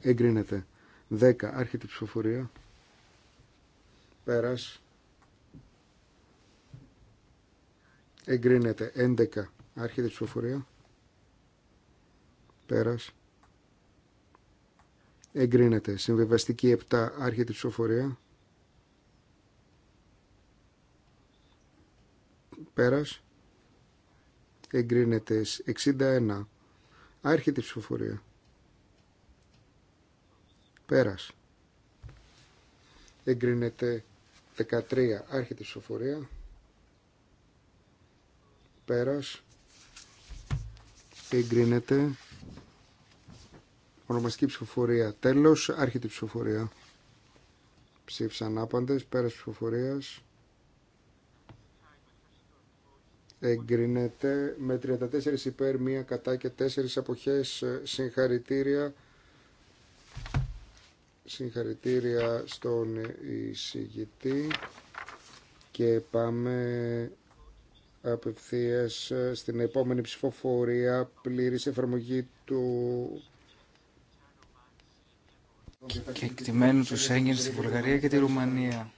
Εγκρίνεται. 10. Άρχεται η ψηφοφορία. Πέρας. Εγκρίνεται. 11. Άρχεται η ψηφοφορία. Πέρας εγκρίνεται. Συμβιβαστική 7 άρχεται η ψηφοφορία. Πέρας. Εγκρίνεται 61. Άρχεται η ψηφοφορία. Πέρας. Εγκρίνεται 13. Άρχεται η ψηφοφορία. Πέρας. Εγκρίνεται Ονομαστική ψηφοφορία. Τέλος, άρχεται η ψηφοφορία. Ψήφισαν άπαντες, πέρας ψηφοφορίας. Εγκρίνεται με 34 υπέρ, 1 κατά και 4 αποχές. Συγχαρητήρια. Συγχαρητήρια στον εισηγητή. Και πάμε απευθείας στην επόμενη ψηφοφορία πλήρης εφαρμογή του και εκτιμένου του Σέγγεν στη Βουλγαρία και τη Ρουμανία.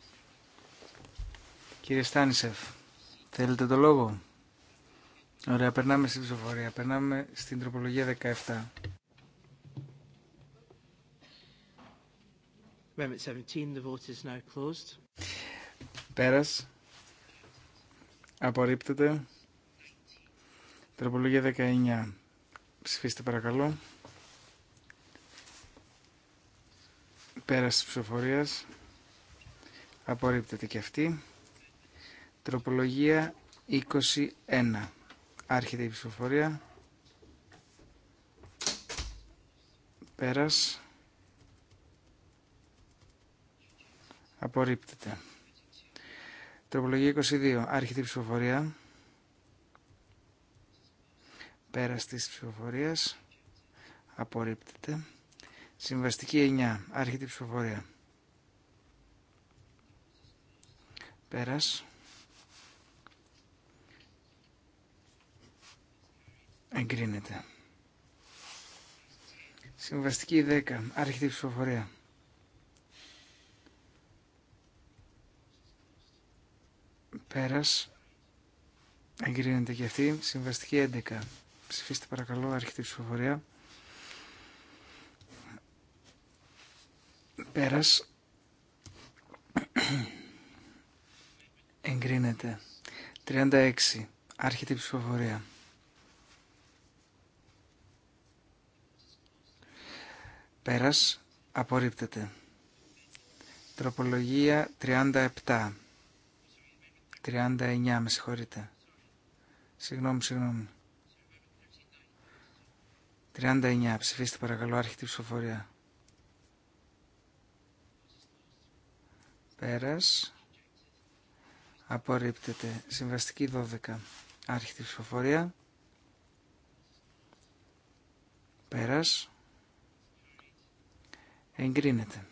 Κύριε Στάνισεφ, θέλετε το λόγο. Ωραία, περνάμε στην ψηφοφορία. Περνάμε στην τροπολογία 17. Amendment 17, the vote is now closed. Πέρας. Απορρίπτεται. Τροπολογία 19. Ψηφίστε παρακαλώ. Πέρας της ψηφοφορίας. Απορρίπτεται και αυτή. Τροπολογία 21. Άρχεται η ψηφοφορία. Πέρας. Απορρίπτεται. Τροπολογία 22. Άρχεται η ψηφοφορία. Πέρας της ψηφοφορίας. Απορρίπτεται. Συμβαστική 9. Άρχεται ψηφοφορία. Πέρας. Εγκρίνεται. Συμβαστική 10. Άρχεται ψηφοφορία. Πέρας. Εγκρίνεται και αυτή. Συμβαστική 11. Ψηφίστε παρακαλώ. Άρχεται ψηφοφορία. Πέρας. Εγκρίνεται. 36. Άρχεται ψηφοφορία. Πέρας. Απορρίπτεται. Τροπολογία 37. 39, με συγχωρείτε. Συγγνώμη, συγγνώμη. 39, ψηφίστε παρακαλώ, άρχιτη ψηφοφορία. Πέρας. Απορρίπτεται. Συμβαστική 12. Άρχιτη ψηφοφορία. Πέρας. Εγκρίνεται.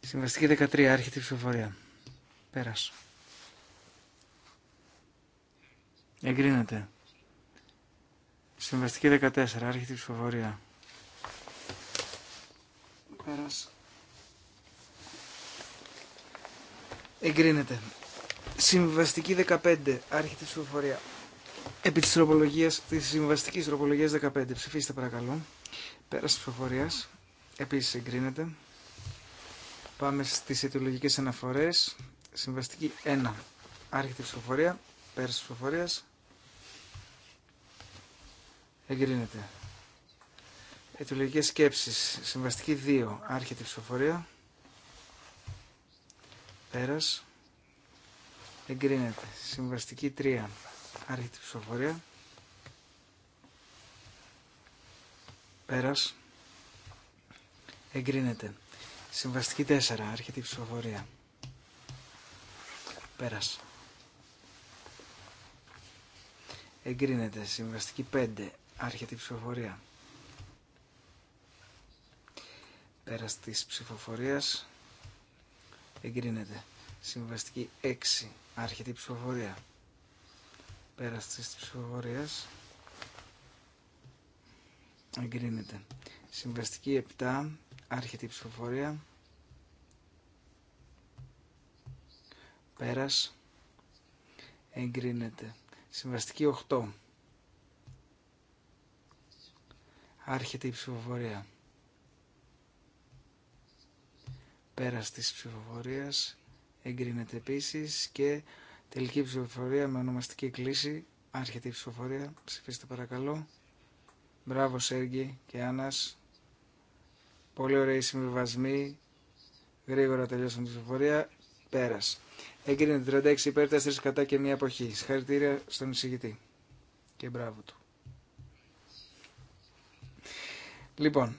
Συμβαστική 13. Άρχιτη ψηφοφορία. Πέρας. Εγκρίνεται. Συμβαστική 14. Άρχιτη ψηφοφορία. Πέρας. Εγκρίνεται. Συμβαστική 15. Άρχεται ψηφοφορία. Επί της τροπολογίας, της συμβαστικής τροπολογίας 15. Ψηφίστε παρακαλώ. Πέρας της ψηφοφορίας. Επίσης εγκρίνεται. Πάμε στις αιτιολογικές αναφορές. Συμβαστική 1. Άρχεται η ψηφοφορία. Πέρας της ψηφοφορίας. Εγκρίνεται. Ετολογικές σκέψεις. Συμβαστική 2. Άρχεται η ψηφοφορία. Πέρας. Εγκρίνεται. Συμβαστική 3. Άρχεται η ψηφοφορία. Πέρας. Εγκρίνεται. Συμβαστική 4. Άρχεται η ψηφοφορία. Πέρας. Εγκρίνεται. Συμβαστική 5. Άρχεται η ψηφοφορία. Πέρας της ψηφοφορίας εγκρίνεται. Συμβαστική 6. Άρχεται η ψηφοφορία. Πέρας της ψηφοφορίας εγκρίνεται. Συμβαστική 7. Άρχεται η ψηφοφορία. Πέρας εγκρίνεται. Συμβαστική 8. Άρχεται η ψηφοφορία. πέρας της ψηφοφορίας εγκρίνεται επίση και τελική ψηφοφορία με ονομαστική κλίση άρχεται η ψηφοφορία ψηφίστε παρακαλώ μπράβο Σέργη και Άννας πολύ ωραίοι συμβιβασμοί γρήγορα τελείωσαν την ψηφοφορία πέρας εγκρίνεται 36 υπέρ 4 κατά και μια εποχή. συγχαρητήρια στον εισηγητή και μπράβο του λοιπόν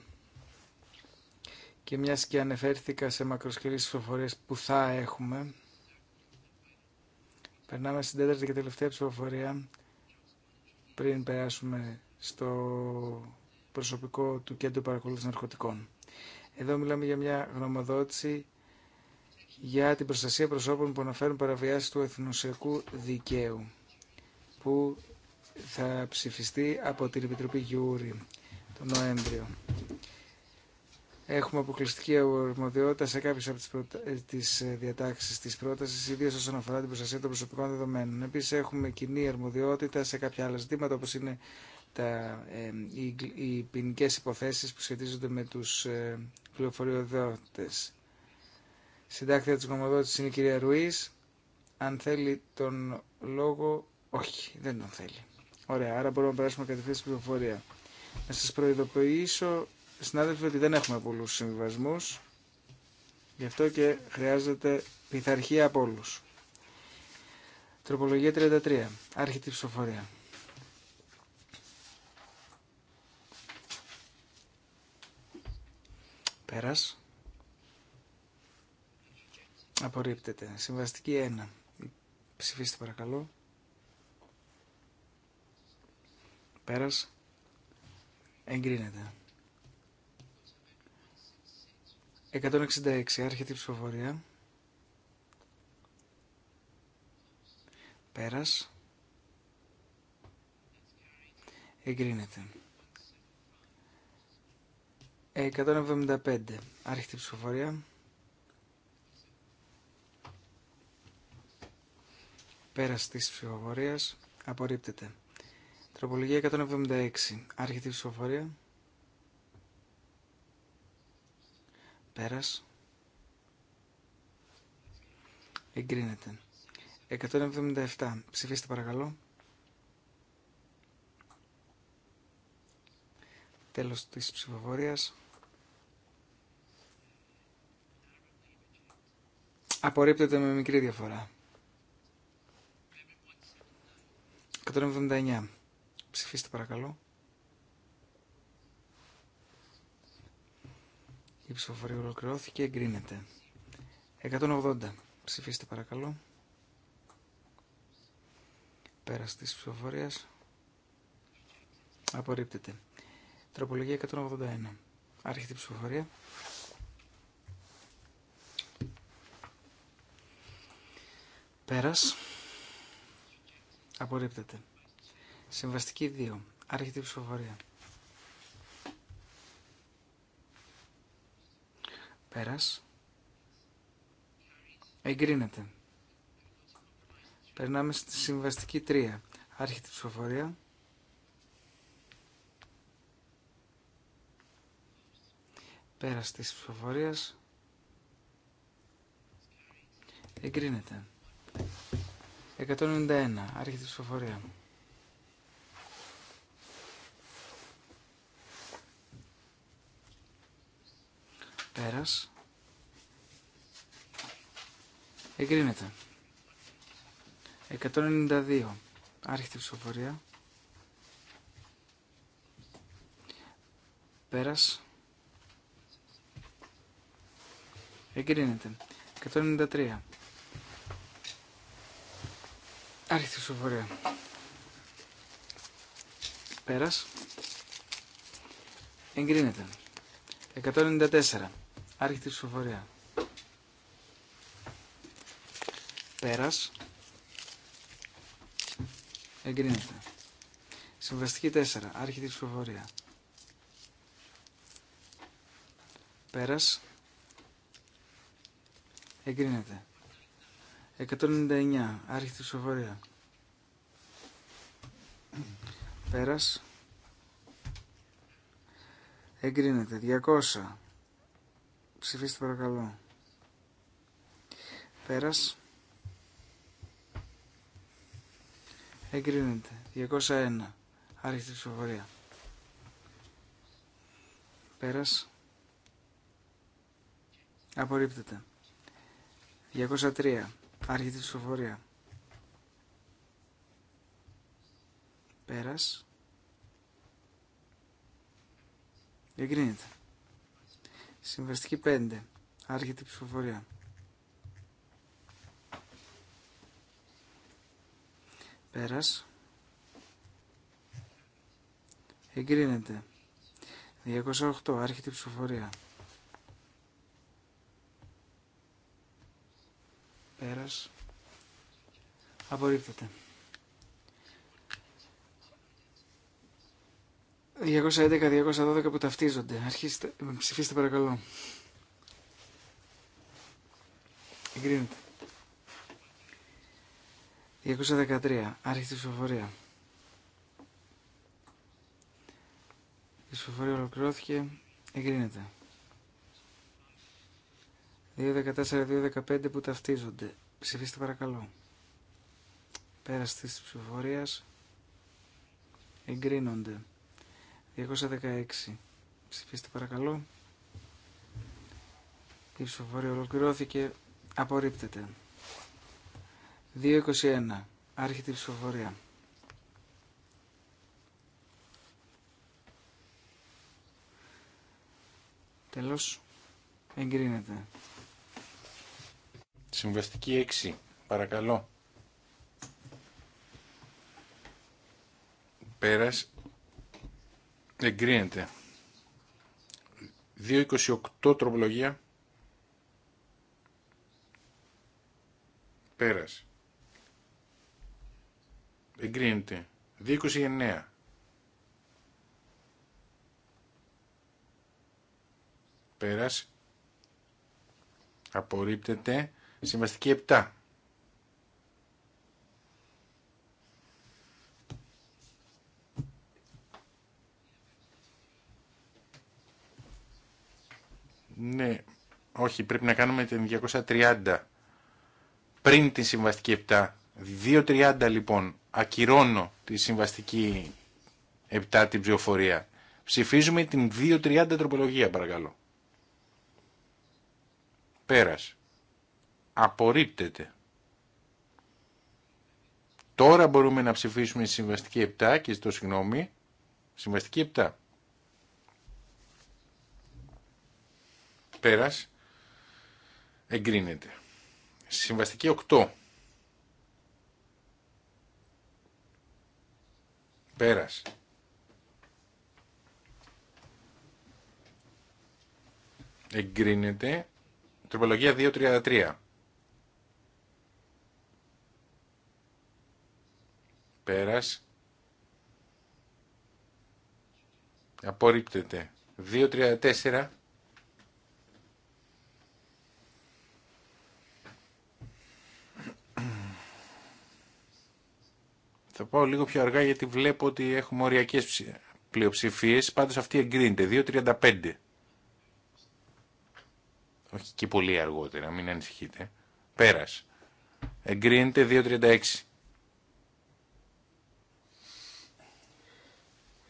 και μιας και ανεφέρθηκα σε μακροσκελείς ψηφοφορίες που θα έχουμε, περνάμε στην τέταρτη και τελευταία ψηφοφορία πριν περάσουμε στο προσωπικό του Κέντρου Παρακολούθησης Ναρκωτικών. Εδώ μιλάμε για μια γνωμοδότηση για την προστασία προσώπων που αναφέρουν παραβιάσεις του εθνοσιακού δικαίου που θα ψηφιστεί από την Επιτροπή Γιούρη τον Νοέμβριο έχουμε αποκλειστική αρμοδιότητα σε κάποιε από τι προτα... Ε, ε, διατάξει τη πρόταση, ιδίω όσον αφορά την προστασία των προσωπικών δεδομένων. Επίση, έχουμε κοινή αρμοδιότητα σε κάποια άλλα ζητήματα, όπω είναι τα, ε, οι, οι ποινικέ υποθέσει που σχετίζονται με του ε, πληροφοριοδότε. Συντάκτρια τη γνωμοδότηση είναι η κυρία Ρουή. Αν θέλει τον λόγο, όχι, δεν τον θέλει. Ωραία, άρα μπορούμε να περάσουμε κατευθείαν στην πληροφορία. Να σα προειδοποιήσω συνάδελφοι ότι δεν έχουμε πολλούς συμβιβασμούς, γι' αυτό και χρειάζεται πειθαρχία από όλους. Τροπολογία 33. Άρχιτη ψηφοφορία. Πέρας. Απορρίπτεται. Συμβαστική 1. Ψηφίστε παρακαλώ. Πέρας. Εγκρίνεται. 166. Άρχεται ψηφοφορία. Πέρας. Εγκρίνεται. 175. Άρχεται ψηφοφορία. Πέρας της ψηφοφορίας. Απορρίπτεται. Τροπολογία 176. Άρχεται ψηφοφορία. Πέρας. Εγκρίνεται. 177. Ψηφίστε παρακαλώ. Τέλος της ψηφοφορίας. Απορρίπτεται με μικρή διαφορά. 179. Ψηφίστε παρακαλώ. Η ψηφοφορία ολοκληρώθηκε. Εγκρίνεται. 180. Ψηφίστε παρακαλώ. Πέρας της ψηφοφορίας. Απορρίπτεται. Τροπολογία 181. Άρχεται η ψηφοφορία. Πέρας. Απορρίπτεται. Συμβαστική 2. Άρχεται η ψηφοφορία. Πέρας. Εγκρίνεται. Περνάμε στη συμβαστική 3. Άρχιτε ψηφοφορία. Πέρας της ψηφοφορίας. Εγκρίνεται. 191. Άρχη ψηφοφορία. Πέρας. Εγκρίνεται. 192. Άρχεται η ψηφοφορία. Πέρας. Εγκρίνεται. 193. Άρχιτε η ψηφοφορία. Πέρας. Εγκρίνεται. 194 άρχιτη ψηφοφορία. Πέρας. Εγκρίνεται. Συμβαστική 4. Άρχιτη ψηφοφορία. Πέρας. Εγκρίνεται. 199. Άρχιτη ψηφοφορία. Πέρας. Εγκρίνεται. 200. Ψηφίστε παρακαλώ. Πέρας. Εγκρίνεται. 201. Άρχεται η ψηφοφορία. Πέρας. Απορρίπτεται. 203. Άρχεται η ψηφοφορία. Πέρας. Εγκρίνεται. Συμβαστική 5. Άρχεται η ψηφοφορία. Πέρας. Εγκρίνεται. 208. Άρχεται η ψηφοφορία. Πέρας. Απορρίπτεται. 211-212 που ταυτίζονται. Αρχίστε, ψηφίστε παρακαλώ. Εγκρίνεται. 213. Άρχισε η ψηφοφορία. Η ψηφοφορία ολοκληρώθηκε. Εγκρίνεται. 214-215 που ταυτίζονται. Ψηφίστε παρακαλώ. Πέραστης τη ψηφοφορία. Εγκρίνονται. 216. Ψηφίστε παρακαλώ. Η ψηφοφορία ολοκληρώθηκε. Απορρίπτεται. 221. Άρχεται η ψηφοφορία. Τέλος. Εγκρίνεται. Συμβαστική 6. Παρακαλώ. Πέρας Εγκρίνεται. 2.28 τροπολογία. Πέρας. Εγκρίνεται. 2.29. Πέρας. Απορρίπτεται. Συμβαστική 7. Ναι, όχι, πρέπει να κάνουμε την 230 πριν την συμβαστική 7. 2.30 λοιπόν, ακυρώνω τη συμβαστική 7 την ψηφοφορία. Ψηφίζουμε την 2.30 τροπολογία παρακαλώ. Πέρας. Απορρίπτεται. Τώρα μπορούμε να ψηφίσουμε τη συμβαστική 7 και ζητώ συγγνώμη. Συμβαστική 7. Πέρας. Εγκρίνεται. Συμβαστική 8. Πέρας. Εγκρίνεται. Τροπολογία 2.33. Πέρας. Απορρίπτεται. 2.34. Θα πάω λίγο πιο αργά γιατί βλέπω ότι έχουμε οριακέ πλειοψηφίε. Πάντω αυτή εγκρίνεται. 2.35. Όχι και πολύ αργότερα, μην ανησυχείτε. Πέρα. Εγκρίνεται 2.36.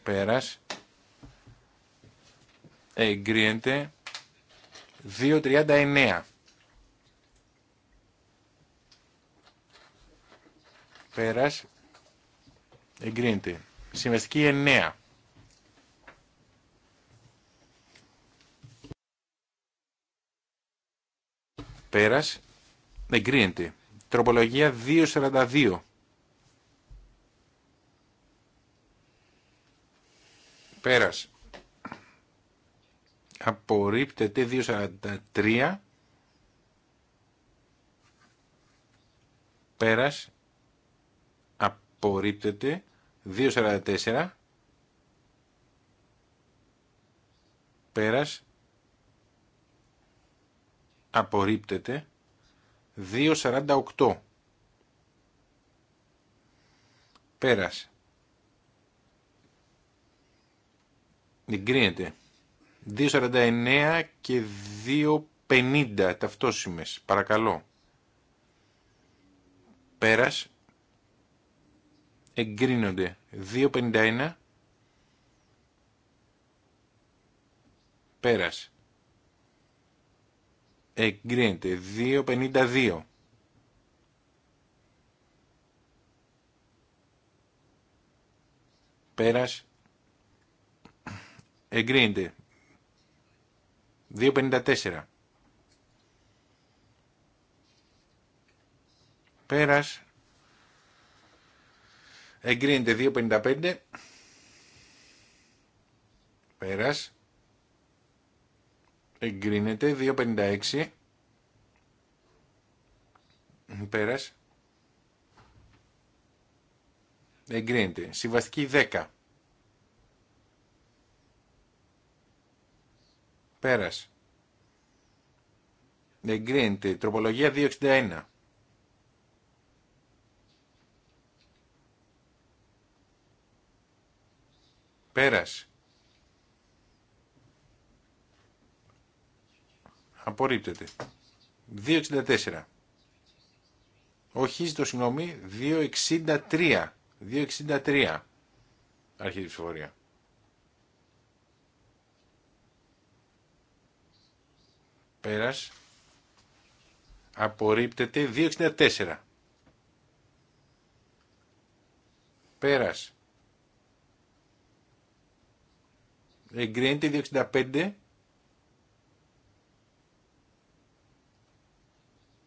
Πέρας, εγκρίνεται 2.39. Πέρας, Εγκρίνεται. Συμβαστική 9. Πέρας. Εγκρίνεται. Τροπολογία 242. Πέρας. Απορρίπτεται 243. Πέρας. Απορρίπτεται 2.44 πέρας απορρίπτεται 2.48 πέρας εγκρίνεται 2.49 και 2.50 ταυτόσιμες παρακαλώ πέρας εγκρίνονται. 2.51 πέρας. Εγκρίνεται. 2.52 πέρας. Εγκρίνεται. 2.54 πέρας Εγκρίνεται 2.55. Πέρας. Εγκρίνεται 2.56. Πέρας. Εγκρίνεται. Συμβαστική 10. Πέρας. Εγκρίνεται. Τροπολογία 261. Πέρας. Απορρίπτεται. 2.64. Όχι, ζητώ συγγνώμη, 2.63. 2.63. Αρχή τη ψηφορία. Πέρας. Απορρίπτεται 2.64. Πέρας. εγκρίνεται 265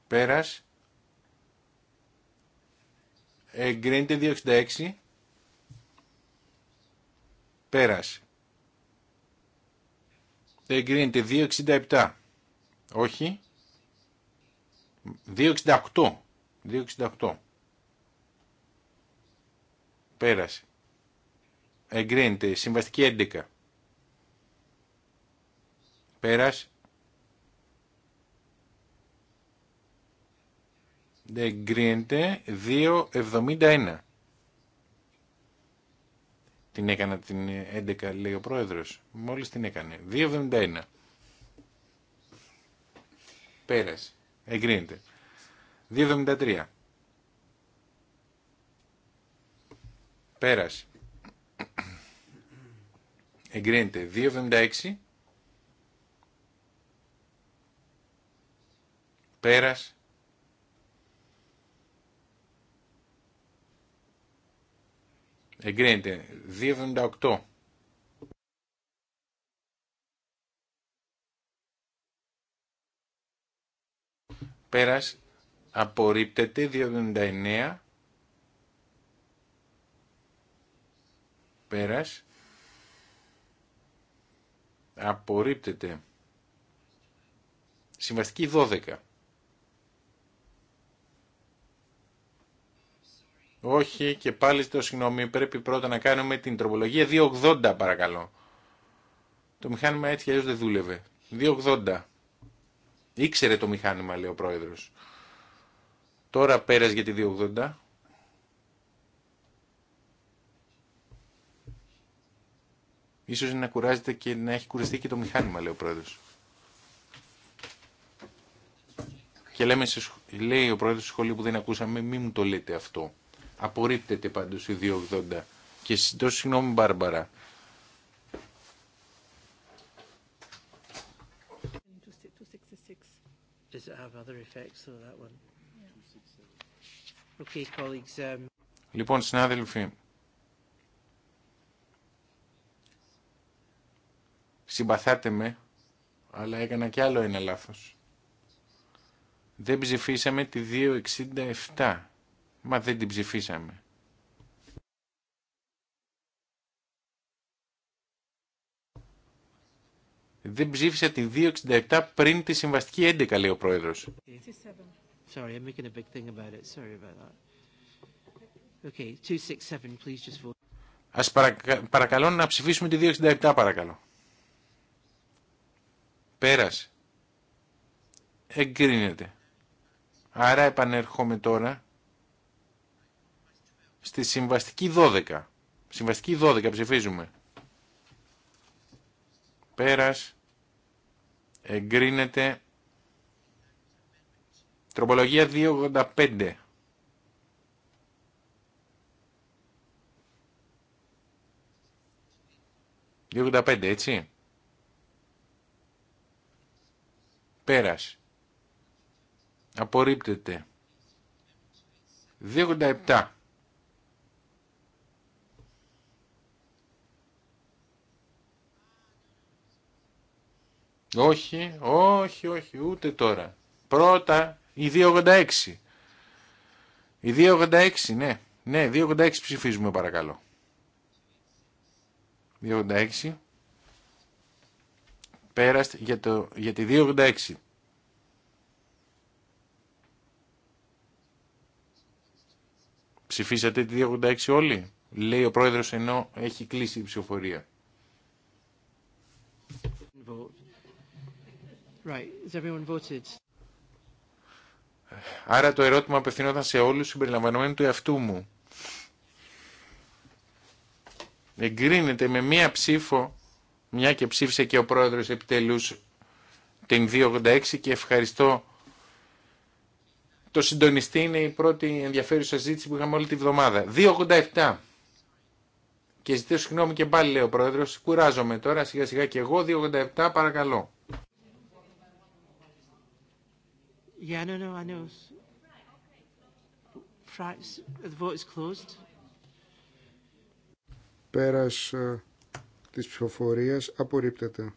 πέρας εγκρίνεται 266 πέρας εγκρίνεται 267 όχι 268 268 πέρασε εγκρίνεται συμβαστική 11 Πέρας. εγκρίνεται, 2,71. Την έκανα την 11 λέει ο πρόεδρος. Μόλις την έκανε. 2,71. Πέρας. Εγκρίνεται. 2,73. Πέρας. Εγκρίνεται. 2,76. Πέρας. Εγκρίνεται. 2,78. Πέρας. Απορρίπτεται. 2,99 Πέρας. Απορρίπτεται. Συμβαστική 12. Όχι και πάλι το συγγνώμη πρέπει πρώτα να κάνουμε την τροπολογία 280 παρακαλώ. Το μηχάνημα έτσι αλλιώς δεν δούλευε. 280. Ήξερε το μηχάνημα λέει ο πρόεδρος. Τώρα πέρασε για τη 280. Ίσως να κουράζεται και να έχει κουραστεί και το μηχάνημα λέει ο πρόεδρος. Και λέμε, λέει ο πρόεδρος του σχολή που δεν ακούσαμε, μη μου το λέτε αυτό. Απορρίπτεται πάντως η 280. Και συντός συγγνώμη Μπάρμπαρα. Um, λοιπόν, συνάδελφοι, συμπαθάτε με, αλλά έκανα κι άλλο ένα λάθος. Δεν ψηφίσαμε τη 267. Μα δεν την ψηφίσαμε. Δεν ψήφισα την 267 πριν τη συμβαστική 11, λέει ο πρόεδρος. Sorry, Ας παρακαλώ να ψηφίσουμε τη 267, παρακαλώ. Πέρασε. Εγκρίνεται. Άρα επανερχόμαι τώρα στη συμβαστική 12. Συμβαστική 12 ψηφίζουμε. Πέρας. Εγκρίνεται. Τροπολογία 285. 285, έτσι. Πέρας. Απορρίπτεται. 287. Όχι, όχι, όχι, ούτε τώρα. Πρώτα η 286. Η 286, ναι. Ναι, 286 ψηφίζουμε παρακαλώ. 286. Πέραστε για, το, για τη 286. Ψηφίσατε τη 286 όλοι, λέει ο πρόεδρος ενώ έχει κλείσει η ψηφοφορία. Right. everyone voted? Άρα το ερώτημα απευθυνόταν σε όλους συμπεριλαμβανομένου του εαυτού μου. Εγκρίνεται με μία ψήφο, μια και ψήφισε και ο πρόεδρος επιτελούς την 286 και ευχαριστώ το συντονιστή είναι η πρώτη ενδιαφέρουσα ζήτηση που είχαμε όλη τη βδομάδα. 2.87. Και ζητήσω συγγνώμη και πάλι λέει ο πρόεδρος, κουράζομαι τώρα σιγά σιγά και εγώ 2.87 παρακαλώ. Yeah, no, no, I know. The vote is closed. Πέρας ε, της ψηφοφορίας απορρίπτεται.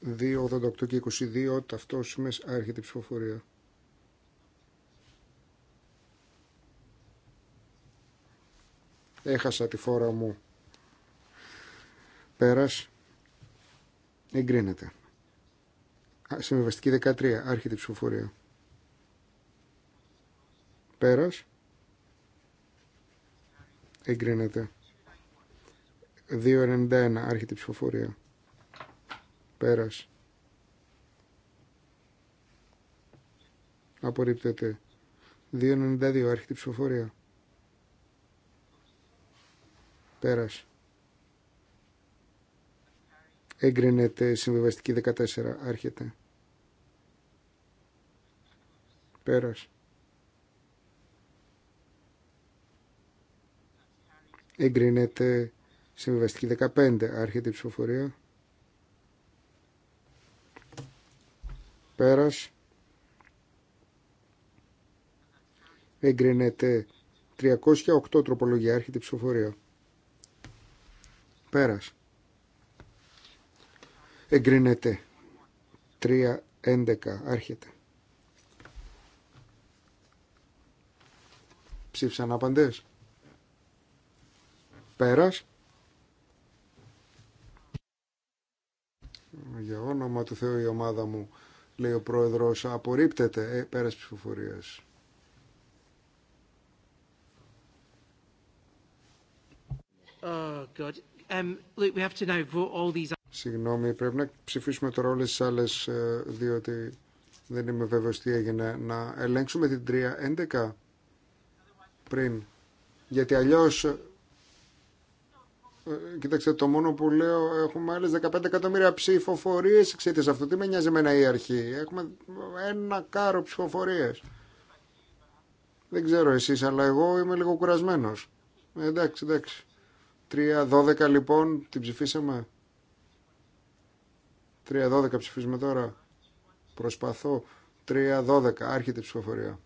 Δύο, και 22 ταυτόσιμες άρχεται η ψηφοφορία. Έχασα τη φόρα μου. Πέρας. Εγκρίνεται. Συμβιβαστική 13. Άρχεται ψηφοφορία. Πέρας. Εγκρίνεται. 2.91. Άρχεται ψηφοφορία. Πέρας. Απορρίπτεται. 2.92. Άρχεται ψηφοφορία. Πέρας. Εγκρίνεται συμβιβαστική 14. Άρχεται. Πέρας. Εγκρίνεται συμβιβαστική 15. Άρχεται η ψηφοφορία. Πέρας. Εγκρίνεται 308 τροπολογία. Άρχεται η ψηφοφορία. Πέρας εγκρινεται 3.11 3-11 άρχεται ψήφισαν απαντές πέρας για όνομα του Θεού η ομάδα μου λέει ο πρόεδρος απορρίπτεται ε, πέρας ψηφοφορίας Oh God. Um, look, we have to now vote all these. Συγγνώμη, πρέπει να ψηφίσουμε τώρα όλε τι άλλε ε, διότι δεν είμαι βέβαιο τι έγινε. Να ελέγξουμε την 3.11 πριν. Γιατί αλλιώς, ε, ε, κοίταξε, το μόνο που λέω, έχουμε άλλε 15 εκατομμύρια ψηφοφορίε εξαιτία αυτό Τι με νοιάζει εμένα η αρχή. Έχουμε ένα κάρο ψηφοφορίες. Δεν ξέρω εσεί αλλά εγώ είμαι λίγο κουρασμένος. Εντάξει, εντάξει. 3.12 λοιπόν την ψηφίσαμε. 3-12 ψηφίζουμε τώρα. Προσπαθώ. 3-12. Άρχεται η ψηφοφορία.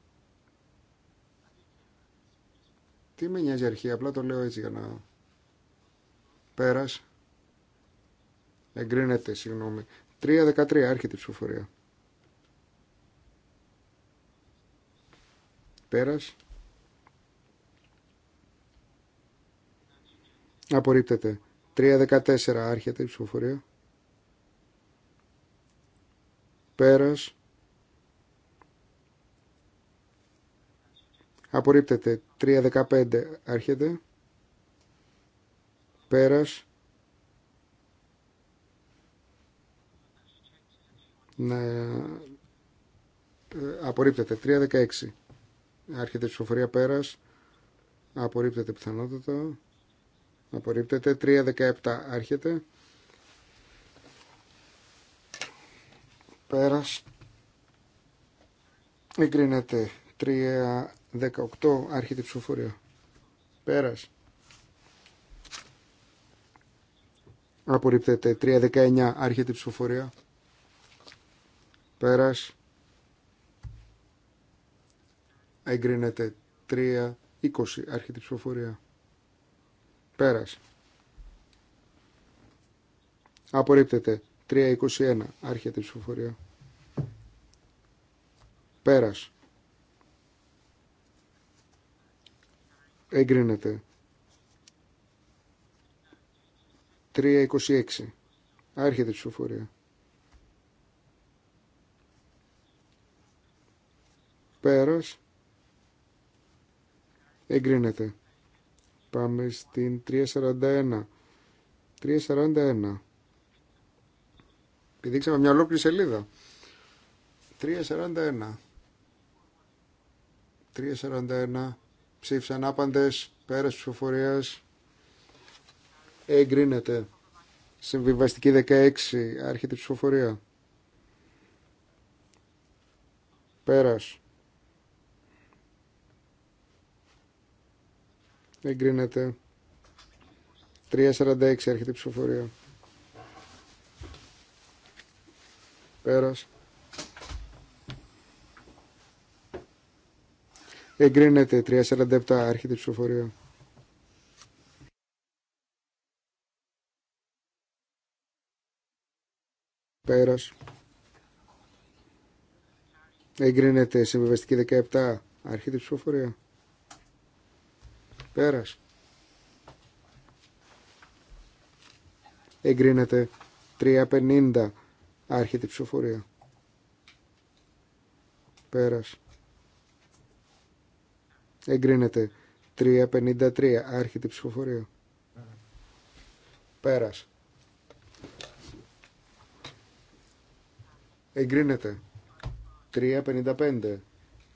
Τι με νοιάζει αρχή. Απλά το λέω έτσι για να... Πέρας. Εγκρίνεται, συγγνώμη. 3-13. Άρχεται η ψηφοφορία. Πέρας. Απορρίπτεται. 3-14. Άρχεται η ψηφοφορία. Πέρας. Απορρίπτεται. 3.15 άρχεται. Πέρας. Να... Ε, απορρίπτεται. 3.16 άρχεται η ψηφοφορία πέρας. Απορρίπτεται πιθανότατα. Απορρίπτεται. 3.17 άρχεται. Πέρας. Εγκρίνεται. 318 άρχεται ψηφοφορία. Πέρας. Απορρίπτεται. 319 άρχεται ψηφοφορία. Πέρας. Εγκρίνεται. 320 άρχεται ψηφοφορία. Πέρας. Απορρίπτεται. 321. Άρχεται η ψηφοφορία. Πέρας. Εγκρίνεται. 326. Άρχεται η ψηφοφορία. Πέρας. Εγκρίνεται. Πάμε στην 341. 341 δείξαμε μια ολόκληρη σελίδα. 3.41. 3.41. Ψήφισαν άπαντες, πέρας ψηφοφορίας. Εγκρίνεται. Συμβιβαστική 16. Άρχεται η ψηφοφορία. Πέρας. Εγκρίνεται. 3.46 Άρχεται η ψηφοφορία. Πέρας. Εγκρίνεται 347 αρχή ψηφοφορία. Πέρας. Εγκρίνεται συμβιβαστική 17 άρχεται ψηφοφορία. Πέρας. Εγκρίνεται 350 Άρχεται η ψηφοφορία. Πέρας. Εγκρίνεται. 3.53. Άρχεται η ψηφοφορία. Πέρας. Εγκρίνεται. 3.55.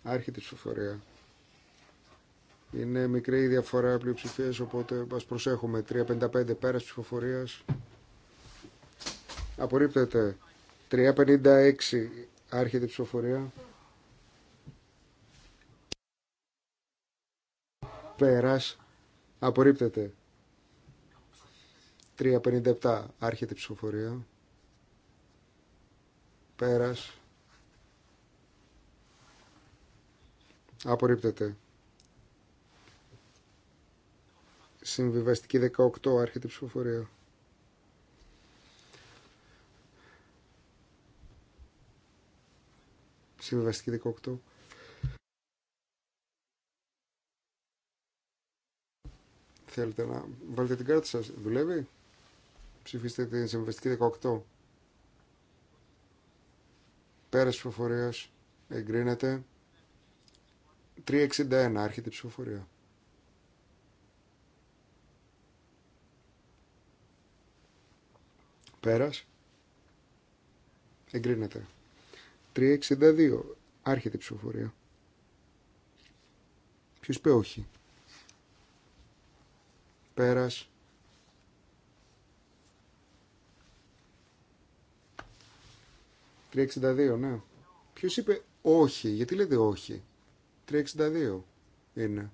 Άρχεται η ψηφοφορία. Είναι μικρή η διαφορά πλειοψηφίες, οπότε μας προσέχουμε. 3.55 πέρας ψηφοφορίας. Απορρίπτεται. 356 άρχεται η ψηφοφορία. Πέρας απορρίπτεται. 357 άρχεται η ψηφοφορία. Πέρας απορρίπτεται. Συμβιβαστική 18 άρχεται η ψηφοφορία. Συμβιβαστική 18. Θέλετε να βάλετε την κάρτα σας. Δουλεύει. Ψηφίστε την συμβιβαστική 18. Πέρας ψηφοφορίας. Εγκρίνεται. 361. Άρχεται η ψηφοφορία. Πέρας. Εγκρίνεται. 362. Άρχεται η ψηφοφορία. Ποιος είπε όχι. Πέρας. «362, ναι. Ποιος είπε όχι, γιατί λέτε όχι. 362 είναι.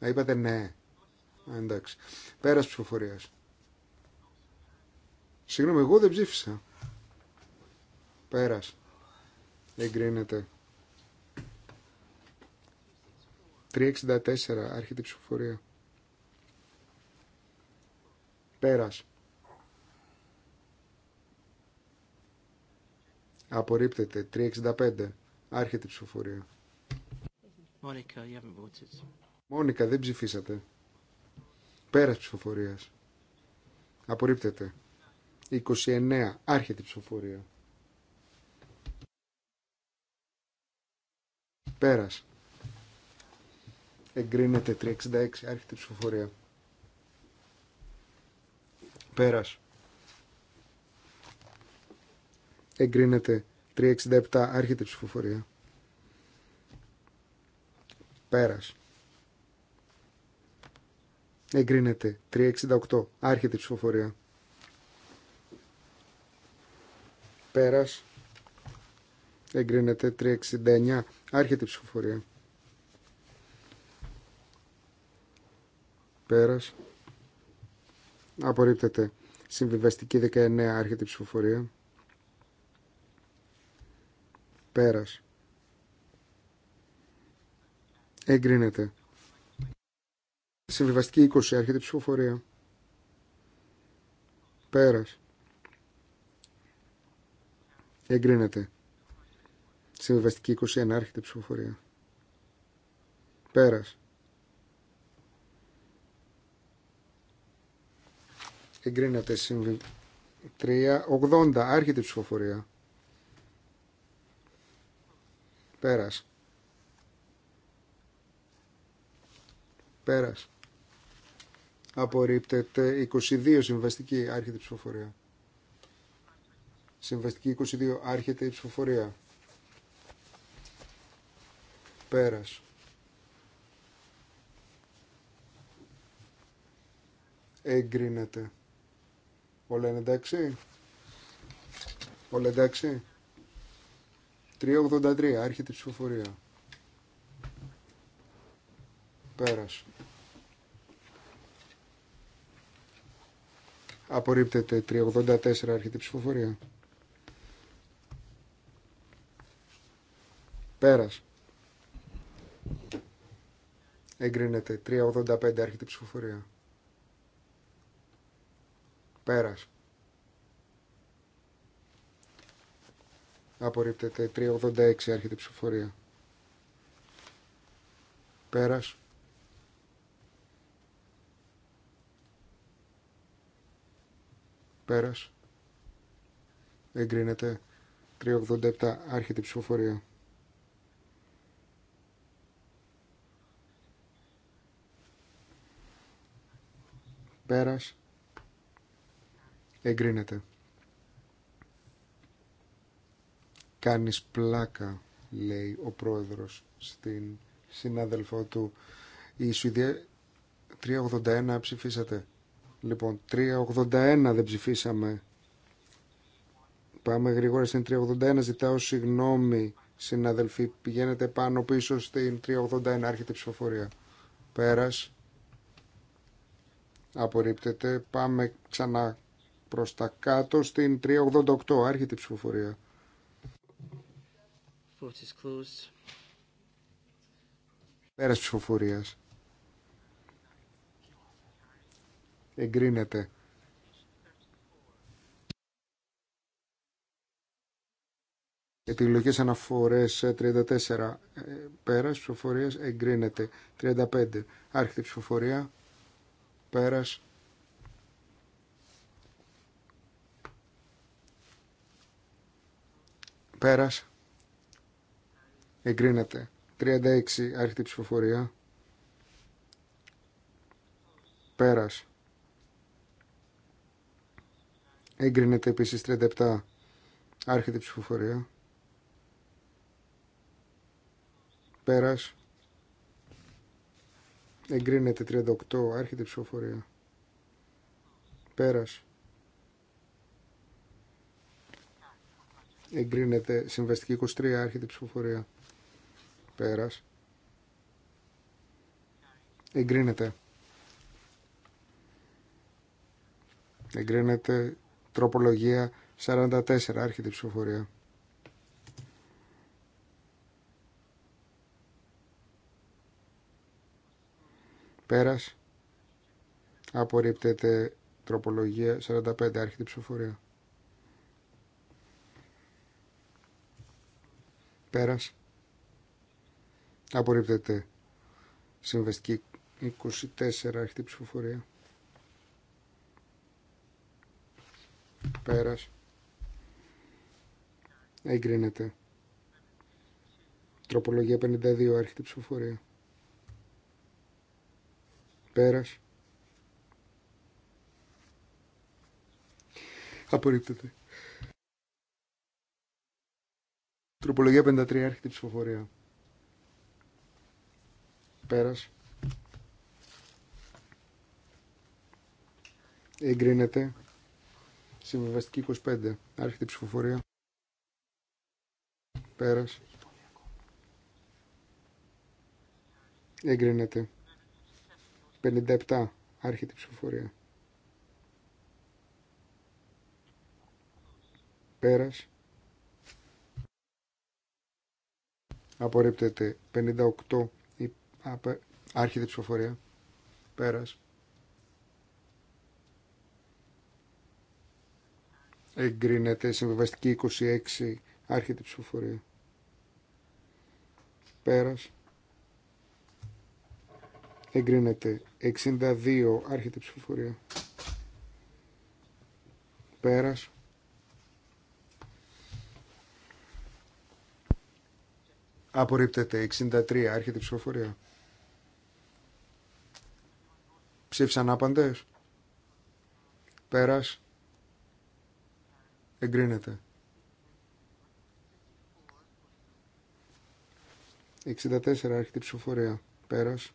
Να είπατε ναι. Α, εντάξει. Πέρας ψηφοφορίας. Συγγνώμη, εγώ δεν ψήφισα. Πέρας. Εγκρίνεται. 364. Άρχεται η ψηφοφορία. Πέρας. Απορρίπτεται. 365. Άρχεται η ψηφοφορία. Μόνικα, δεν ψηφίσατε. Πέρας ψηφοφορίας. Απορρίπτεται. 29. Άρχεται η ψηφοφορία. Πέρας. Εγκρίνεται 366. Άρχεται η ψηφοφορία. Πέρας. Εγκρίνεται 367. Άρχεται η ψηφοφορία. Πέρας. Εγκρίνεται 368. Άρχεται η ψηφοφορία. Πέρας. Εγκρίνεται 369. Άρχεται η ψηφοφορία. Πέρας. Απορρίπτεται. Συμβιβαστική 19. Άρχεται η ψηφοφορία. Πέρας. Εγκρίνεται. Συμβιβαστική 20. Άρχεται η ψηφοφορία. Πέρας. Εγκρίνεται. Συμβιβαστική 21 άρχεται ψηφοφορία. Πέρας. Εγκρίνεται συμβι... 3, 80 άρχεται ψηφοφορία. Πέρας. Πέρας. Απορρίπτεται 22 συμβαστική άρχεται ψηφοφορία. Συμβαστική 22 άρχεται ψηφοφορία. Πέρας. Εγκρίνεται. Όλα είναι εντάξει. Όλα εντάξει. 383. Άρχεται η ψηφοφορία. Πέρας. Απορρίπτεται 384 η ψηφοφορία. Πέρας. Εγκρίνεται. 385 άρχεται ψηφοφορία. Πέρας. Απορρίπτεται. 386 άρχεται ψηφοφορία. Πέρας. Πέρας. Εγκρίνεται. 387 άρχεται ψηφοφορία. Πέρας. Εγκρίνεται. Κάνεις πλάκα, λέει ο πρόεδρος στην συνάδελφό του. Η Σουηδία 381 ψηφίσατε. Λοιπόν, 381 δεν ψηφίσαμε. Πάμε γρήγορα στην 381. Ζητάω συγγνώμη, συναδελφοί. Πηγαίνετε πάνω πίσω στην 381. Άρχεται η ψηφοφορία. Πέρας απορρίπτεται. Πάμε ξανά προς τα κάτω στην 388. Άρχεται η ψηφοφορία. Πέρας ψηφοφορία. Εγκρίνεται. Επιλογές αναφορές 34 ε, ε, πέρας ψηφοφορίας εγκρίνεται. 35 άρχεται ψηφοφορία. Πέρας. Πέρας. Εγκρίνεται. 36 άρχιτη ψηφοφορία. Πέρας. Εγκρίνεται επίσης 37 άρχιτη ψηφοφορία. Πέρας. Εγκρίνεται 38. Άρχεται ψηφοφορία. Πέρας. Εγκρίνεται συμβαστική 23. Άρχεται ψηφοφορία. Πέρας. Εγκρίνεται. Εγκρίνεται τροπολογία 44. Άρχεται ψηφοφορία. Πέρας. Απορρίπτεται τροπολογία 45. αρχιτή ψηφοφορία. Πέρας. Απορρίπτεται συμβεστική 24. αρχιτή ψηφοφορία. Πέρας. Εγκρίνεται. Τροπολογία 52. αρχιτή ψηφοφορία. Πέρας. Απορρίπτεται. Τροπολογία 53, έρχεται η ψηφοφορία. Πέρας. Εγκρίνεται. Συμβεβαστική 25, άρχεται η ψηφοφορία. Πέρας. Εγκρίνεται. 57. Άρχεται η ψηφοφορία. Πέρας. Απορρίπτεται 58. Η... Άρχεται η ψηφοφορία. Πέρας. Εγκρίνεται συμβιβαστική 26. Άρχεται η ψηφοφορία. Πέρας εγκρίνεται 62 άρχεται η ψηφοφορία. Πέρας. Απορρίπτεται 63 άρχεται η ψηφοφορία. Ψήφισαν άπαντες. Πέρας. Εγκρίνεται. 64 άρχεται η ψηφοφορία. Πέρας.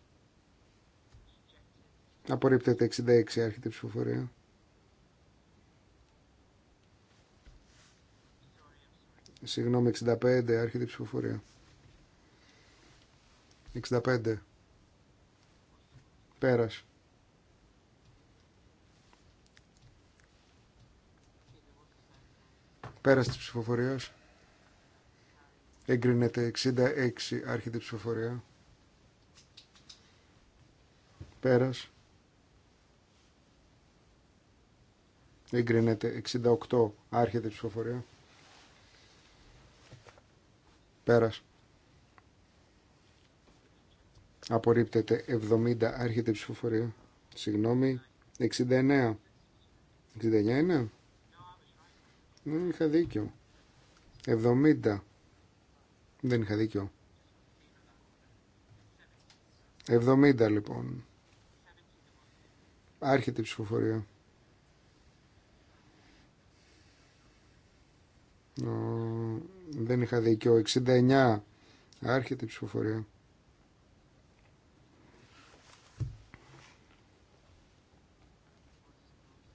Απορρίπτεται 66 άρχεται ψηφοφορία. Συγγνώμη, 65 άρχεται ψηφοφορία. 65. Πέρας. Πέρας της ψηφοφορίας. Εγκρίνεται 66 άρχεται ψηφοφορία. Πέρας. Εγκρίνεται 68. Άρχεται η ψηφοφορία. Πέρας. Απορρίπτεται 70. Άρχεται η ψηφοφορία. Συγγνώμη. 69. 69 είναι. Ε, Δεν είχα δίκιο. 70. Δεν είχα δίκιο. 70 λοιπόν. Άρχεται η ψηφοφορία. Δεν είχα δίκιο. 69. Άρχεται η ψηφοφορία.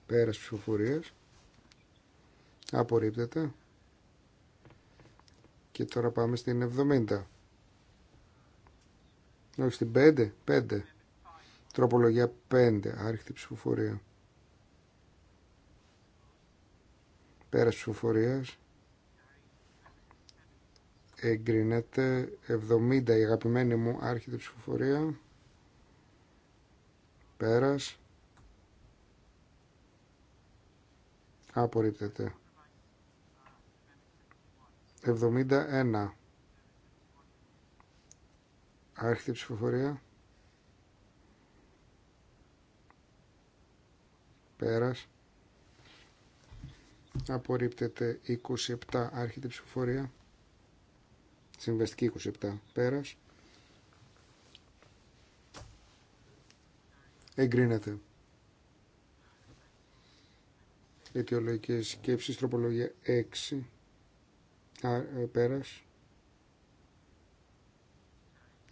Πέρας ψηφοφορίας. Απορρίπτεται. Και τώρα πάμε στην 70. Όχι στην 5. 5. Τροπολογία 5. Άρχεται η ψηφοφορία. Πέρας ψηφοφορίας εγκρίνεται 70 η αγαπημένη μου άρχιτη ψηφοφορία πέρας απορρίπτεται 71 άρχιτη ψηφοφορία πέρας απορρίπτεται 27 άρχιτη ψηφοφορία Συμβαστική 27 πέρας. Εγκρίνεται. Αιτιολογικές σκέψεις, τροπολογία 6 Α, ε, πέρας.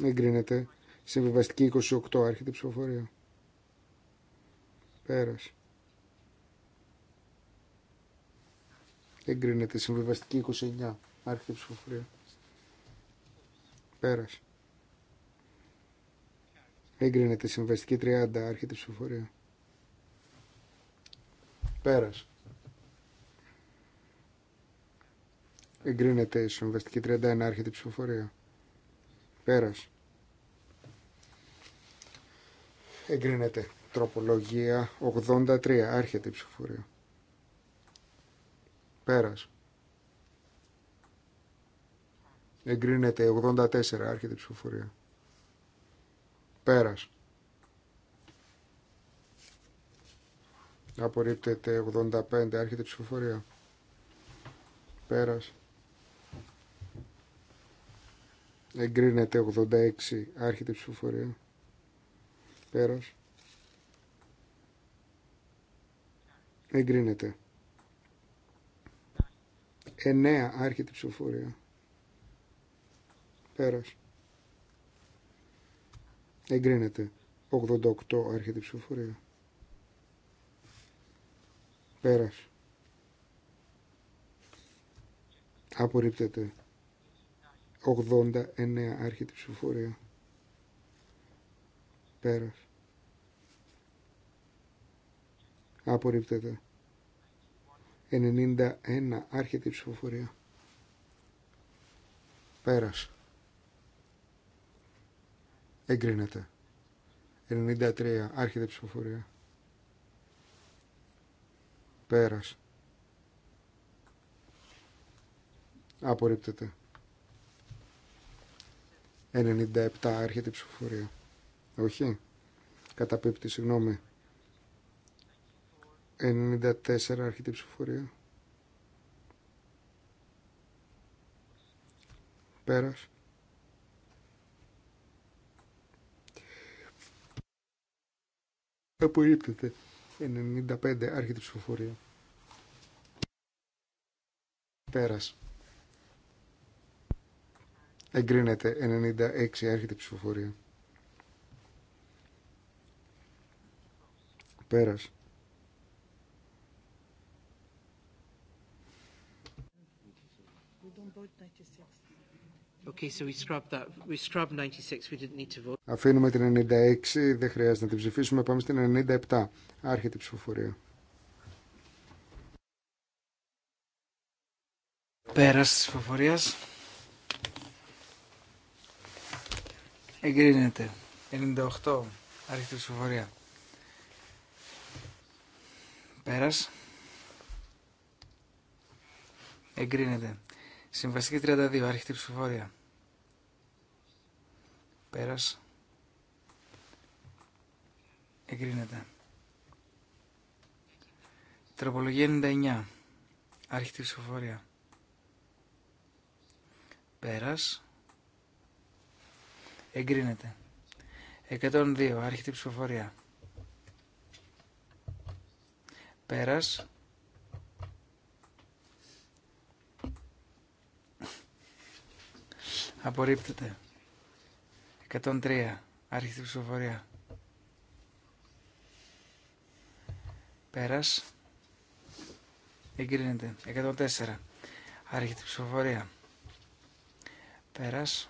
Εγκρίνεται. Συμβιβαστική 28 άρχεται ψηφοφορία. Πέρας. Εγκρίνεται. Συμβιβαστική 29 άρχεται ψηφοφορία. Πέρας. Έγκρινεται συμβαστική 30, άρχεται η ψηφοφορία. Πέρας. Εγκρίνεται η συμβαστική 31, άρχεται η ψηφοφορία. Πέρας. Εγκρίνεται τροπολογία 83, άρχεται η ψηφοφορία. Πέρας. Εγκρίνεται 84, άρχεται η ψηφοφορία. Πέρας. Απορρίπτεται 85, άρχεται η ψηφοφορία. Πέρας. Εγκρίνεται 86, άρχεται η ψηφοφορία. Πέρας. Εγκρίνεται. 9, άρχεται η ψηφοφορία. Πέρας. Εγκρίνεται. 88 έρχεται ψηφοφορία. Πέρας. Απορρίπτεται. 89 έρχεται ψηφοφορία. Πέρας. Απορρίπτεται. 91 άρχεται ψηφοφορία. Πέρας. Εγκρίνεται. 93. Άρχεται ψηφοφορία. Πέρας. Απορρίπτεται. 97. Άρχεται ψηφοφορία. Όχι. Καταπίπτει. Συγγνώμη. 94. Άρχεται ψηφοφορία. Πέρας. Απορρίπτεται. Ε, 95. Άρχεται ψηφοφορία. Πέρας. Εγκρίνεται. 96. Άρχεται ψηφοφορία. Πέρας. Αφήνουμε την 96, δεν χρειάζεται να την ψηφίσουμε. Πάμε στην 97. Άρχεται η ψηφοφορία. Πέρας της ψηφοφορίας. Εγκρίνεται. 98. Άρχεται η ψηφοφορία. Πέρας. Εγκρίνεται. Συμβασική 32. Άρχεται η ψηφοφορία. Πέρας. Εγκρίνεται. Τροπολογία 99. Άρχιτη ψηφοφορία. Πέρας. Εγκρίνεται. 102. Άρχιτη ψηφοφορία. Πέρας. Απορρίπτεται. 103. άρχισε ψηφοφορία. Πέρας. Εγκρίνεται. 104. Άρχιστη ψηφοφορία. Πέρας.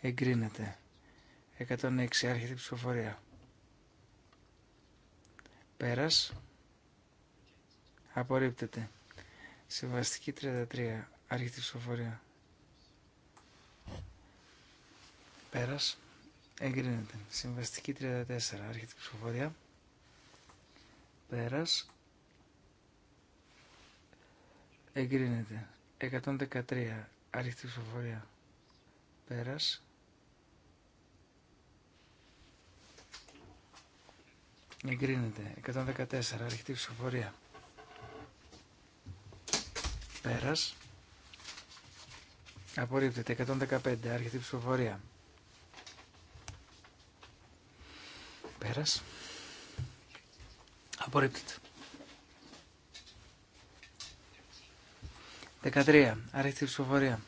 Εγκρίνεται. 106. Άρχεται ψηφοφορία. Πέρας. Απορρίπτεται. Συμβαστική 33. Άρχεται ψηφοφορία. Πέρας. Εγκρίνεται. Συμβαστική 34. Άρχεται η ψηφοφορία. Πέρας. Εγκρίνεται. 113. Άρχεται η ψηφοφορία. Πέρας. Εγκρίνεται. 114. Άρχεται η ψηφοφορία. Πέρας. Απορρίπτεται. 115. Άρχεται η ψηφοφορία. Πέρας. Απορρίπτεται. 13. Άρχεται ψηφοφορία.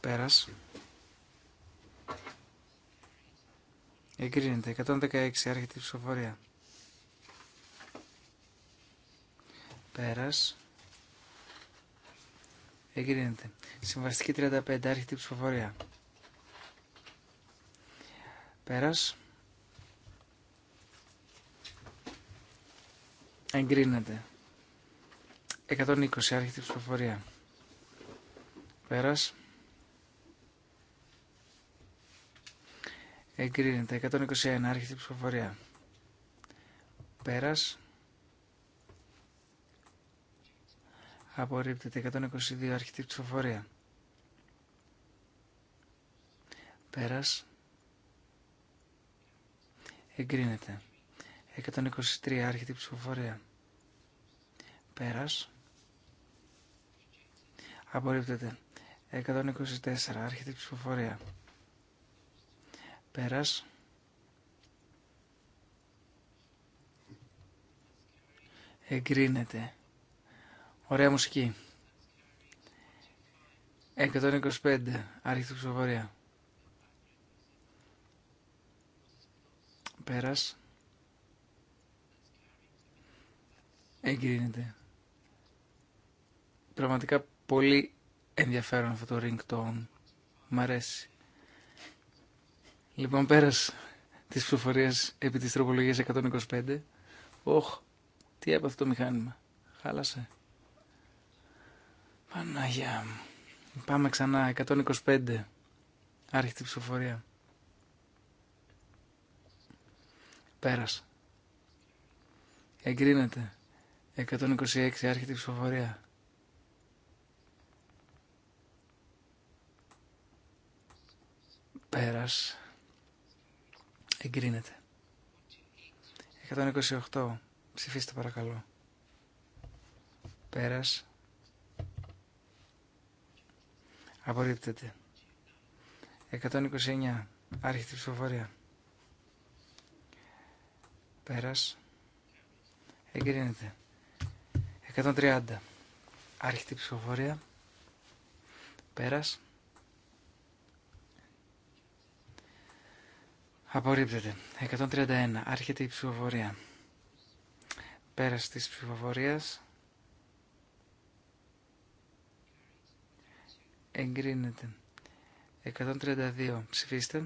Πέρας. Εγκρίνεται. 116. Άρχεται ψηφοφορία. Πέρας. Εγκρίνεται. Συμβαστική 35. Άρχεται ψηφοφορία. Πέρας. Εγκρίνεται. 120 άρχιτη ψηφοφορία. Πέρας. Εγκρίνεται. 121 άρχιτη ψηφοφορία. Πέρας. Απορρίπτεται. 122 άρχιτη ψηφοφορία. Πέρας εγκρίνεται. 123 άρχιτη ψηφοφορία. Πέρας. Απορρίπτεται. 124 άρχιτη ψηφοφορία. Πέρας. Εγκρίνεται. Ωραία μουσική. 125 άρχιτη ψηφοφορία. Πέρας. Εγκρίνεται. Πραγματικά πολύ ενδιαφέρον αυτό το ringtone. Μ' αρέσει. Λοιπόν, πέρας της ψηφοφορίας επί της τροπολογίας 125. Όχ, τι έπαθε αυτό το μηχάνημα. Χάλασε. Παναγιά μου. Πάμε ξανά, 125. Άρχεται η ψηφοφορία. Πέρας. Εγκρίνεται. 126 άρχεται η ψηφοφορία. Πέρας. Εγκρίνεται. 128. Ψηφίστε παρακαλώ. Πέρας. Απορρίπτεται. 129. Άρχεται η ψηφοφορία. Πέρας. Εγκρίνεται. 130. Άρχιτη ψηφοφορία. Πέρας. Απορρίπτεται. 131. Άρχεται η ψηφοφορία. Πέρας της ψηφοφορίας. Εγκρίνεται. 132. Ψηφίστε.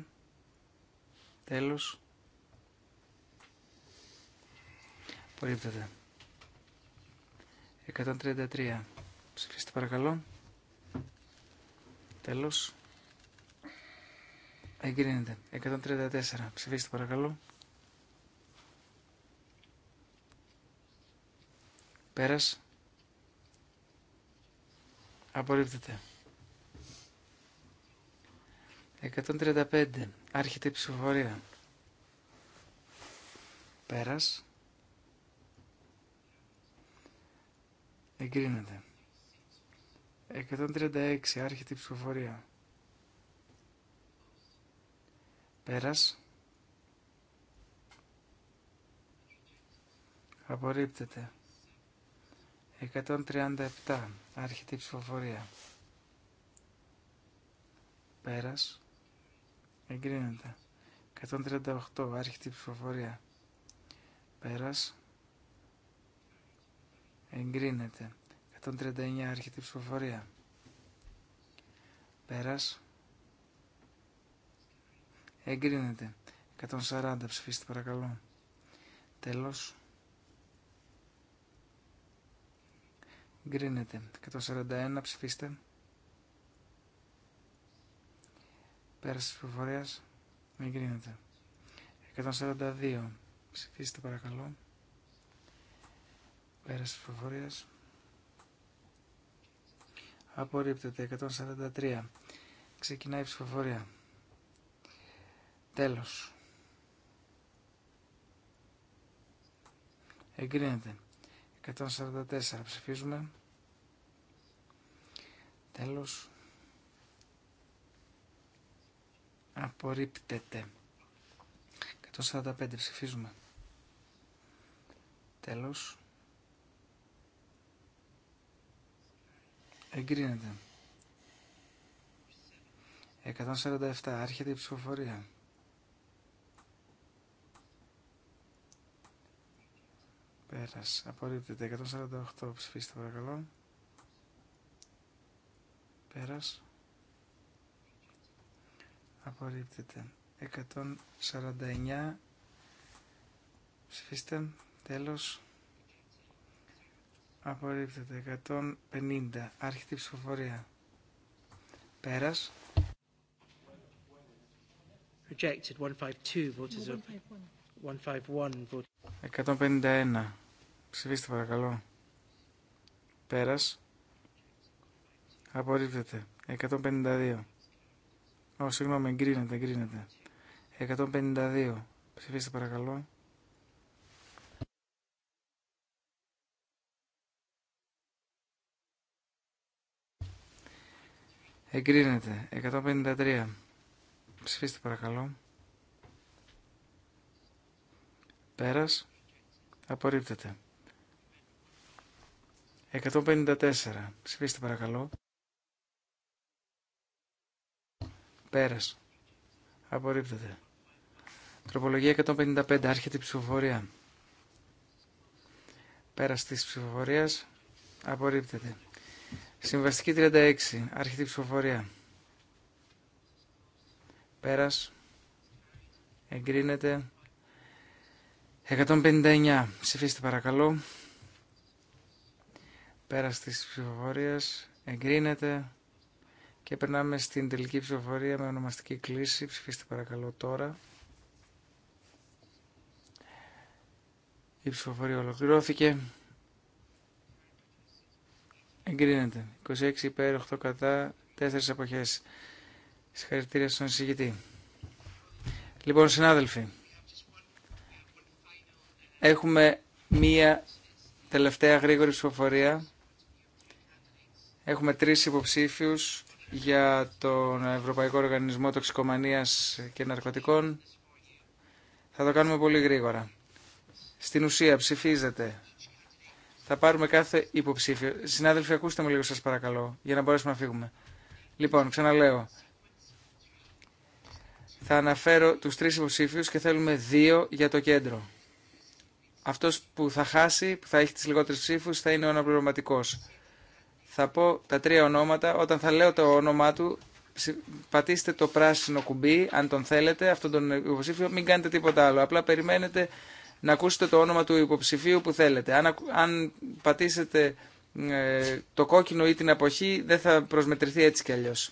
Τέλος. Απορρίπτεται. 133. Ψηφίστε παρακαλώ. Τέλος. Εγκρίνεται. 134. Ψηφίστε παρακαλώ. Πέρας. Απορρίπτεται. 135. Άρχεται η ψηφοφορία. Πέρας. Εγκρίνεται. 136. Άρχεται η ψηφοφορία. Πέρας. Απορρίπτεται. 137. Άρχεται η ψηφοφορία. Πέρας. Εγκρίνεται. 138. Άρχεται η ψηφοφορία. Πέρας εγκρίνεται. 139 άρχεται η ψηφοφορία. Πέρας. Εγκρίνεται. 140 ψηφίστε παρακαλώ. Τέλος. Εγκρίνεται. 141 ψηφίστε. Πέρας της ψηφοφορίας. Εγκρίνεται. 142 ψηφίστε παρακαλώ. Πέρας ψηφοφορίας. Απορρίπτεται 143. Ξεκινάει η ψηφοφορία. Τέλος. Εγκρίνεται. 144. Ψηφίζουμε. Τέλος. Απορρίπτεται. 145. Ψηφίζουμε. Τέλος. Εγκρίνεται. 147. Άρχεται η ψηφοφορία. Πέρας. Απορρίπτεται. 148. Ψηφίστε παρακαλώ. Πέρας. Απορρίπτεται. 149. Ψηφίστε. Τέλος. Απορρίπτεται. 150. Άρχεται η ψηφοφορία. Πέρας. Rejected. 152. votes, 151. 151. Ψηφίστε παρακαλώ. Πέρας. Απορρίπτεται. 152. Ω, συγγνώμη, εγκρίνεται, εγκρίνεται. 152. Ψηφίστε παρακαλώ. Εγκρίνεται. 153. Ψηφίστε παρακαλώ. Πέρας. Απορρίπτεται. 154. Ψηφίστε παρακαλώ. Πέρας. Απορρίπτεται. Τροπολογία 155. Άρχεται η ψηφοφορία. Πέρας της ψηφοφορίας. Απορρίπτεται. Συμβαστική 36. Άρχεται η ψηφοφορία. Πέρας. Εγκρίνεται. 159. Ψηφίστε παρακαλώ. Πέρας της ψηφοφορίας. Εγκρίνεται. Και περνάμε στην τελική ψηφοφορία με ονομαστική κλίση. Ψηφίστε παρακαλώ τώρα. Η ψηφοφορία ολοκληρώθηκε. Εγκρίνεται. 26 υπέρ, 8 κατά, 4 εποχές. Συγχαρητήρια στον συγκητή. Λοιπόν, συνάδελφοι, έχουμε μία τελευταία γρήγορη ψηφοφορία. Έχουμε τρεις υποψήφιους για τον Ευρωπαϊκό Οργανισμό Τοξικομανίας και Ναρκωτικών. Θα το κάνουμε πολύ γρήγορα. Στην ουσία ψηφίζεται θα πάρουμε κάθε υποψήφιο. Συνάδελφοι, ακούστε μου λίγο σας παρακαλώ, για να μπορέσουμε να φύγουμε. Λοιπόν, ξαναλέω. Θα αναφέρω τους τρεις υποψήφιους και θέλουμε δύο για το κέντρο. Αυτός που θα χάσει, που θα έχει τις λιγότερες ψήφους, θα είναι ο αναπληρωματικός. Θα πω τα τρία ονόματα. Όταν θα λέω το όνομά του, πατήστε το πράσινο κουμπί, αν τον θέλετε, αυτόν τον υποψήφιο. Μην κάνετε τίποτα άλλο. Απλά περιμένετε να ακούσετε το όνομα του υποψηφίου που θέλετε. Αν, αν πατήσετε ε, το κόκκινο ή την αποχή δεν θα προσμετρηθεί έτσι κι αλλιώς.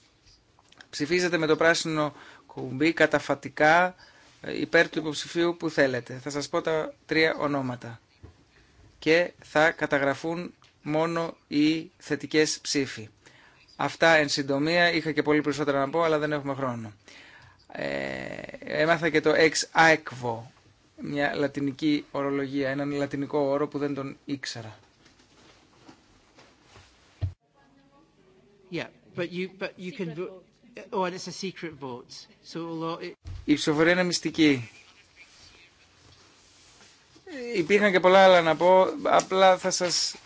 Ψηφίζετε με το πράσινο κουμπί καταφατικά ε, υπέρ του υποψηφίου που θέλετε. Θα σας πω τα τρία ονόματα και θα καταγραφούν μόνο οι θετικές ψήφοι. Αυτά εν συντομία, είχα και πολύ περισσότερα να πω, αλλά δεν έχουμε χρόνο. Ε, έμαθα και το ex aequo μια λατινική ορολογία, έναν λατινικό όρο που δεν τον ήξερα. Η ψηφοφορία είναι μυστική. Υπήρχαν και πολλά άλλα να πω, απλά θα σας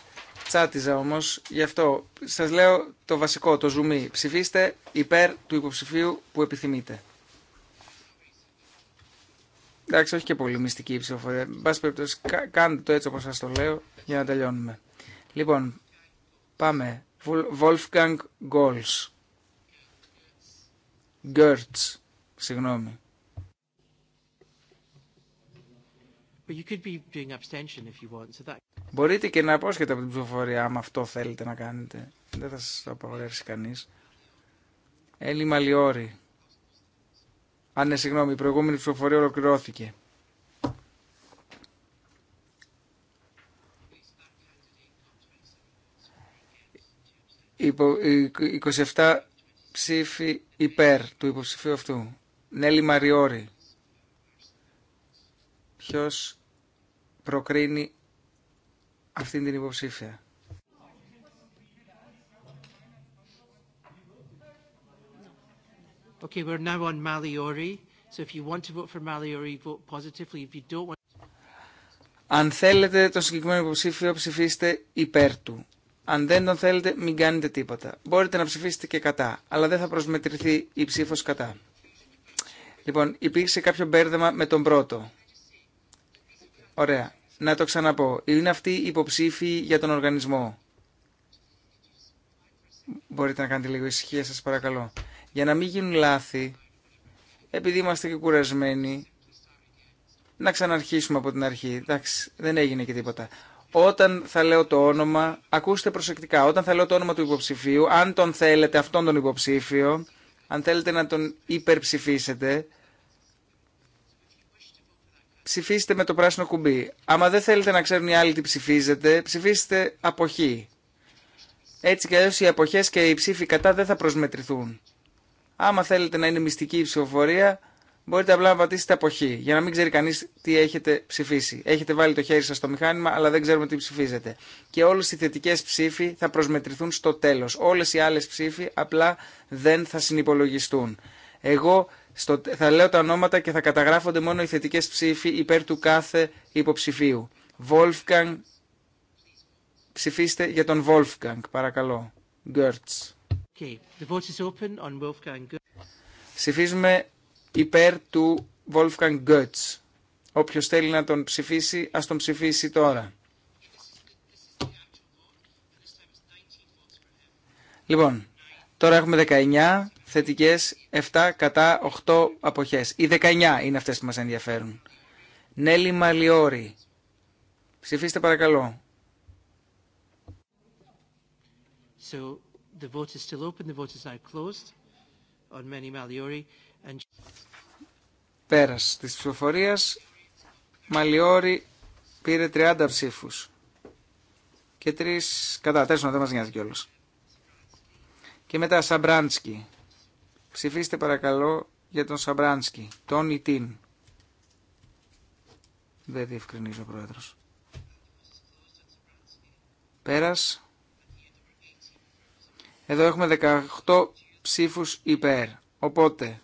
τσάτιζα όμως, γι' αυτό σας λέω το βασικό, το ζουμί. Ψηφίστε υπέρ του υποψηφίου που επιθυμείτε. Εντάξει, όχι και πολύ μυστική η ψηφοφορία. Εν πάση περιπτώσει, κάντε το έτσι όπως σα το λέω για να τελειώνουμε. Λοιπόν, πάμε. Wolfgang Goals. Gertz. Συγγνώμη. Μπορείτε και να απόσχετε από την ψηφοφορία άμα αυτό θέλετε να κάνετε. Δεν θα σα το απαγορεύσει κανείς. Έλλη Μαλιόρη. Α, ναι, συγγνώμη, η προηγούμενη ψηφοφορία ολοκληρώθηκε. 27 ψήφοι υπέρ του υποψηφίου αυτού. Νέλη Μαριόρη. Ποιος προκρίνει αυτήν την υποψήφια. Okay, we're now on Maliori. So if you want to vote for Maliori, vote positively. If you don't want... Αν θέλετε τον συγκεκριμένο υποψήφιο, ψηφίστε υπέρ του. Αν δεν τον θέλετε, μην κάνετε τίποτα. Μπορείτε να ψηφίσετε και κατά, αλλά δεν θα προσμετρηθεί η ψήφο κατά. Λοιπόν, υπήρξε κάποιο μπέρδεμα με τον πρώτο. Ωραία. Να το ξαναπώ. Είναι αυτοί οι υποψήφοι για τον οργανισμό. Μπορείτε να κάνετε λίγο ησυχία σας παρακαλώ για να μην γίνουν λάθη, επειδή είμαστε και κουρασμένοι, να ξαναρχίσουμε από την αρχή. Εντάξει, δεν έγινε και τίποτα. Όταν θα λέω το όνομα, ακούστε προσεκτικά, όταν θα λέω το όνομα του υποψηφίου, αν τον θέλετε αυτόν τον υποψήφιο, αν θέλετε να τον υπερψηφίσετε, ψηφίστε με το πράσινο κουμπί. Άμα δεν θέλετε να ξέρουν οι άλλοι τι ψηφίζετε, ψηφίστε αποχή. Έτσι και αλλιώς οι αποχές και οι ψήφοι κατά δεν θα προσμετρηθούν. Άμα θέλετε να είναι μυστική η ψηφοφορία, μπορείτε απλά να πατήσετε αποχή για να μην ξέρει κανεί τι έχετε ψηφίσει. Έχετε βάλει το χέρι σα στο μηχάνημα, αλλά δεν ξέρουμε τι ψηφίζετε. Και όλε οι θετικέ ψήφοι θα προσμετρηθούν στο τέλο. Όλε οι άλλε ψήφοι απλά δεν θα συνυπολογιστούν. Εγώ στο, θα λέω τα ονόματα και θα καταγράφονται μόνο οι θετικέ ψήφοι υπέρ του κάθε υποψηφίου. Wolfgang, ψηφίστε για τον Wolfgang, παρακαλώ. Gertz. Ψηφίζουμε υπέρ του Wolfgang Goetz. Όποιος θέλει να τον ψηφίσει, ας τον ψηφίσει τώρα. Λοιπόν, τώρα έχουμε 19 θετικές, 7 κατά 8 αποχές. Οι 19 είναι αυτές που μας ενδιαφέρουν. Νέλη Μαλιόρη. Ψηφίστε παρακαλώ. So, The vote is still open. The vote is now closed on many Maliori. And... Πέρας της ψηφοφορίας, Μαλιόρι πήρε 30 ψήφους και τρεις κατά τέσσερα δεν μας νοιάζει κιόλας. Και μετά Σαμπράντσκι. Ψηφίστε παρακαλώ για τον Σαμπράντσκι, τον ή την. Δεν διευκρινίζει ο Πρόεδρος. Πέρας. Εδώ έχουμε 18 ψήφους υπέρ. Οπότε,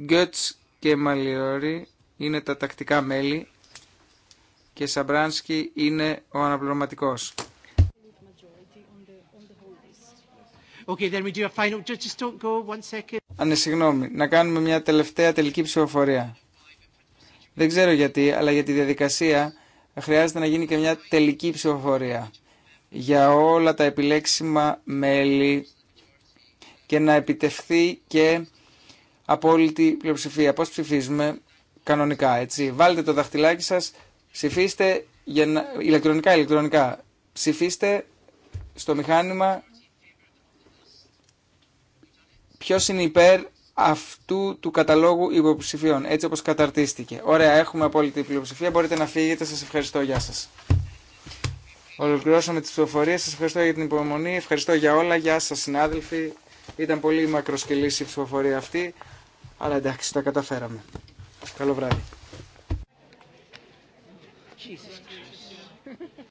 Γκέτς και Μαλιόρι είναι τα τακτικά μέλη και Σαμπράνσκι είναι ο αναπληρωματικός. Ανεσυγγνώμη, ναι, να κάνουμε μια τελευταία τελική ψηφοφορία. Δεν ξέρω γιατί, αλλά για τη διαδικασία χρειάζεται να γίνει και μια τελική ψηφοφορία για όλα τα επιλέξιμα μέλη και να επιτευχθεί και απόλυτη πλειοψηφία. Πώς ψηφίζουμε κανονικά, έτσι. Βάλτε το δαχτυλάκι σας, ψηφίστε για να... ηλεκτρονικά, ηλεκτρονικά. Ψηφίστε στο μηχάνημα ποιος είναι υπέρ αυτού του καταλόγου υποψηφίων, έτσι όπως καταρτίστηκε. Ωραία, έχουμε απόλυτη πλειοψηφία, μπορείτε να φύγετε, σας ευχαριστώ, γεια σας. Ολοκληρώσαμε τι ψηφοφορίες. Σας ευχαριστώ για την υπομονή. Ευχαριστώ για όλα. Γεια σας συνάδελφοι. Ήταν πολύ μακροσκελής η ψηφοφορία αυτή. Αλλά εντάξει, τα καταφέραμε. Καλό βράδυ.